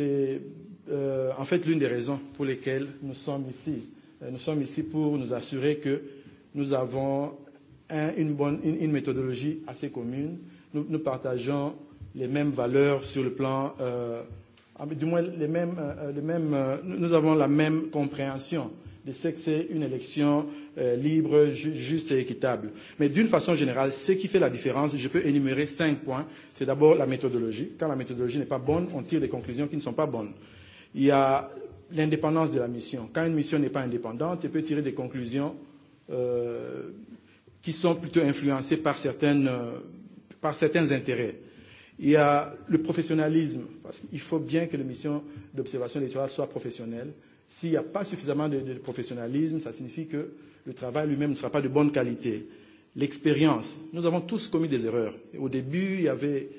en fait l'une des raisons pour lesquelles nous sommes ici. Nous sommes ici pour nous assurer que nous avons une bonne une méthodologie assez commune. Nous partageons les mêmes valeurs sur le plan du moins les mêmes les mêmes nous avons la même compréhension de ce que c'est une élection libre, juste et équitable. Mais d'une façon générale, ce qui fait la différence, je peux énumérer cinq points. C'est d'abord la méthodologie. Quand la méthodologie n'est pas bonne, on tire des conclusions qui ne sont pas bonnes. Il y a l'indépendance de la mission. Quand une mission n'est pas indépendante, elle peut tirer des conclusions qui sont plutôt influencées par certaines par certains intérêts. Il y a le professionnalisme, parce qu'il faut bien que les missions d'observation électorale soient professionnelles. S'il n'y a pas suffisamment de, de professionnalisme, ça signifie que le travail lui-même ne sera pas de bonne qualité. L'expérience. Nous avons tous commis des erreurs. Au début, il y avait,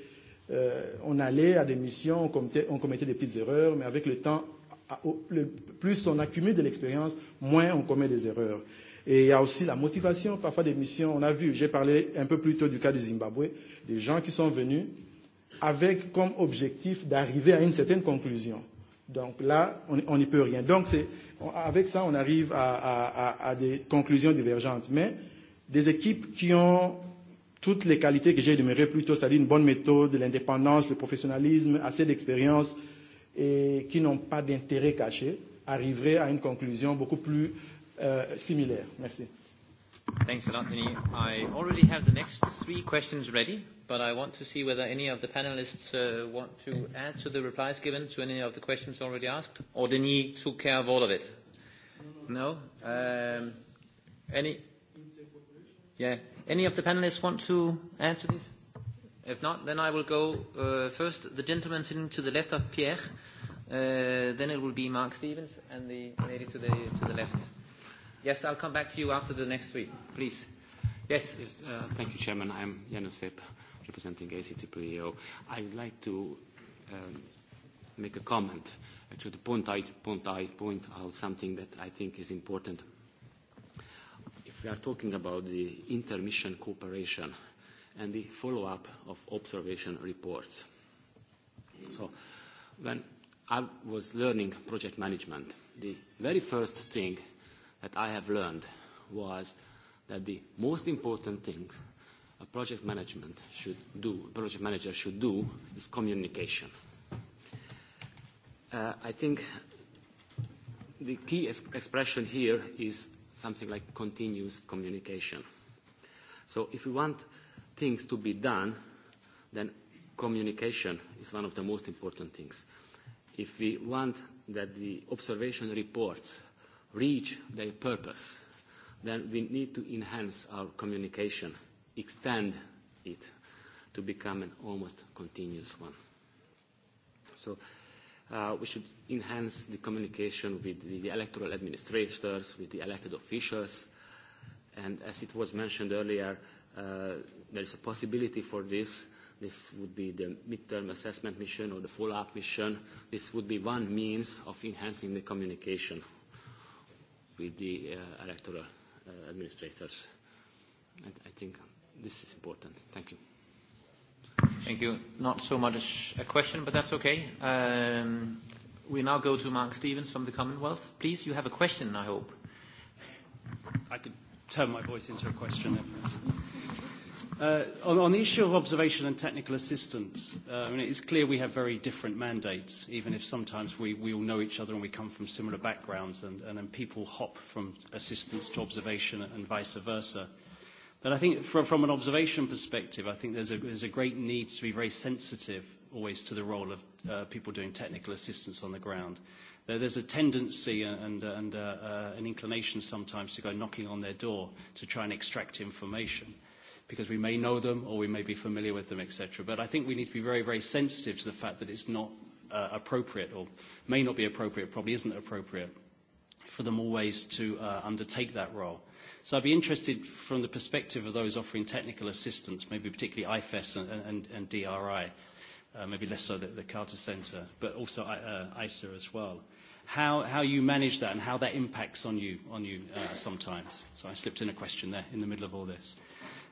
euh, on allait à des missions, on commettait, des petites erreurs, mais avec le temps, plus on accumule de l'expérience, moins on commet des erreurs. Et il y a aussi la motivation parfois des missions. On a vu, j'ai parlé un peu plus tôt du cas du Zimbabwe, des gens qui sont venus avec comme objectif d'arriver à une certaine conclusion. Donc là, on n'y peut rien. Donc avec ça, on arrive à des conclusions divergentes. Mais des équipes qui ont toutes les qualités que j'ai énumérées plus tôt, c'est-à-dire une bonne méthode, l'indépendance, le professionnalisme, assez d'expérience et qui n'ont pas d'intérêt caché, arriveraient à une conclusion beaucoup plus similaire. Merci. Thanks, Anthony. I already have the next three questions ready but I want to see whether any of the panelists want to add to the replies given to any of the questions already asked, or Denis took care of all of it. No? Any? Yeah. Any of the panelists want to add to this? If not, then I will go first. The gentleman sitting to the left of Pierre, then it will be Mark Stevens and the lady to the to the left. Yes, I'll come back to you after the next three, please. Yes. Thank you, Chairman. I'm Janusz Sepp representing ACTPO, I would like to make a comment, actually point out something that I think is important. If we are talking about the intermission cooperation and the follow-up of observation reports. So when I was learning project management, the very first thing that I have learned was that the most important thing a project management should do, project manager should do is communication. I think the key expression here is something like continuous communication. So if we want things to be done, then communication is one of the most important things. If we want that the observation reports reach their purpose, then we need to enhance our communication extend it to become an almost continuous one. So we should enhance the communication with the electoral administrators, with the elected officials, and as it was mentioned earlier, there is a possibility for this. This would be the midterm assessment mission or the follow-up mission. This would be one means of enhancing the communication with the electoral administrators. I think this is important. Thank you. Thank you. Not so much a question, but that's okay. Um, we now go to Mark Stevens from the Commonwealth. Please, you have a question, I hope. I could turn my voice into a question. On the issue of observation and technical assistance, it is clear we have very different mandates, even if sometimes we all know each other and we come from similar backgrounds, and then people hop from assistance to observation and vice versa. But I think from from an observation perspective, I think there's a there's a great need to be very sensitive always to the role of people doing technical assistance on the ground. There There's a tendency and an inclination sometimes to go knocking on their door to try and extract information because we may know them or we may be familiar with them, etc. But I think we need to be very, very sensitive to the fact that it's not appropriate or may not be appropriate, probably isn't appropriate for them always to undertake that role. So I'd be interested from the perspective of those offering technical assistance, maybe particularly IFES and DRI, maybe less so the Carter Center, but also ISA as well. How how you manage that and how that impacts on you on you sometimes. So I slipped in a question there in the middle of all this.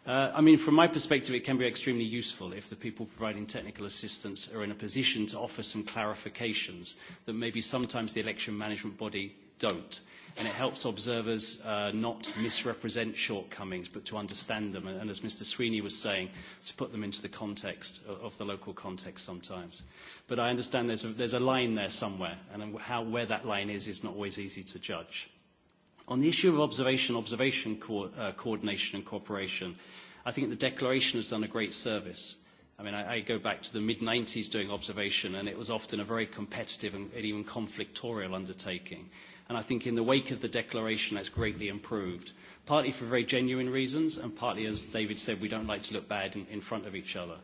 I mean, from my perspective, it can be extremely useful if the people providing technical assistance are in a position to offer some clarifications that maybe sometimes the election management body don't. And it helps observers not misrepresent shortcomings, but to understand them. And as Mr. Sweeney was saying, to put them into the context of the local context sometimes. But I understand there's a, there's a line there somewhere, and how, where that line is is not always easy to judge. On the issue of observation, observation coordination and cooperation, I think the declaration has done a great service. I mean, I go back to the mid-90s doing observation, and it was often a very competitive and even conflictorial undertaking and I think in the wake of the declaration that's greatly improved, partly for very genuine reasons and partly, as David said, we don't like to look bad in front of each other.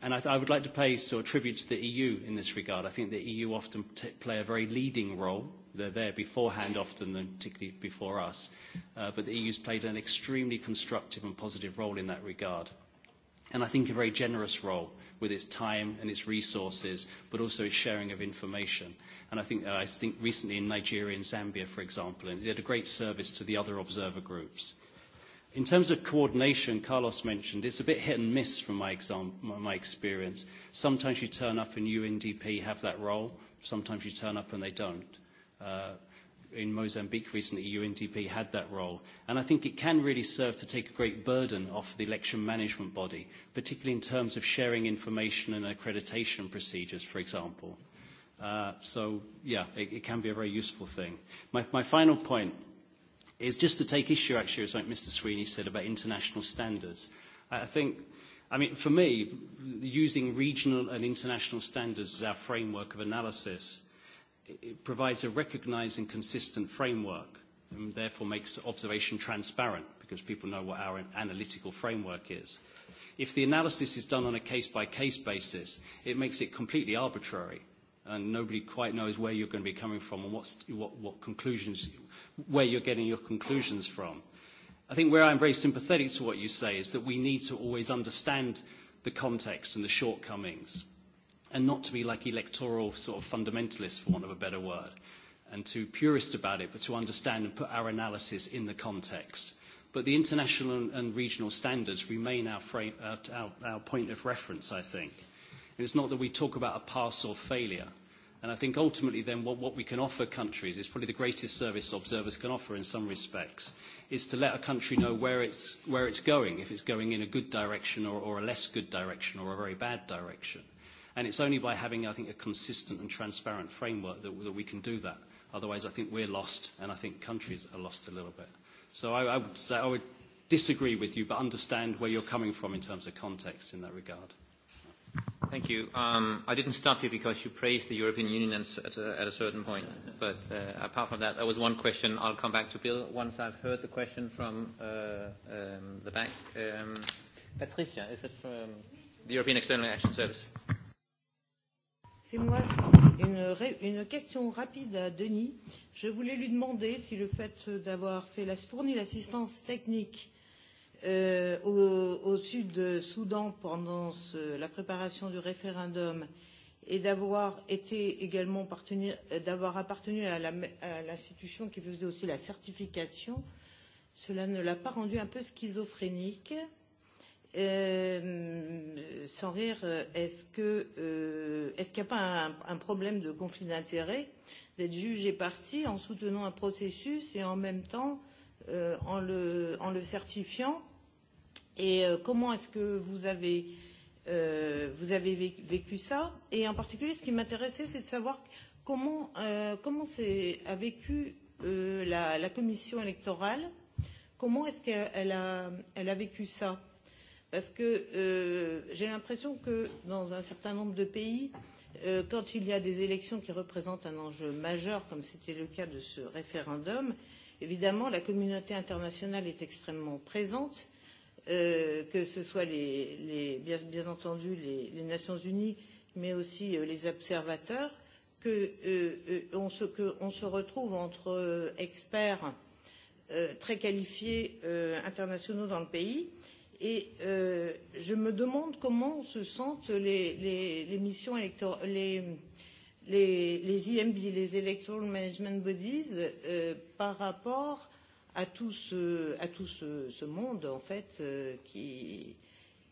And I would like to pay sort tribute to the EU in this regard. I think the EU often play a very leading role. They're there beforehand often, than particularly before us. But the EU's played an extremely constructive and positive role in that regard. And I think a very generous role with its time and its resources, but also its sharing of information and I think I think recently in Nigeria and Zambia, for example, and it did a great service to the other observer groups. In terms of coordination, Carlos mentioned, it's a bit hit and miss from my experience. Sometimes you turn up and UNDP have that role. Sometimes you turn up and they don't. In Mozambique recently, UNDP had that role. And I think it can really serve to take a great burden off the election management body, particularly in terms of sharing information and accreditation procedures, for example. So, yeah, it can be a very useful thing. My final point is just to take issue, actually, as Mr. Sweeney said about international standards. I think, I mean, for me, using regional and international standards as our framework of analysis, it provides a recognized and consistent framework and therefore makes observation transparent because people know what our analytical framework is. If the analysis is done on a case-by-case basis, it makes it completely arbitrary and nobody quite knows where you're going to be coming from and what conclusions, where you're getting your conclusions from. I think where I'm very sympathetic to what you say is that we need to always understand the context and the shortcomings and not to be like electoral sort of fundamentalists, for want of a better word, and too purist about it, but to understand and put our analysis in the context. But the international and regional standards remain our point of reference, I think. And it's not that we talk about a pass or failure. And I think ultimately then what we can offer countries is probably the greatest service observers can offer in some respects, is to let a country know where it's going, if it's going in a good direction or a less good direction or a very bad direction. And it's only by having, I think, a consistent and transparent framework that we can do that. Otherwise, I think we're lost, and I think countries are lost a little bit. So I would disagree with you, but understand where you're coming from in terms of context in that regard. Thank you. Um, I didn't stop you because you praised the European Union at a, at a certain point. But uh, apart from that, there was one question. I'll come back to Bill once I've heard the question from uh, um, the back. Um, Patricia, is it from the European External Action Service? C'est moi. Une, une question rapide à Denis. Je voulais lui demander si le fait d'avoir fait la, fourni l'assistance technique au Sud Soudan pendant la préparation du référendum et d'avoir été également d'avoir appartenu à l'institution qui faisait aussi la certification, cela ne l'a pas rendu un peu schizophrénique. Sans rire, est-ce qu'il n'y a pas un problème de conflit d'intérêts d'être juge et parti en soutenant un processus et en même temps en le certifiant. Et comment est-ce que vous avez vous avez vécu ça Et en particulier, ce qui m'intéressait, c'est de savoir comment comment a vécu la commission électorale, comment est-ce qu'elle a vécu ça Parce que j'ai l'impression que dans un certain nombre de pays, quand il y a des élections qui représentent un enjeu majeur, comme c'était le cas de ce référendum, Évidemment, la communauté internationale est extrêmement présente, que ce soit bien entendu les Nations unies, mais aussi les observateurs, que qu'on se retrouve entre experts très qualifiés internationaux dans le pays. Et je me demande comment se sentent les missions électorales les, les IMB, les Electoral Management Bodies, par rapport à tout ce, à tout ce, ce monde, en fait, qui,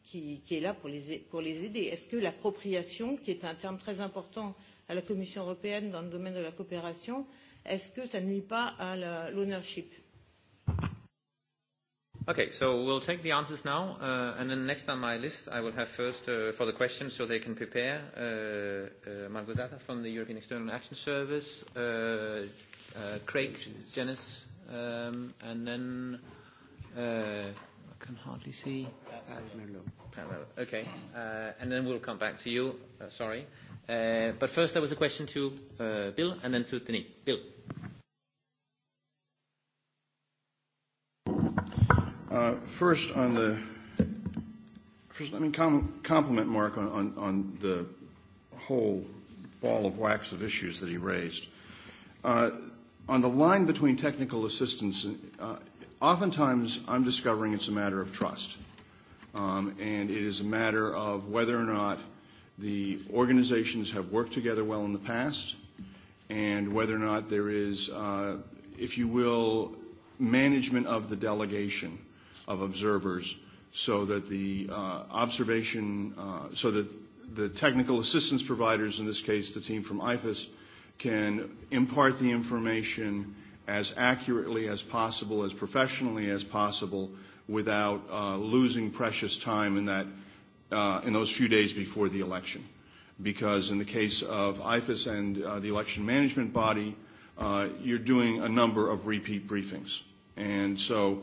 qui, qui est là pour les, pour les aider. Est-ce que l'appropriation, qui est un terme très important à la Commission européenne dans le domaine de la coopération, est-ce que ça ne nuit pas à l'ownership Okay, so we'll take the answers now, and then next on my list, I will have first for the questions so they can prepare. Zata from the European External Action Service, Craig Dennis, and then I can hardly see. Okay, and then we'll come back to you. Sorry, but first there was a question to Bill, and then to Denis. Bill. First, on the first, let me compliment Mark on on the whole ball of wax of issues that he raised. On the line between technical assistance, oftentimes I'm discovering it's a matter of trust, and it is a matter of whether or not the organizations have worked together well in the past, and whether or not there is, if you will, management of the delegation of observers so that the observation, so that the technical assistance providers, in this case the team from IFAS, can impart the information as accurately as possible, as professionally as possible, without losing precious time in that, in those few days before the election. Because in the case of IFAS and the election management body, you're doing a number of repeat briefings. And so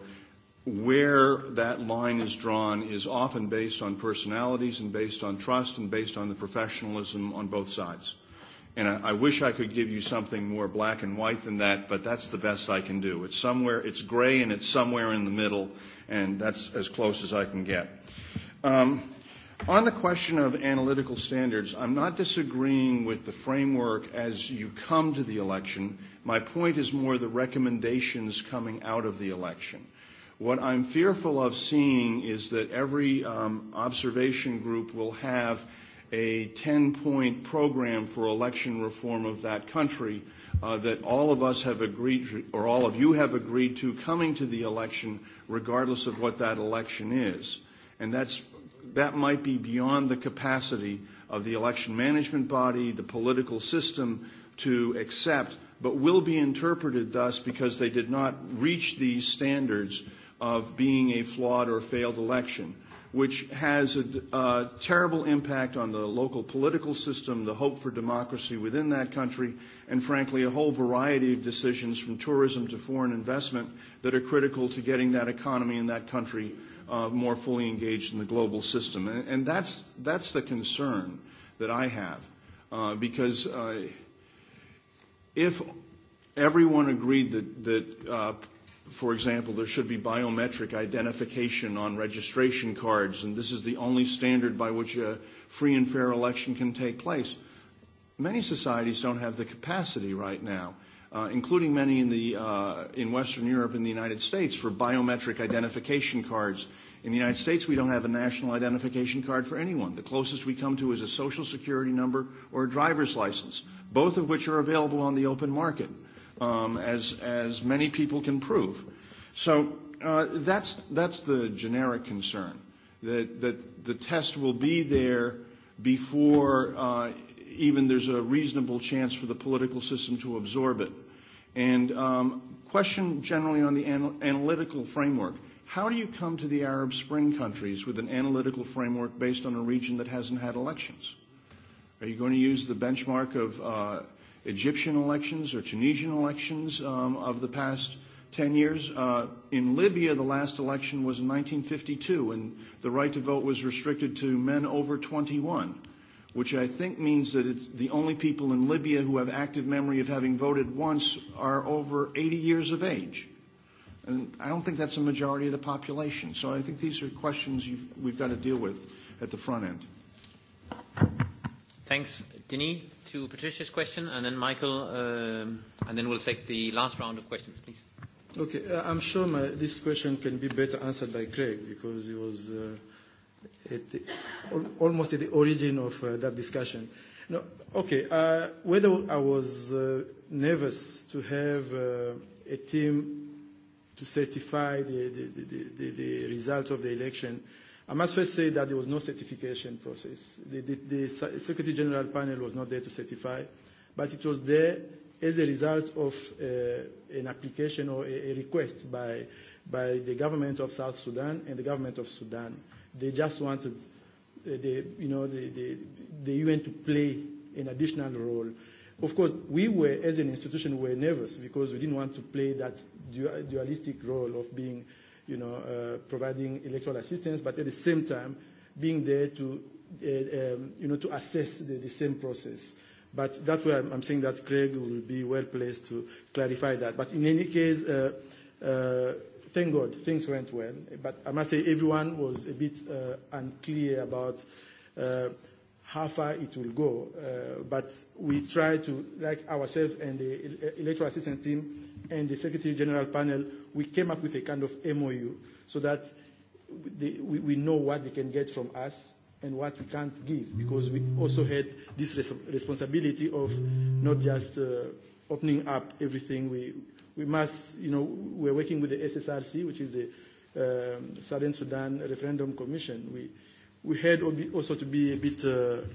where that line is drawn is often based on personalities and based on trust and based on the professionalism on both sides. And I wish I could give you something more black and white than that, but that's the best I can do. It's somewhere, it's gray and it's somewhere in the middle, and that's as close as I can get. On the question of analytical standards, I'm not disagreeing with the framework as you come to the election. My point is more the recommendations coming out of the election. What I'm fearful of seeing is that every observation group will have a 10-point program for election reform of that country that all of us have agreed, or all of you have agreed to coming to the election, regardless of what that election is. And that's, that might be beyond the capacity of the election management body, the political system to accept, but will be interpreted thus because they did not reach these standards of being a flawed or failed election, which has a terrible impact on the local political system, the hope for democracy within that country, and frankly, a whole variety of decisions from tourism to foreign investment that are critical to getting that economy in that country more fully engaged in the global system. And that's that's the concern that I have, because if everyone agreed that that for example, there should be biometric identification on registration cards, and this is the only standard by which a free and fair election can take place. Many societies don't have the capacity right now, including many in the in Western Europe and the United States, for biometric identification cards. In the United States, we don't have a national identification card for anyone. The closest we come to is a social security number or a driver's license, both of which are available on the open market as as many people can prove. So that's that's the generic concern that that the test will be there before even there's a reasonable chance for the political system to absorb it. And um question generally on the analytical framework. How do you come to the Arab Spring countries with an analytical framework based on a region that hasn't had elections? Are you going to use the benchmark of Egyptian elections or Tunisian elections um of the past 10 years. Uh In Libya, the last election was in 1952, and the right to vote was restricted to men over 21, which I think means that it's the only people in Libya who have active memory of having voted once are over 80 years of age. And I don't think that's a majority of the population. So I think these are questions we've got to deal with at the front end. Thanks. Denis? to Patricia's question, and then Michael, and then we'll take the last round of questions, please. Okay, I'm sure this question can be better answered by Craig because he was almost at the origin of that discussion. No, okay, whether I was nervous to have a team to certify the the the results of the election I must first say that there was no certification process. The, the, the Secretary General panel was not there to certify, but it was there as a result of an application or a, request by, by the government of South Sudan and the government of Sudan. They just wanted the, you know, the, the, the UN to play an additional role. Of course, we were, as an institution, were nervous because we didn't want to play that dualistic role of being you know, providing electoral assistance, but at the same time being there to, you know, to assess the, the same process. But that's why I'm saying that Craig will be well placed to clarify that. But in any case, thank God, things went well. But I must say, everyone was a bit unclear about how far it will go. But we try to, like ourselves and the electoral assistance team and the Secretary General panel, we came up with a kind of MOU so that we know what they can get from us and what we can't give because we also had this responsibility of not just opening up everything. We we must, you know, we're working with the SSRC, which is the Southern Sudan Referendum Commission. We we had also to be a bit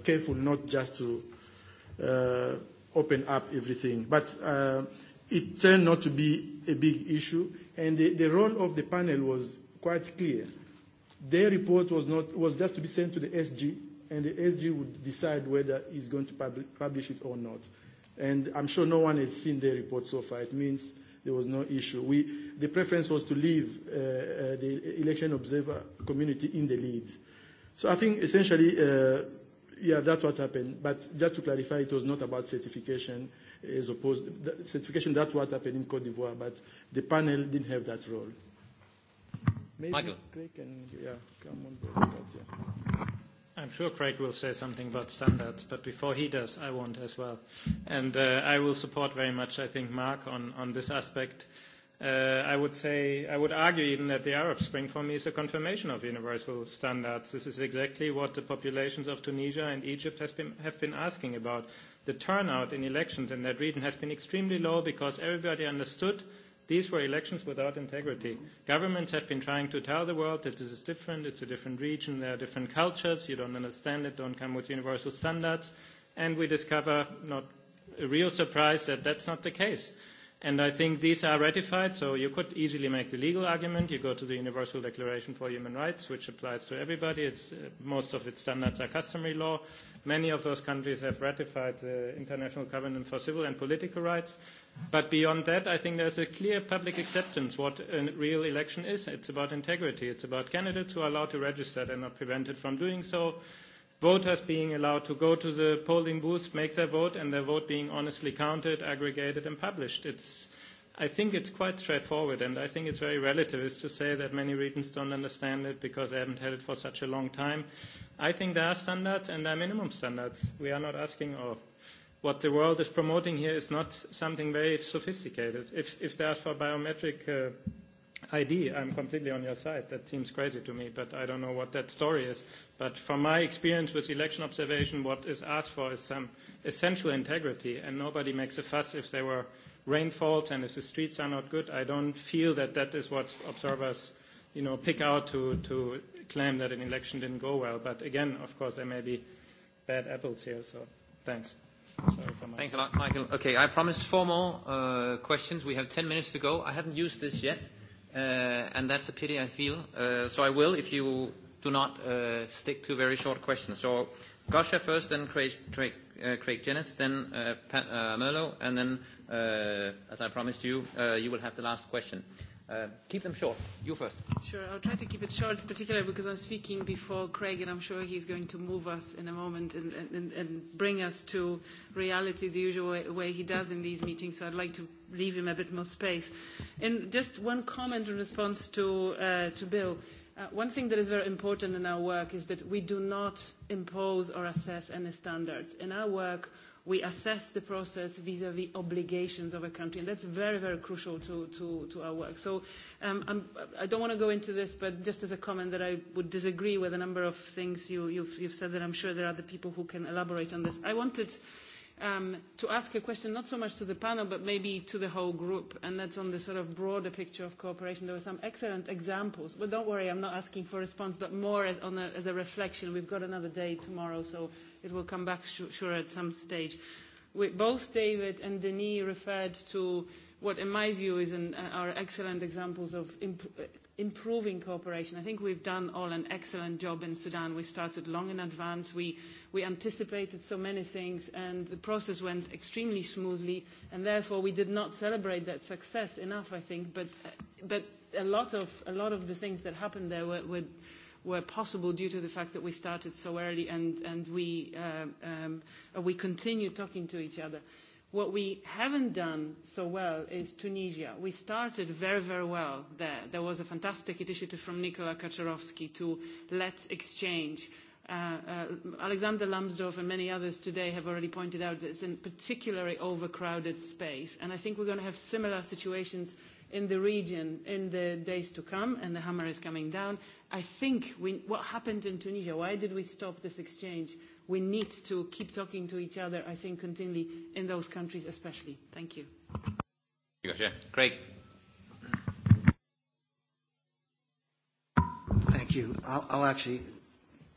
careful not just to open up everything. But it turned not to be a big issue and the role of the panel was quite clear. Their report was not was just to be sent to the SG, and the SG would decide whether he's going to publish it or not. And I'm sure no one has seen their report so far. It means there was no issue. We the preference was to leave the election observer community in the lead. So I think essentially, yeah, that's what happened. But just to clarify, it was not about certification as opposed certification. That what happened in Cote d'Ivoire, but the panel didn't have that role. Maybe Michael. Craig can yeah, come on I'm sure Craig will say something about standards, but before he does, I want as well. And I will support very much, I think, Mark on, on this aspect. I would say, I would argue even that the Arab Spring for me is a confirmation of universal standards. This is exactly what the populations of Tunisia and Egypt has been, have been asking about. The turnout in elections in that region has been extremely low because everybody understood these were elections without integrity. Governments have been trying to tell the world that this is different, it's a different region, there are different cultures, you don't understand it, don't come with universal standards. And we discover, not a real surprise, that that's not the case. And I think these are ratified, so you could easily make the legal argument. You go to the Universal Declaration for Human Rights, which applies to everybody. It's, most of its standards are customary law. Many of those countries have ratified the International Covenant for Civil and Political Rights. But beyond that, I think there's a clear public acceptance what a real election is. It's about integrity. It's about candidates who are allowed to register and are prevented from doing so voters being allowed to go to the polling booth, make their vote, and their vote being honestly counted, aggregated, and published. It's, I think it's quite straightforward, and I think it's very relativist to say that many regions don't understand it because they haven't had it for such a long time. I think there are standards, and there are minimum standards. We are not asking, or what the world is promoting here is not something very sophisticated. If, if there are for biometric ID, I'm completely on your side. That seems crazy to me, but I don't know what that story is. But from my experience with election observation, what is asked for is some essential integrity, and nobody makes a fuss if there were rainfalls and if the streets are not good. I don't feel that that is what observers, you know, pick out to, to claim that an election didn't go well. But again, of course, there may be bad apples here, so thanks. Thanks a lot, Michael. Okay, I promised four more uh, questions. We have 10 minutes to go. I haven't used this yet and that's a pity, I feel. So I will, if you do not stick to very short questions. So Gosha first, then Craig Craig Jennis, then Merlo, and then, as I promised you, you will have the last question. Keep them short. You first. Sure, I'll try to keep it short, particularly because I'm speaking before Craig, and I'm sure he's going to move us in a moment and bring us to reality the usual way he does in these meetings, so I'd like to leave him a bit more space. And just one comment in response to Bill. One thing that is very important in our work is that we do not impose or assess any standards. In our work, we assess the process vis-à-vis obligations of a country. And that's very, very crucial to our work. So I don't want to go into this, but just as a comment that I would disagree with a number of things you you've said, that I'm sure there are other people who can elaborate on this. I wanted to ask a question not so much to the panel but maybe to the whole group and that's on the sort of broader picture of cooperation. There were some excellent examples but don't worry I'm not asking for response but more as, on a, as a reflection. We've got another day tomorrow so it will come back sure at some stage. both David and Denis referred to what in my view is an, are excellent examples of improving cooperation. I think we've done all an excellent job in Sudan. We started long in advance. We anticipated so many things, and the process went extremely smoothly, and therefore we did not celebrate that success enough, I think. But a lot of the things that happened there were were possible due to the fact that we started so early and we continued talking to each other. What we haven't done so well is Tunisia. We started very, very well there. There was a fantastic initiative from Nikola Kaczorowski to let's exchange. Alexander Lambsdorff and many others today have already pointed out that it's a particularly overcrowded space. And I think we're going to have similar situations in the region in the days to come, and the hammer is coming down. I think what happened in Tunisia, why did we stop this exchange? we need to keep talking to each other, I think, continually in those countries especially. Thank you. Craig. Thank you. I'll actually,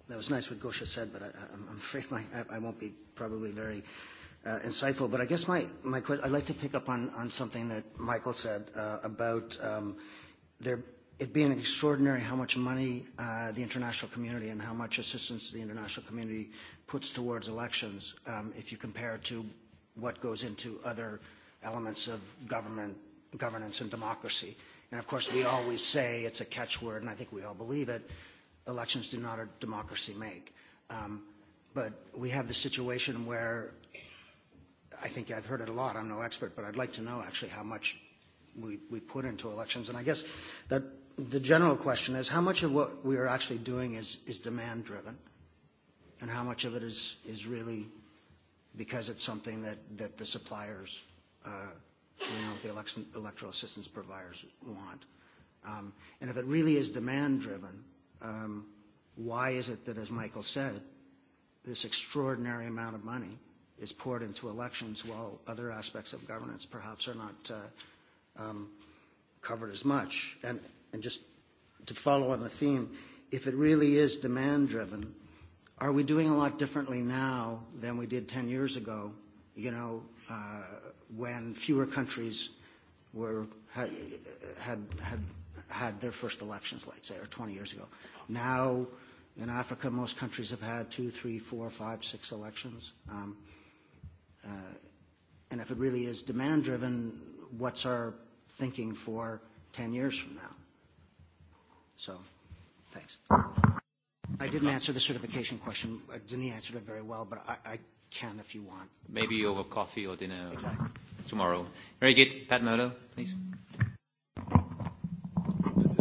that was nice what Gosha said, but I'm afraid I won't be probably very insightful. But I guess my my I'd like to pick up on on something that Michael said about there It being extraordinary how much money the international community and how much assistance the international community puts towards elections if you compare it to what goes into other elements of government governance and democracy. And of course we always say it's a catchword and I think we all believe it elections do not a democracy make. But we have the situation where I think I've heard it a lot, I'm no expert, but I'd like to know actually how much we we put into elections. And I guess that the general question is how much of what we are actually doing is, is demand driven and how much of it is, is really because it's something that, that the suppliers, uh, you know, the election, electoral assistance providers want. Um, and if it really is demand driven, um, why is it that, as Michael said, this extraordinary amount of money is poured into elections while other aspects of governance perhaps are not uh, um, covered as much? And and just to follow on the theme, if it really is demand driven, are we doing a lot differently now than we did 10 years ago, you know, uh, when fewer countries were, had, had, had, their first elections, let's say, or 20 years ago. Now, in Africa, most countries have had two, three, four, five, six elections. Um, uh, and if it really is demand driven, what's our thinking for 10 years from now? So, thanks. I didn't answer the certification question. Denis answered it very well, but I can if you want. Maybe over coffee or dinner tomorrow. Very good. Pat Murdo, please.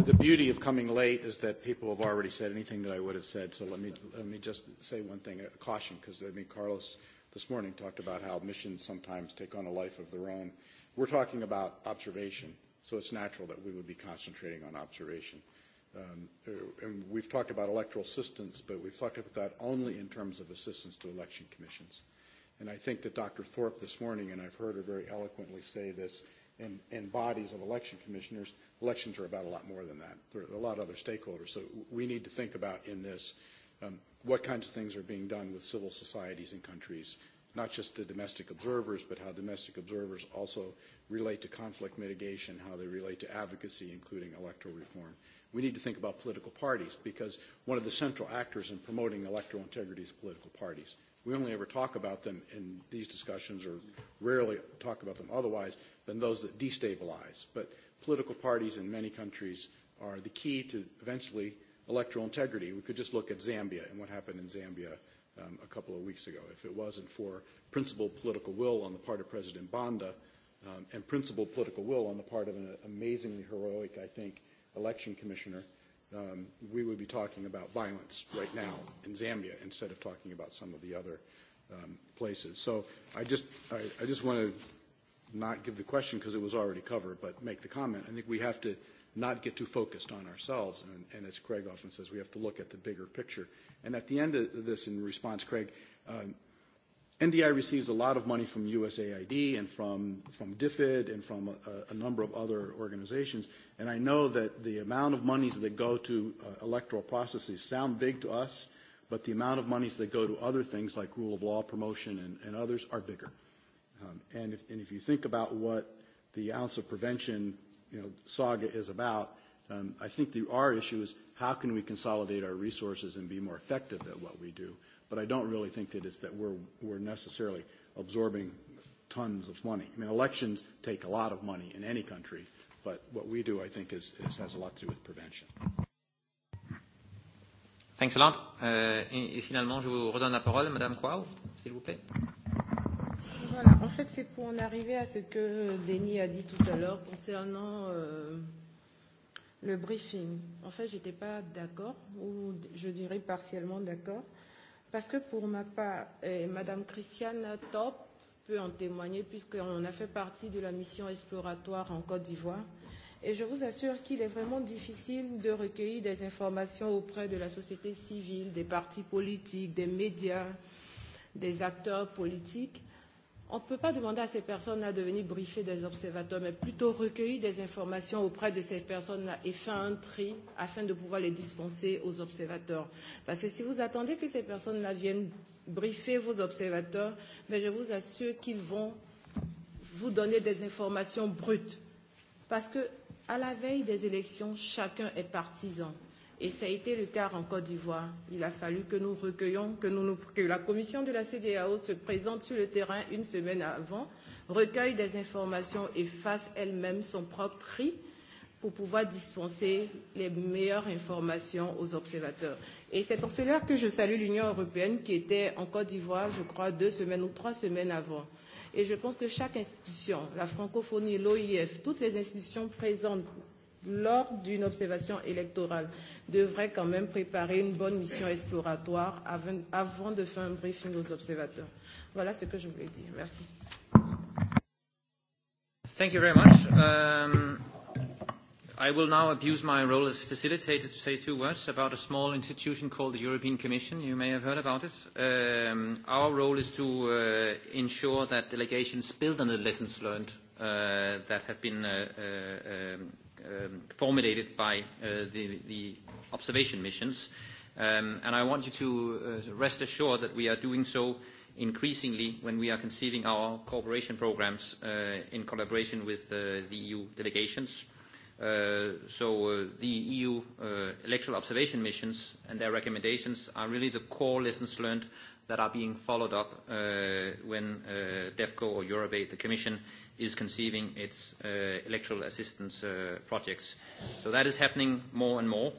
The beauty of coming late is that people have already said anything that I would have said, so let me let me just say one thing, a caution, because I mean Carlos this morning talked about how missions sometimes take on a life of their own. We're talking about observation, so it's natural that we would be concentrating on observation and we've talked about electoral assistance, but we've talked about that only in terms of assistance to election commissions. And I think that Dr. Thorpe this morning, and I've heard her very eloquently say this, in bodies of election commissioners, elections are about a lot more than that. There are a lot of other stakeholders. So we need to think about in this what kinds of things are being done with civil societies in countries, not just the domestic observers, but how domestic observers also relate to conflict mitigation, how they relate to advocacy, including electoral reform. We need to think about political parties because one of the central actors in promoting electoral integrity is political parties. We only ever talk about them in these discussions or rarely talk about them otherwise than those that destabilize. But political parties in many countries are the key to eventually electoral integrity. We could just look at Zambia and what happened in Zambia a couple of weeks ago. If it wasn't for principled political will on the part of President Banda and principled political will on the part of an amazingly heroic, I think, election commissioner, um we would be talking about violence right now in Zambia instead of talking about some of the other um places. So I just I just want to not give the question because it was already covered, but make the comment. I think we have to not get too focused on ourselves, and and as Craig often says, we have to look at the bigger picture. And at the end of this, in response, Craig, NDI receives a lot of money from USAID and from DFID and from a number of other organizations, and I know that the amount of monies that go to electoral processes sound big to us, but the amount of monies that go to other things like rule of law promotion and others are bigger. And if you think about what the ounce of prevention you know saga is about, I think the our issue is how can we consolidate our resources and be more effective at what we do But I don't really think that it's that we're we're necessarily absorbing tons of money. I mean, elections take a lot of money in any country, but what we do, I think, is has a lot to do with prevention. Thanks a lot. Et finalement, je vous redonne la parole, Madame Kouaou, s'il vous plaît. Voilà, en fait, c'est pour en arriver à ce que Denis a dit tout à l'heure concernant le briefing. En fait, je n'étais pas d'accord, ou je dirais partiellement d'accord Parce que pour ma part, et Madame Christiane Top peut en témoigner puisqu'on a fait partie de la mission exploratoire en Côte d'Ivoire. Et je vous assure qu'il est vraiment difficile de recueillir des informations auprès de la société civile, des partis politiques, des médias, des acteurs politiques on ne peut pas demander à ces personnes-là de venir briefer des observateurs, mais plutôt recueillir des informations auprès de ces personnes-là et faire un tri afin de pouvoir les dispenser aux observateurs. Parce que si vous attendez que ces personnes-là viennent briefer vos observateurs, mais je vous assure qu'ils vont vous donner des informations brutes. Parce que à la veille des élections, chacun est partisan. Et ça a été le cas en Côte d'Ivoire. Il a fallu que nous recueillions, que, nous, que la commission de la CDAO se présente sur le terrain une semaine avant, recueille des informations et fasse elle-même son propre tri pour pouvoir dispenser les meilleures informations aux observateurs. Et c'est en cela que je salue l'Union européenne qui était en Côte d'Ivoire, je crois, deux semaines ou trois semaines avant. Et je pense que chaque institution, la francophonie, l'OIF, toutes les institutions présentes lors d'une observation électorale, devrait quand même préparer une bonne mission exploratoire avant de faire un briefing aux observateurs. Voilà ce que je voulais dire. Merci. Thank you very much. Um, I will now abuse my role as facilitator to say two words about a small institution called the European Commission. You may have heard about it. Um, our role is to uh, ensure that delegations build on the lessons learned uh, that have been uh, uh, um, formulated by the observation missions. And I want you to rest assured that we are doing so increasingly when we are conceiving our cooperation programs in collaboration with the EU delegations. So the EU electoral observation missions and their recommendations are really the core lessons learned that are being followed up when DEFCO or Eurobate, the Commission, is conceiving its electoral assistance projects. So that is happening more and more.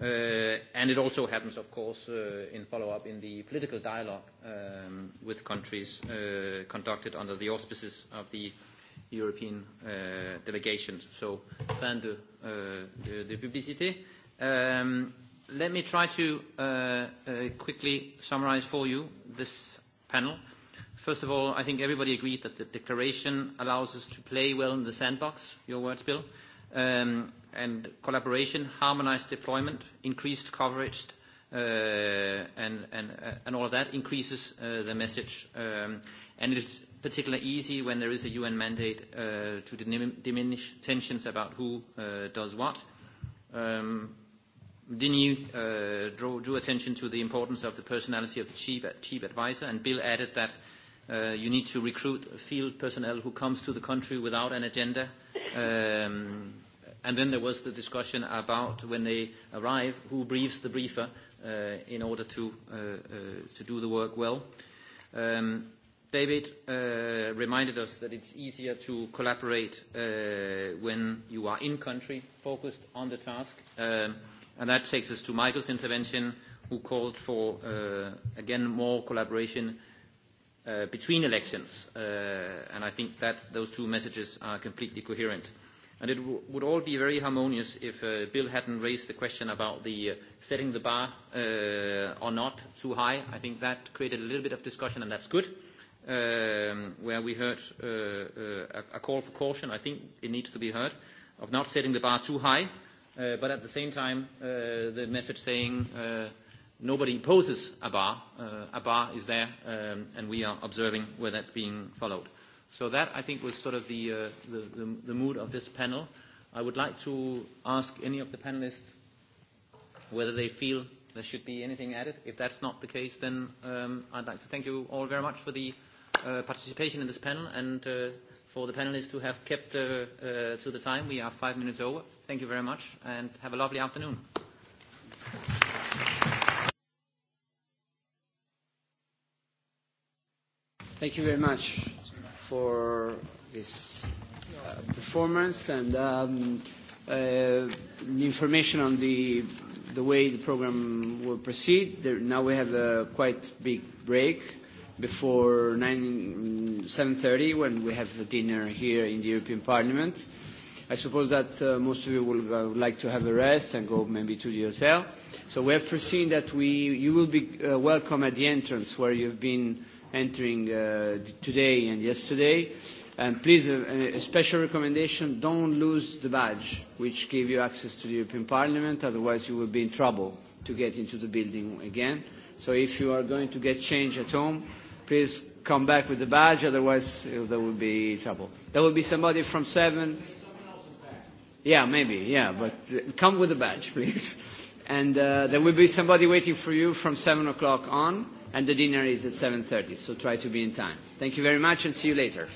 And it also happens, of course, in follow-up in the political dialogue with countries conducted under the auspices of the European delegations. So, fin de publicité. Let me try to quickly summarize for you this panel. First of all, I think everybody agreed that the declaration allows us to play well in the sandbox, your words, Bill, and collaboration, harmonized deployment, increased coverage, and all of that increases the message. And it is particularly easy when there is a UN mandate to diminish tensions about who does what. you drew attention to the importance of the personality of the chief advisor, and Bill added that You need to recruit field personnel who comes to the country without an agenda. And then there was the discussion about when they arrive, who briefs the briefer in order to to do the work well. David reminded us that it's easier to collaborate when you are in country, focused on the task. And that takes us to Michael's intervention, who called for, again, more collaboration between elections, and I think that those two messages are completely coherent. And it would all be very harmonious if Bill hadn't raised the question about the setting the bar or not too high. I think that created a little bit of discussion, and that's good, where we heard a call for caution. I think it needs to be heard, of not setting the bar too high, but at the same time the message saying nobody poses a bar. A bar is there, and we are observing where that's being followed. So that, I think, was sort of the mood of this panel. I would like to ask any of the panelists whether they feel there should be anything added. If that's not the case, then I'd like to thank you all very much for the participation in this panel and for the panelists who have kept to the time. We are five minutes over. Thank you very much, and have a lovely afternoon. Thank you very much for this performance and the information on the the way the program will proceed. Now we have a quite big break before 7.30 when we have dinner here in the European Parliament. I suppose that most of you will like to have a rest and go maybe to the hotel. So we have foreseen that we you will be welcome at the entrance where you've been entering today and yesterday. And please, a special recommendation, don't lose the badge which gave you access to the European Parliament, otherwise you will be in trouble to get into the building again. So if you are going to get change at home, please come back with the badge, otherwise there will be trouble. There will be somebody from seven. Yeah, maybe, yeah, but come with the badge, please. And there will be somebody waiting for you from seven o'clock on and the dinner is at 7.30, so try to be in time. Thank you very much and see you later.